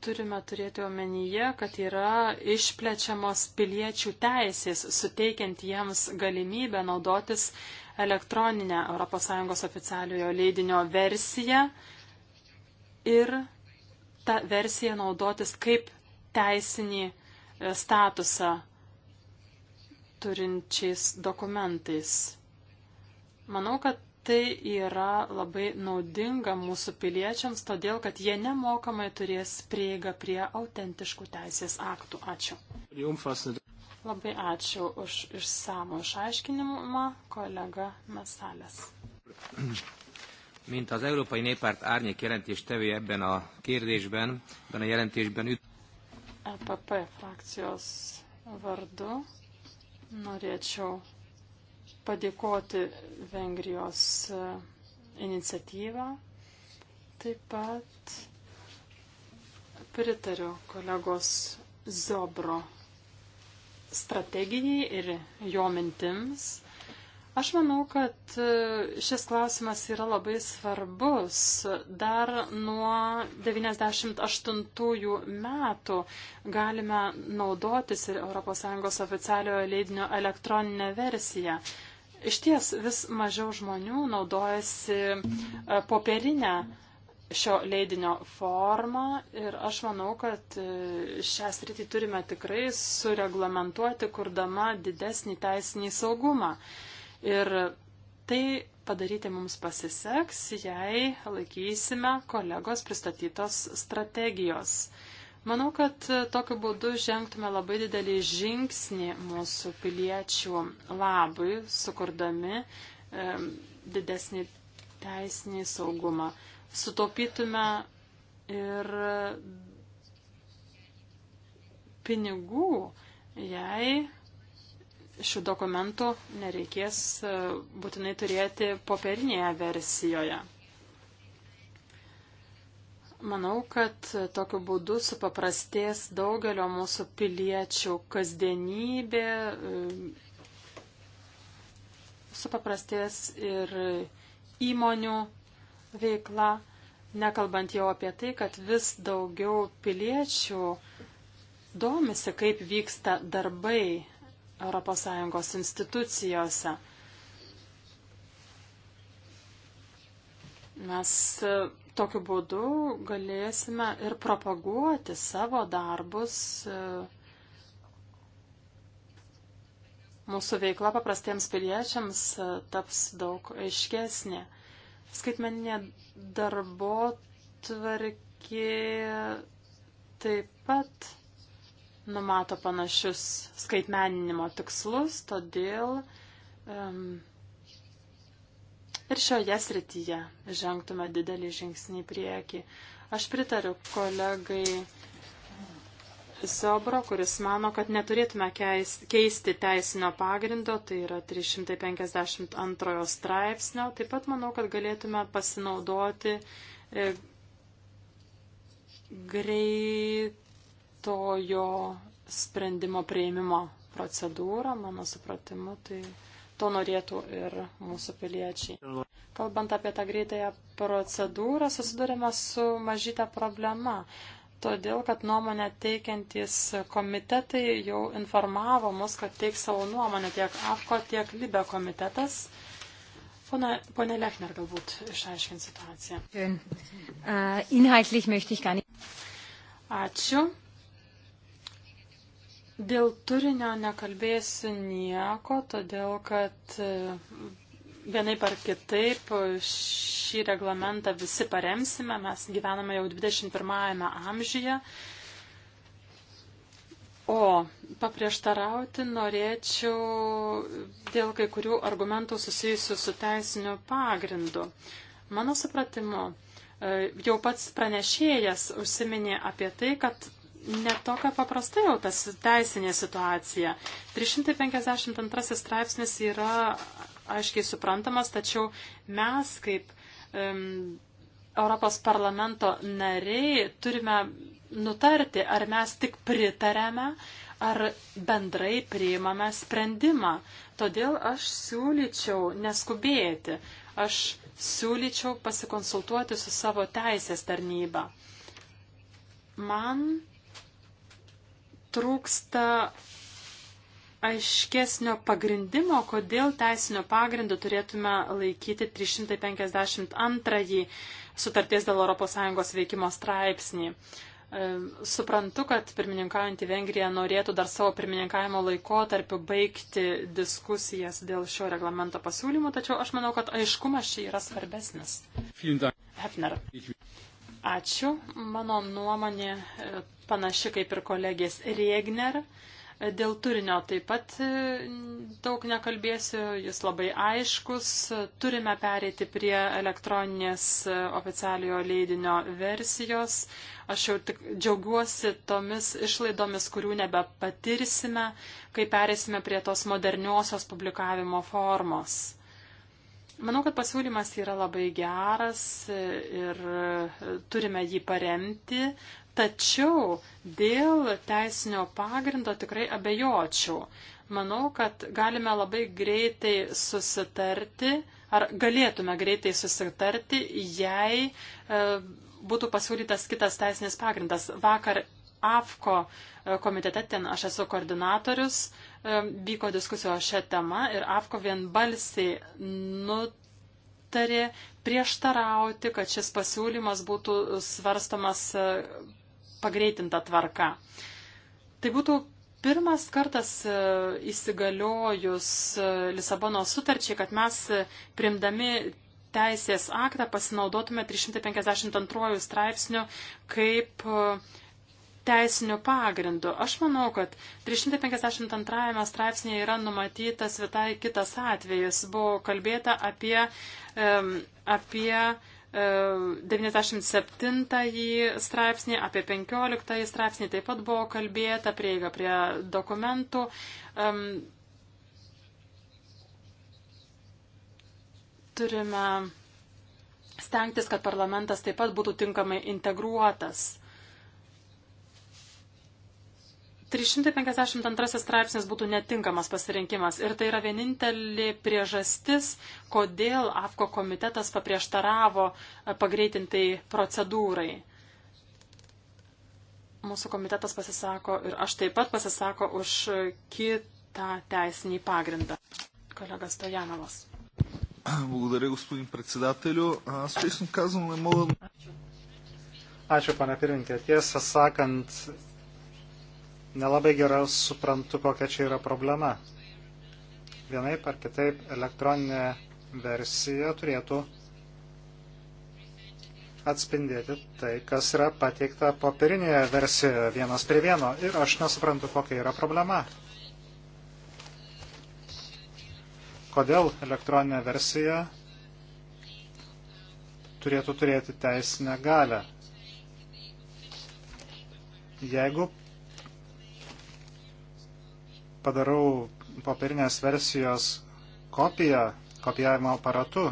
turime turėti omenyje, kad yra išplečiamos piliečių teisės, suteikiant jiems galimybę naudotis elektroninę ES oficialiojo leidinio versiją ir tą versiją naudotis kaip teisinį e, statusą turinčiais dokumentais. Manau, kad tai yra labai naudinga mūsų piliečiams, todėl kad jie nemokamai turės prieigą prie autentiškų teisės aktų. Ačiū. Labai ačiū už išsamų išaiškinimą, kolega Mesalės.
Mint az Európai Néppárt árnyék jelentéstevője ebben a kérdésben, ebben a jelentésben üdv...
EPP frakciós vardu Norėčiau padėkoti Vengrijos e, iniciatyvą. Taip pat pritariu kolegos Zobro strategijai ir jo mintims. Aš manau, kad e, šis klausimas yra labai svarbus. Dar nuo 98 metų galime naudotis ir ES oficialiojo leidinio elektroninę versiją. Iš ties vis mažiau žmonių naudojasi e, popierinę šio leidinio formą ir aš manau, kad e, šią sritį turime tikrai sureglamentuoti, kurdama didesnį teisinį saugumą. Ir tai padaryti mums pasiseks, jei laikysime kolegos pristatytos strategijos. Manau, kad tokiu būdu žengtume labai didelį žingsnį mūsų piliečių labui, sukurdami e, didesnį teisinį saugumą. Sutaupytume ir pinigų, jei šių dokumentų nereikės e, būtinai turėti popierinėje versijoje. Manau, kad tokiu būdu supaprastės daugelio mūsų piliečių kasdienybė, e, supaprastės ir įmonių veikla, nekalbant jau apie tai, kad vis daugiau piliečių domisi, kaip vyksta darbai ES institucijose. Mes e, tokiu būdu galėsime ir propaguoti savo darbus. E, mūsų veikla paprastiems piliečiams e, taps daug aiškesnė. Skaitmeninė darbo tvarkė taip pat numato panašius skaitmeninimo tikslus, todėl um, ir šioje srityje žengtume didelį žingsnį į priekį. Aš pritariu kolegai Sobro, kuris mano, kad neturėtume keisti teisinio pagrindo, tai yra 352 straipsnio. Taip pat manau, kad galėtume pasinaudoti e, greit greitojo sprendimo prieimimo procedūrą. Mano supratimu, tai to norėtų ir mūsų piliečiai. Kalbant apie tą greitąją procedūrą, susidurėme su mažytė problema. Todėl, kad nuomonę teikiantys komitetai jau informavo mus, kad teiks savo nuomonę tiek AFKO, tiek LIBE komitetas. Pone, pone Lechner galbūt išaiškint situaciją. Äh, Ačiū. Dėl turinio nekalbėsiu nieko, todėl kad e, vienaip ar kitaip šį reglamentą visi paremsime. Mes gyvename jau 21 amžiuje. O paprieštarauti norėčiau dėl kai kurių argumentų susijusių su teisiniu pagrindu. Mano supratimu, e, jau pats pranešėjas užsiminė apie tai, kad netokia paprasta jau tas teisinė situacija. 352 straipsnis yra aiškiai suprantamas, tačiau mes kaip um, Europos parlamento nariai turime nutarti, ar mes tik pritarėme, ar bendrai priimame sprendimą. Todėl aš siūlyčiau neskubėti, aš siūlyčiau pasikonsultuoti su savo teisės tarnyba. Man trūksta aiškesnio pagrindimo, kodėl teisinio pagrindo turėtume laikyti 352 sutarties dėl ES veikimo straipsnį. E, suprantu, kad pirmininkaujantį Vengriją norėtų dar savo pirmininkavimo laikotarpiu baigti diskusijas dėl šio reglamento pasiūlymų, tačiau aš manau, kad aiškumas čia yra svarbesnis. Hefner. Ačiū. Mano nuomonė e, panaši kaip ir kolegės Riegner. Dėl turinio taip pat e, daug nekalbėsiu, jis labai aiškus. Turime pereiti prie elektroninės e, oficialiojo leidinio versijos. Aš jau tik džiaugiuosi tomis išlaidomis, kurių nebepatirsime, kai perėsime prie tos moderniosios publikavimo formos. Manau, kad pasiūlymas yra labai geras e, ir turime jį paremti. Tačiau dėl teisinio pagrindo tikrai abejočiau. Manau, kad galime labai greitai susitarti, ar galėtume greitai susitarti, jei e, būtų pasiūlytas kitas teisinis pagrindas. Vakar AFKO e, komitete, ten aš esu koordinatorius, e, vyko diskusijos šią temą ir AFKO vienbalsiai nutarė prieštarauti, kad šis pasiūlymas būtų svarstamas e, pagreitinta tvarka. Tai būtų pirmas kartas e, įsigaliojus e, Lisabono sutarčiai, kad mes e, primdami teisės aktą pasinaudotume 352 straipsnių kaip teisiniu pagrindu. Aš manau, kad 352 straipsnėje yra numatytas vietai kitas atvejis. Buvo kalbėta apie, um, apie 97 straipsnį, apie 15 straipsnį taip pat buvo kalbėta, prieiga prie dokumentų. Turime stengtis, kad parlamentas taip pat būtų tinkamai integruotas 352 straipsnis būtų netinkamas pasirinkimas ir tai yra vienintelė priežastis, kodėl AFKO komitetas paprieštaravo e, pagreitintai procedūrai. Mūsų komitetas pasisako ir aš taip pat pasisako už kitą teisinį pagrindą. Kolega Stojanovas.
Благодаря, господин председателю. Аз честно казвам не мога... Ačiū, pane pirminkė. Tiesą sakant, nelabai gerai suprantu, kokia čia yra problema. Vienaip ar kitaip elektroninė versija turėtų atspindėti tai, kas yra pateikta popierinėje versijoje vienas prie vieno. Ir aš nesuprantu, kokia yra problema. Kodėl elektroninė versija turėtų turėti teisinę galę. Jeigu padarau popierinės versijos kopiją, kopijavimo aparatu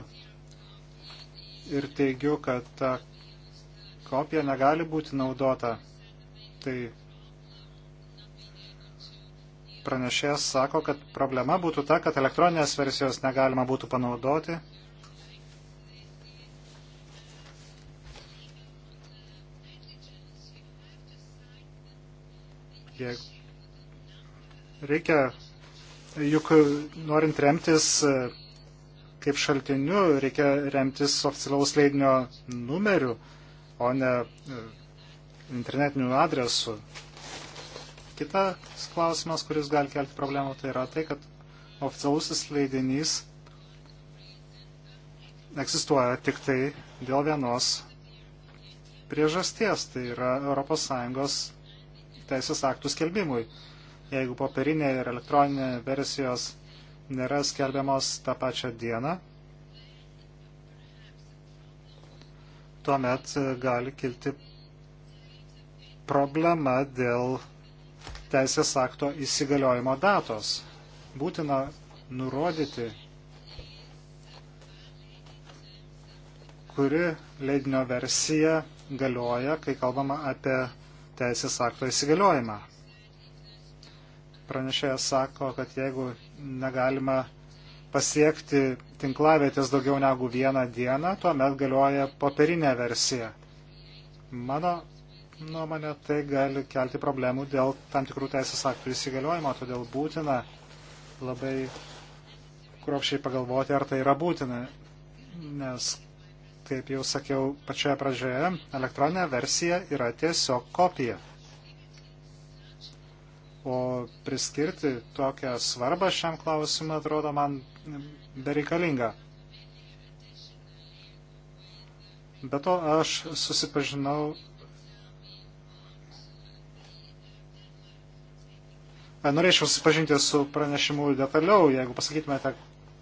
ir teigiu, kad ta kopija negali būti naudota, tai pranešėjas sako, kad problema būtų ta, kad elektroninės versijos negalima būtų panaudoti. Jeigu Reikia, juk norint remtis e, kaip šaltiniu, reikia remtis oficialaus leidinio numeriu, o ne e, internetiniu adresu. Kitas klausimas, kuris gali kelti problemų, tai yra tai, kad oficialusis leidinys egzistuoja tik tai dėl vienos priežasties, tai yra ES teisės aktų skelbimui jeigu popierinė ir elektroninė versijos nėra skelbiamos tą pačią dieną, tuomet e, gali kilti problema dėl teisės akto įsigaliojimo datos. Būtina nurodyti, kuri leidinio versija galioja, kai kalbama apie teisės akto įsigaliojimą pranešėjas sako, kad jeigu negalima pasiekti tinklavietės daugiau negu vieną dieną, tuomet galioja popierinė versija. Mano nuomonė, tai gali kelti problemų dėl tam tikrų teisės aktų įsigaliojimo, todėl būtina labai kruopšiai pagalvoti, ar tai yra būtina. Nes, kaip jau sakiau pačioje pradžioje, elektroninė versija yra tiesiog kopija. O priskirti tokią svarbą šiam klausimui atrodo man bereikalinga. Be to aš susipažinau Norėčiau susipažinti su pranešimu detaliau, jeigu pasakytumėte,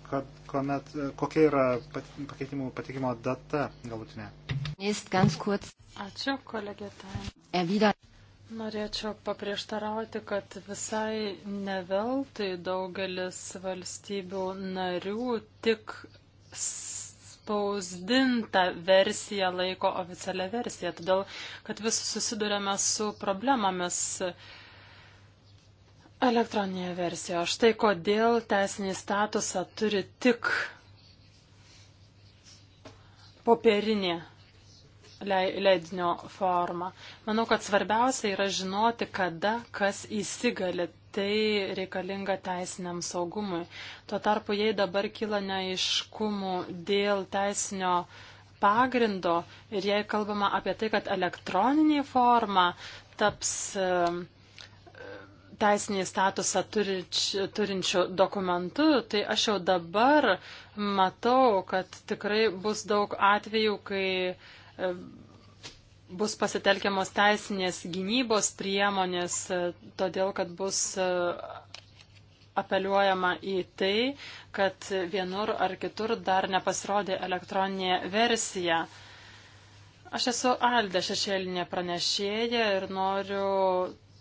kad, kuomet, kokia yra pakeitimų patikimo data galutinė.
Ačiū, kolegė Tain. Er
Norėčiau paprieštarauti, kad visai neveltai daugelis valstybių narių tik spausdintą versiją laiko oficialią versiją, todėl kad vis susidurėme su problemomis elektroninėje versijoje. Štai kodėl teisinį statusą turi tik popierinė leidinio formą. Manau, kad svarbiausia yra žinoti, kada kas įsigali. Tai reikalinga teisiniam saugumui. Tuo tarpu, jei dabar kyla neiškumų dėl teisinio pagrindo ir jei kalbama apie tai, kad elektroninė forma taps e, teisinį statusą turinčių dokumentų, tai aš jau dabar matau, kad tikrai bus daug atvejų, kai bus pasitelkiamos teisinės gynybos priemonės, todėl kad bus e, apeliuojama į tai, kad vienur ar kitur dar nepasirodė elektroninė versija. Aš esu Alda šešėlinė pranešėja ir noriu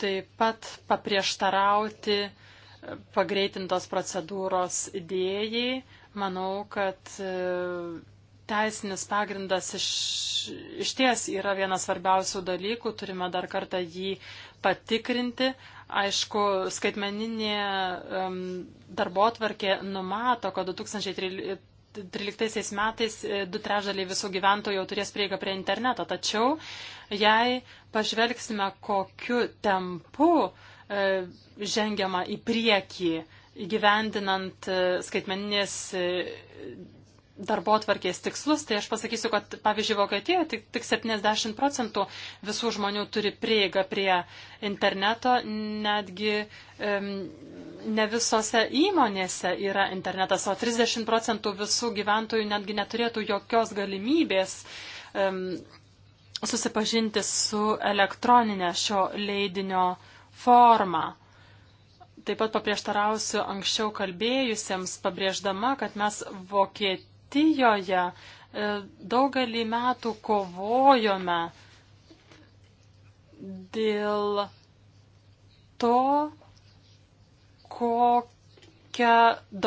taip pat paprieštarauti pagreitintos procedūros idėjai. Manau, kad e, teisinis pagrindas iš, iš ties yra vienas svarbiausių dalykų, turime dar kartą jį patikrinti. Aišku, skaitmeninė um, darbo atvarkė numato, kad 2013 metais du trešdaliai visų gyventojų jau turės prieigą prie interneto. Tačiau, jei pažvelgsime, kokiu tempu e, žengiama į priekį įgyvendinant skaitmeninės darbo atvarkės tikslus, tai aš pasakysiu, kad pavyzdžiui Vokietijoje tik, tik 70 procentų visų žmonių turi prieigą prie interneto, netgi um, ne visose įmonėse yra internetas, o 30 procentų visų gyventojų netgi neturėtų jokios galimybės um, susipažinti su elektroninė šio leidinio forma. Taip pat paprieštarausiu anksčiau kalbėjusiems, pabrėždama, kad mes Vokietijoje Vokietijoje e, daugelį metų kovojome dėl to, kokią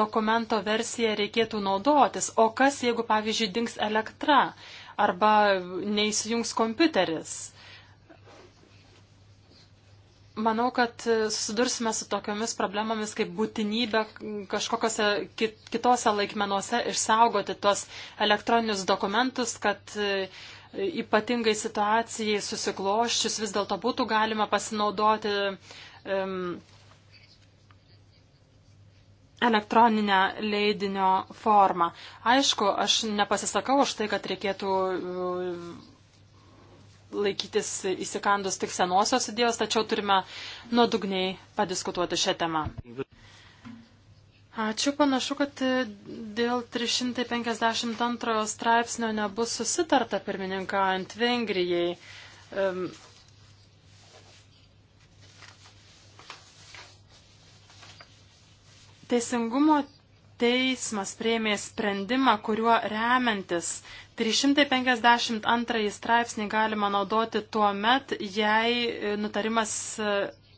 dokumento versiją reikėtų naudotis. O kas, jeigu, pavyzdžiui, dings elektra arba neįsijungs kompiuteris? Manau, kad susidursime su tokiomis problemomis kaip būtinybė kažkokiose kitose laikmenuose išsaugoti tuos elektroninius dokumentus, kad e, ypatingai situacijai susikloščius vis dėlto būtų galima pasinaudoti um, elektroninę leidinio formą. Aišku, aš nepasisakau už tai, kad reikėtų um, laikytis įsikandus tik senosios idėjos, tačiau turime nuodugniai padiskutuoti šią temą. Ačiū, panašu, kad dėl 352 straipsnio nebus susitarta pirmininkaujant Vengrijai. Teisingumo teismas prieimė sprendimą, kuriuo remiantis 352 straipsnį galima naudoti tuo met, jei e, nutarimas e,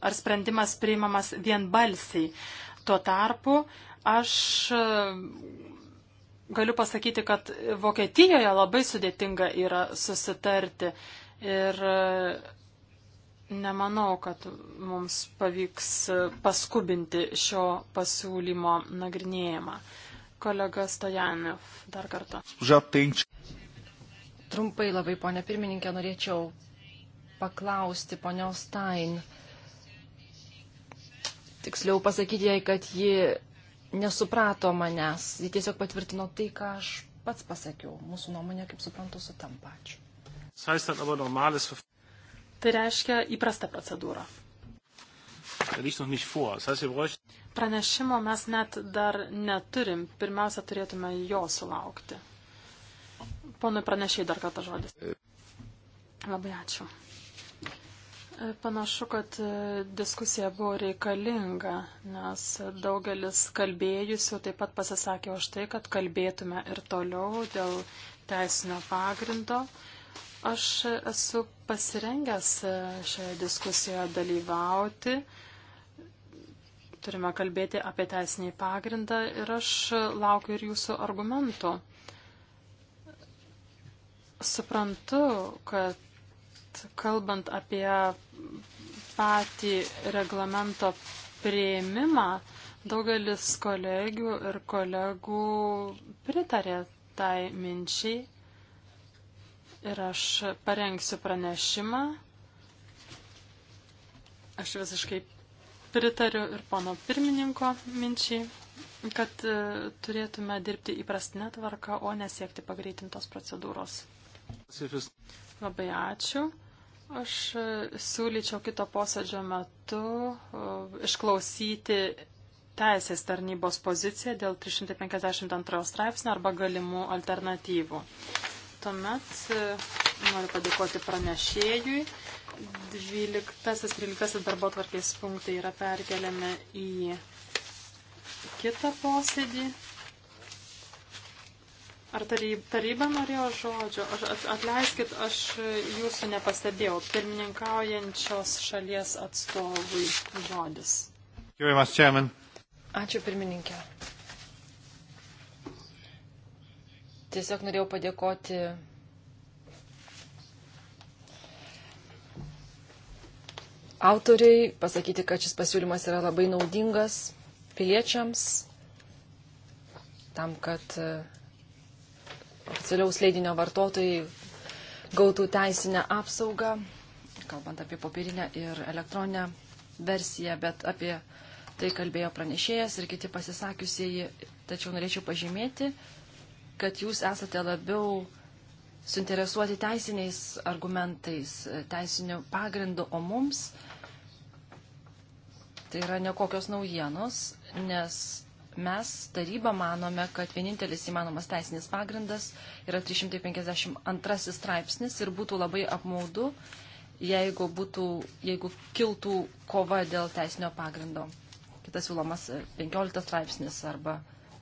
ar sprendimas priimamas vienbalsiai. Tuo tarpu aš e, galiu pasakyti, kad Vokietijoje labai sudėtinga yra susitarti ir nemanau, kad mums pavyks paskubinti šio pasiūlymo nagrinėjimą kolega Stojanev dar kartą.
Trumpai labai, ponė pirmininkė, norėčiau paklausti ponios Stein. Tiksliau pasakyti jai, kad ji nesuprato manęs. Ji tiesiog patvirtino tai, ką aš pats pasakiau. Mūsų nuomonė, kaip suprantu, su tam pačiu. Tai reiškia
įprasta procedūra. Pranešimo mes net dar neturim. Pirmiausia, turėtume jo sulaukti. Ponui pranešiai dar kartą žodis. Labai ačiū. E, panašu, kad e, diskusija buvo reikalinga, nes daugelis kalbėjusių taip pat pasisakė už tai, kad kalbėtume ir toliau dėl teisinio pagrindo. Aš esu pasirengęs e, šioje diskusijoje dalyvauti turime kalbėti apie teisinį pagrindą ir aš laukiu ir jūsų argumentų. Suprantu, kad kalbant apie patį reglamento prieimimą, daugelis kolegių ir kolegų pritarė tai minčiai ir aš parengsiu pranešimą. Aš visiškai Pritariu ir pono pirmininko minčiai, kad e, turėtume dirbti įprastinę tvarką, o nesiekti pagreitintos procedūros. Labai ačiū. Aš e, siūlyčiau kito posėdžio metu e, išklausyti teisės tarnybos poziciją dėl 352 straipsnio arba galimų alternatyvų. Tuomet noriu padėkoti pranešėjui. 12-13 darbo tvarkės punktai yra perkeliami į kitą posėdį. Ar taryba norėjo žodžio? Atleiskit, aš jūsų nepastebėjau. Pirmininkaujančios šalies atstovui žodis.
Ačiū pirmininkė. Tiesiog norėjau padėkoti autoriai, pasakyti, kad šis pasiūlymas yra labai naudingas piliečiams, tam, kad e, oficialiaus leidinio vartotojai gautų teisinę apsaugą, kalbant apie popierinę ir elektroninę versiją, bet apie tai kalbėjo pranešėjas ir kiti pasisakiusieji. Tačiau norėčiau pažymėti, kad jūs esate labiau suinteresuoti teisiniais argumentais, e, teisiniu pagrindu, o mums Tai yra nekokios naujienos, nes mes taryba manome, kad vienintelis įmanomas teisinis pagrindas yra 352 straipsnis ir būtų labai apmaudu, jeigu, būtų, jeigu kiltų kova dėl teisinio pagrindo. Kitas siūlomas 15 straipsnis arba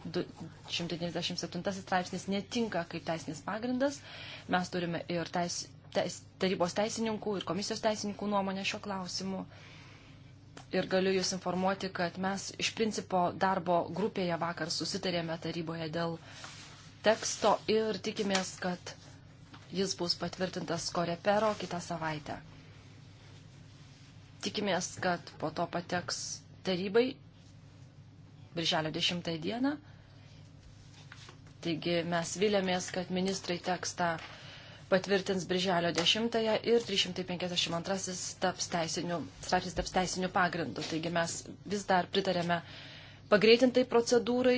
197 straipsnis netinka kaip teisinis pagrindas. Mes turime ir teis, teis, tarybos teisininkų ir komisijos teisininkų nuomonę šio klausimu ir galiu Jūs informuoti, kad mes iš principo darbo grupėje vakar susitarėme taryboje dėl teksto ir tikimės, kad jis bus patvirtintas Korepero kitą savaitę. Tikimės, kad po to pateks tarybai birželio 10 dieną. Taigi mes vilėmės, kad ministrai tekstą patvirtins birželio 10 ir 352 taps teisiniu, straipsnis taps teisiniu pagrindu. Taigi mes vis dar pritarėme pagreitintai procedūrai.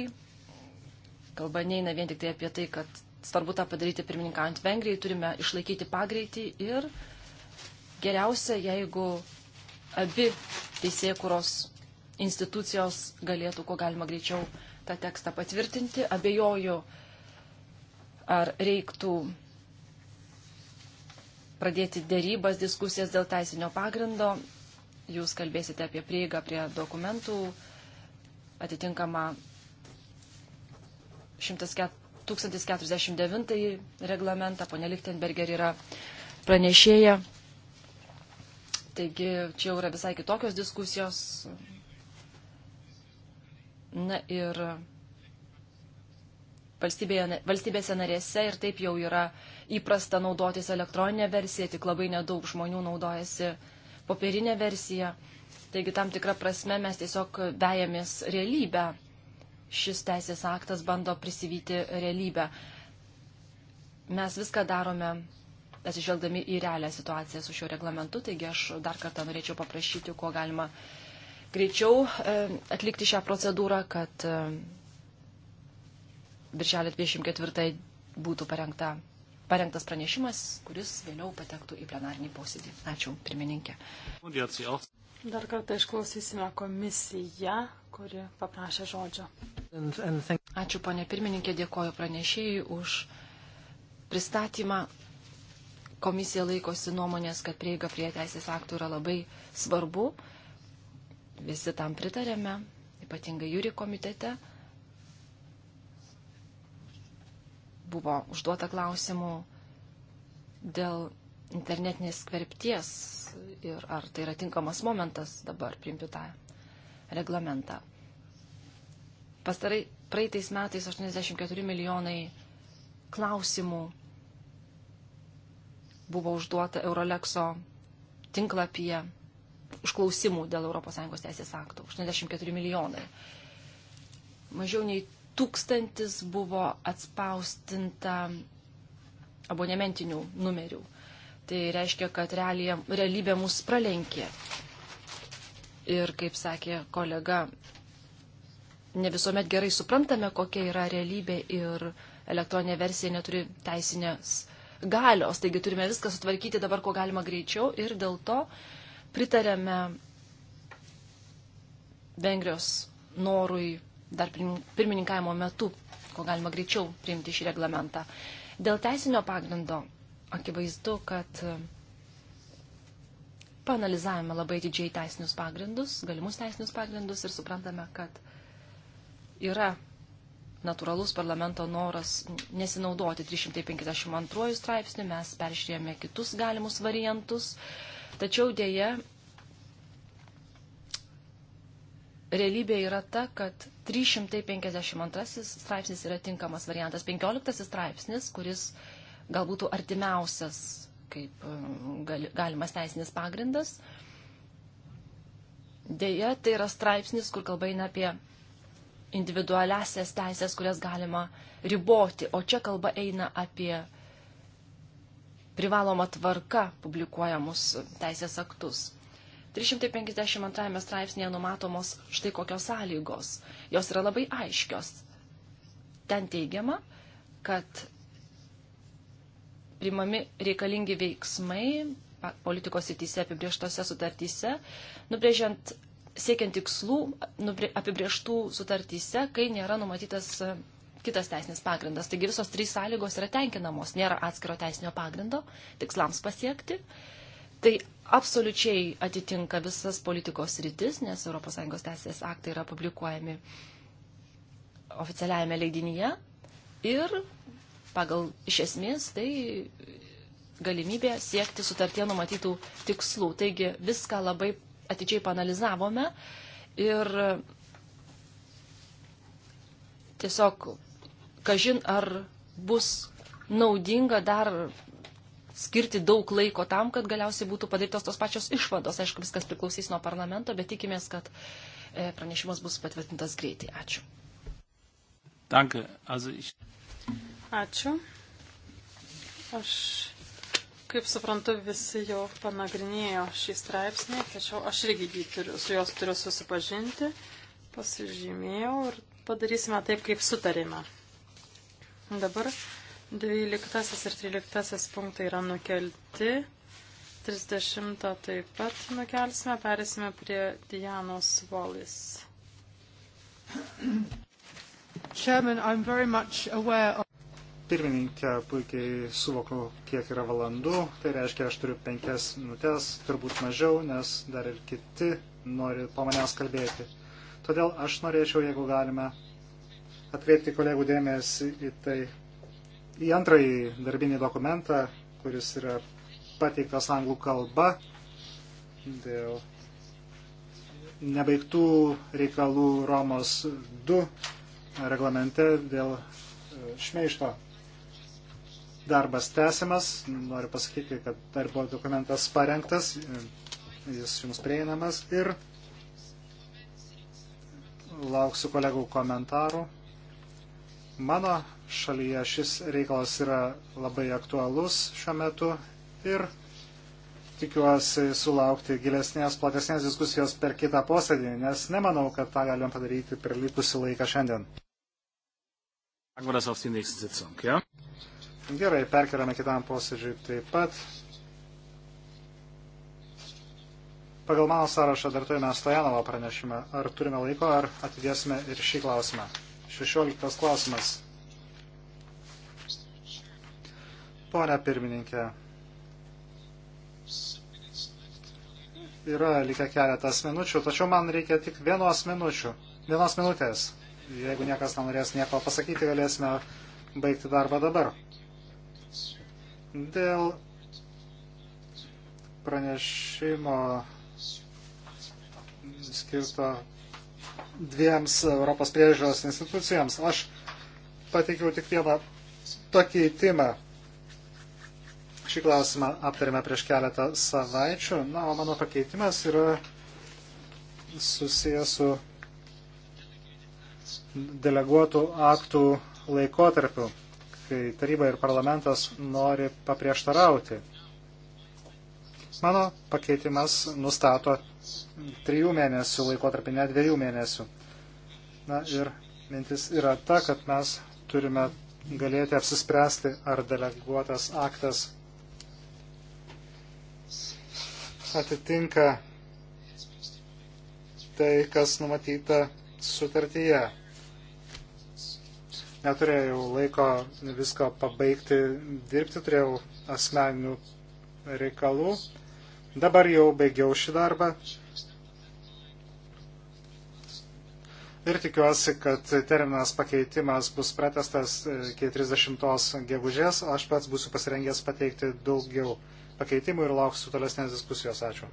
Kalba neina vien tik tai apie tai, kad svarbu tą padaryti pirmininkant Vengrijai, turime išlaikyti pagreitį ir geriausia, jeigu abi teisėkuros institucijos galėtų, kuo galima greičiau, tą tekstą patvirtinti. Abejoju, ar reiktų pradėti dėrybas, diskusijas dėl teisinio pagrindo. Jūs kalbėsite apie prieigą prie dokumentų, atitinkamą 1049 reglamentą, ponė Lichtenberger yra pranešėja. Taigi čia jau yra visai kitokios diskusijos. Na ir valstybėse narėse ir taip jau yra įprasta naudotis elektroninė versija, tik labai nedaug žmonių naudojasi popierinė versija. Taigi tam tikrą prasme mes tiesiog vejamės realybę. Šis teisės aktas bando prisivyti realybę. Mes viską darome atsižvelgdami į realią situaciją su šiuo reglamentu, taigi aš dar kartą norėčiau paprašyti, kuo galima greičiau e, atlikti šią procedūrą, kad e, birželio 24 būtų parengta parengtas pranešimas, kuris vėliau patektų į plenarinį posėdį. Ačiū, pirmininkė. Dar kartą išklausysime komisiją, kuri paprašė žodžio. Ačiū, ponė pirmininkė, dėkoju pranešėjai už pristatymą. Komisija laikosi nuomonės, kad prieiga prie teisės aktų yra labai svarbu. Visi tam pritarėme, ypatingai jūri komitete. Buvo užduota klausimų dėl internetinės skverbties ir ar tai yra tinkamas momentas dabar priimti tą reglamentą. Pastarai praeitais metais 84 milijonai klausimų buvo užduota Eurolexo tinklapyje užklausimų dėl ES teisės aktų. 84 milijonai. Mažiau nei tūkstantis buvo atspaustinta abonementinių numerių. Tai reiškia, kad realija, realybė mus pralenkė. Ir kaip sakė kolega, ne visuomet gerai suprantame, kokia yra realybė ir elektroninė versija neturi teisinės galios. Taigi turime viską sutvarkyti dabar, ko galima greičiau ir dėl to pritarėme Vengrijos norui dar pirmininkavimo metu, ko galima greičiau priimti šį reglamentą. Dėl teisinio pagrindo akivaizdu, kad e, panalizavome labai didžiai teisinius pagrindus, galimus teisinius pagrindus ir suprantame, kad yra natūralus parlamento noras nesinaudoti 352 straipsnių, mes peržiūrėjome kitus galimus variantus, tačiau dėje realybė yra ta, kad 352 straipsnis yra tinkamas variantas. 15 straipsnis, kuris galbūt artimiausias kaip um, galimas teisinis pagrindas. Deja, tai yra straipsnis, kur kalba eina apie individualiasias teisės, kurias galima riboti, o čia kalba eina apie privalomą tvarką publikuojamus teisės aktus. 352 straipsnėje numatomos štai kokios sąlygos. Jos yra labai aiškios. Ten teigiama, kad primami reikalingi veiksmai politikos įtyse apibrieštose sutartyse, nubrėžiant siekiant tikslų apibrieštų sutartyse, kai nėra numatytas e, kitas teisinis pagrindas. Taigi visos trys sąlygos yra tenkinamos. Nėra atskiro teisinio pagrindo tikslams pasiekti. Uh, Tai absoliučiai atitinka visas politikos rytis, nes ES teisės aktai yra publikuojami oficialiajame leidinyje ir pagal iš esmės tai galimybė siekti sutartie numatytų tikslų. Taigi viską labai atidžiai panalizavome ir tiesiog, kažin ar bus naudinga dar skirti daug laiko tam, kad galiausiai būtų padarytos tos pačios išvados. Aišku, viskas priklausys nuo parlamento, bet tikimės, kad e, pranešimas bus patvirtintas greitai. Ačiū.
Danke. Also ich...
Ačiū.
Aš, kaip suprantu, visi jau panagrinėjo šį straipsnį, tačiau aš irgi jį turiu, su jos turiu susipažinti, pasižymėjau ir padarysime taip, kaip sutarėme. Dabar Dvyliktasis ir tryliktasis punktai yra nukelti. 30 taip pat nukelsime, perėsime prie Dianos Wallis.
Chairman, I'm very much aware of... Pirmininkė puikiai suvokiu, kiek yra valandų, tai reiškia, aš turiu penkias minutės, turbūt mažiau, nes dar ir kiti nori po manęs kalbėti. Todėl aš norėčiau, jeigu galime, atkreipti kolegų dėmesį į tai, į antrąjį darbinį dokumentą, kuris yra pateiktas anglų kalba dėl nebaigtų reikalų Romos 2 reglamente dėl e, šmeišto. Darbas tęsiamas, noriu pasakyti, kad darbo dokumentas parengtas, e, jis jums prieinamas ir lauksiu kolegų komentarų. Mano šalyje. Šis reikalas yra labai aktualus šiuo metu ir tikiuosi sulaukti gilesnės, platesnės diskusijos per kitą posėdį, nes nemanau, kad tą galim padaryti per likusį laiką šiandien. Gerai, perkeliame kitam posėdžiui taip pat. Pagal mano sąrašą dar turime Stojanovo pranešimą. Ar turime laiko, ar atidėsime ir šį klausimą. 16 klausimas. Pone pirmininkė, yra likę keletas minučių, tačiau man reikia tik vienos minučių, vienos minutės. Jeigu niekas nenorės nieko pasakyti, galėsime baigti darbą dabar. Dėl pranešimo skirto dviems Europos priežiūros institucijoms. Aš pateikiau tik vieną pakeitimą šį klausimą aptarėme prieš keletą savaičių. Na, o mano pakeitimas yra susijęs su deleguotų aktų laikotarpiu, kai taryba ir parlamentas nori paprieštarauti. Mano pakeitimas nustato trijų mėnesių laikotarpį, ne dviejų mėnesių. Na ir mintis yra ta, kad mes turime galėti apsispręsti, ar deleguotas aktas atitinka tai, kas numatyta sutartyje. Neturėjau laiko visko pabaigti dirbti, turėjau asmeninių reikalų. Dabar jau baigiau šį darbą. Ir tikiuosi, kad terminas pakeitimas bus pratestas iki 30 gegužės, aš pats būsiu pasirengęs pateikti daugiau pakeitimų ir lauksiu tolesnės diskusijos. Ačiū.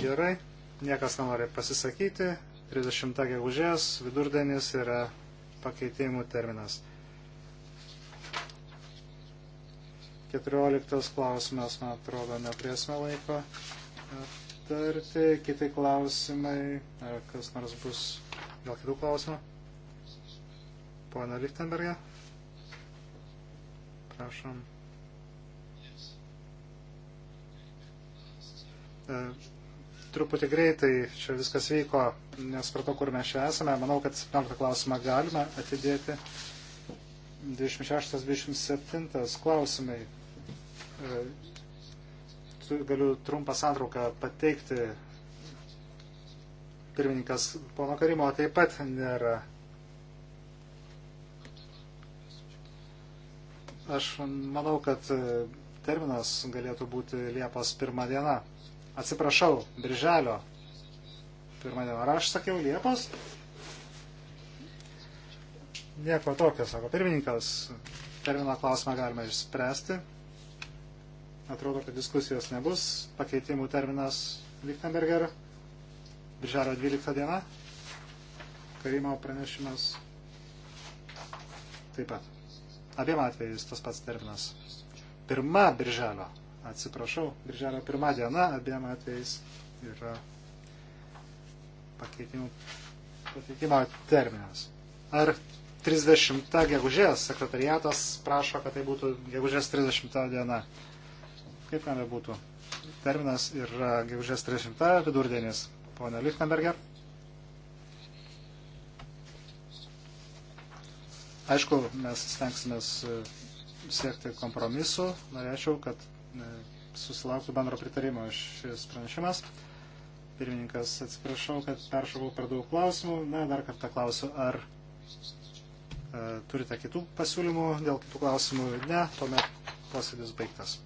Gerai, niekas nenori pasisakyti. 30 gegužės vidurdienis yra pakeitimų terminas. 14 klausimas, man atrodo, neturėsime laiko aptarti. Kiti klausimai, ar kas nors bus dėl kitų klausimų? Pone Lichtenbergė. Prašom. E, truputį greitai čia viskas vyko, nesupratau, kur mes čia esame. Manau, kad 17 klausimą galime atidėti. 26-27 klausimai. E, galiu trumpą santrauką pateikti. Pirmininkas pono Karimo taip pat nėra Aš manau, kad e, terminas galėtų būti Liepos pirmą dieną. Atsiprašau, Birželio pirmą dieną. Ar aš sakiau Liepos? Nieko tokio, sako pirmininkas. Termino klausimą galima išspręsti. Atrodo, kad diskusijos nebus. Pakeitimų terminas Lichtenberger. Birželio 12 diena. Karimo pranešimas. Taip pat. Abiem atvejais tas pats terminas. Pirma birželio, atsiprašau, birželio pirma diena abiem atvejais yra pakeitimų pateikimo terminas. Ar 30 gegužės sekretariatas prašo, kad tai būtų gegužės 30 diena. Kaip ten būtų? Terminas yra gegužės 30 vidurdienis. Pone Lichtenberger. Aišku, mes stengsime siekti kompromisu. Norėčiau, kad e, susilauktų bendro pritarimo šis pranešimas. Pirmininkas, atsiprašau, kad peršokau per daug klausimų. Na, dar kartą klausiu, ar e, turite kitų pasiūlymų dėl kitų klausimų? Ne, tuomet posėdis baigtas.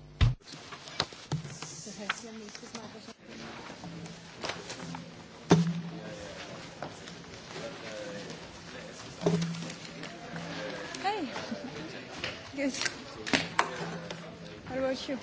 Good. What about you?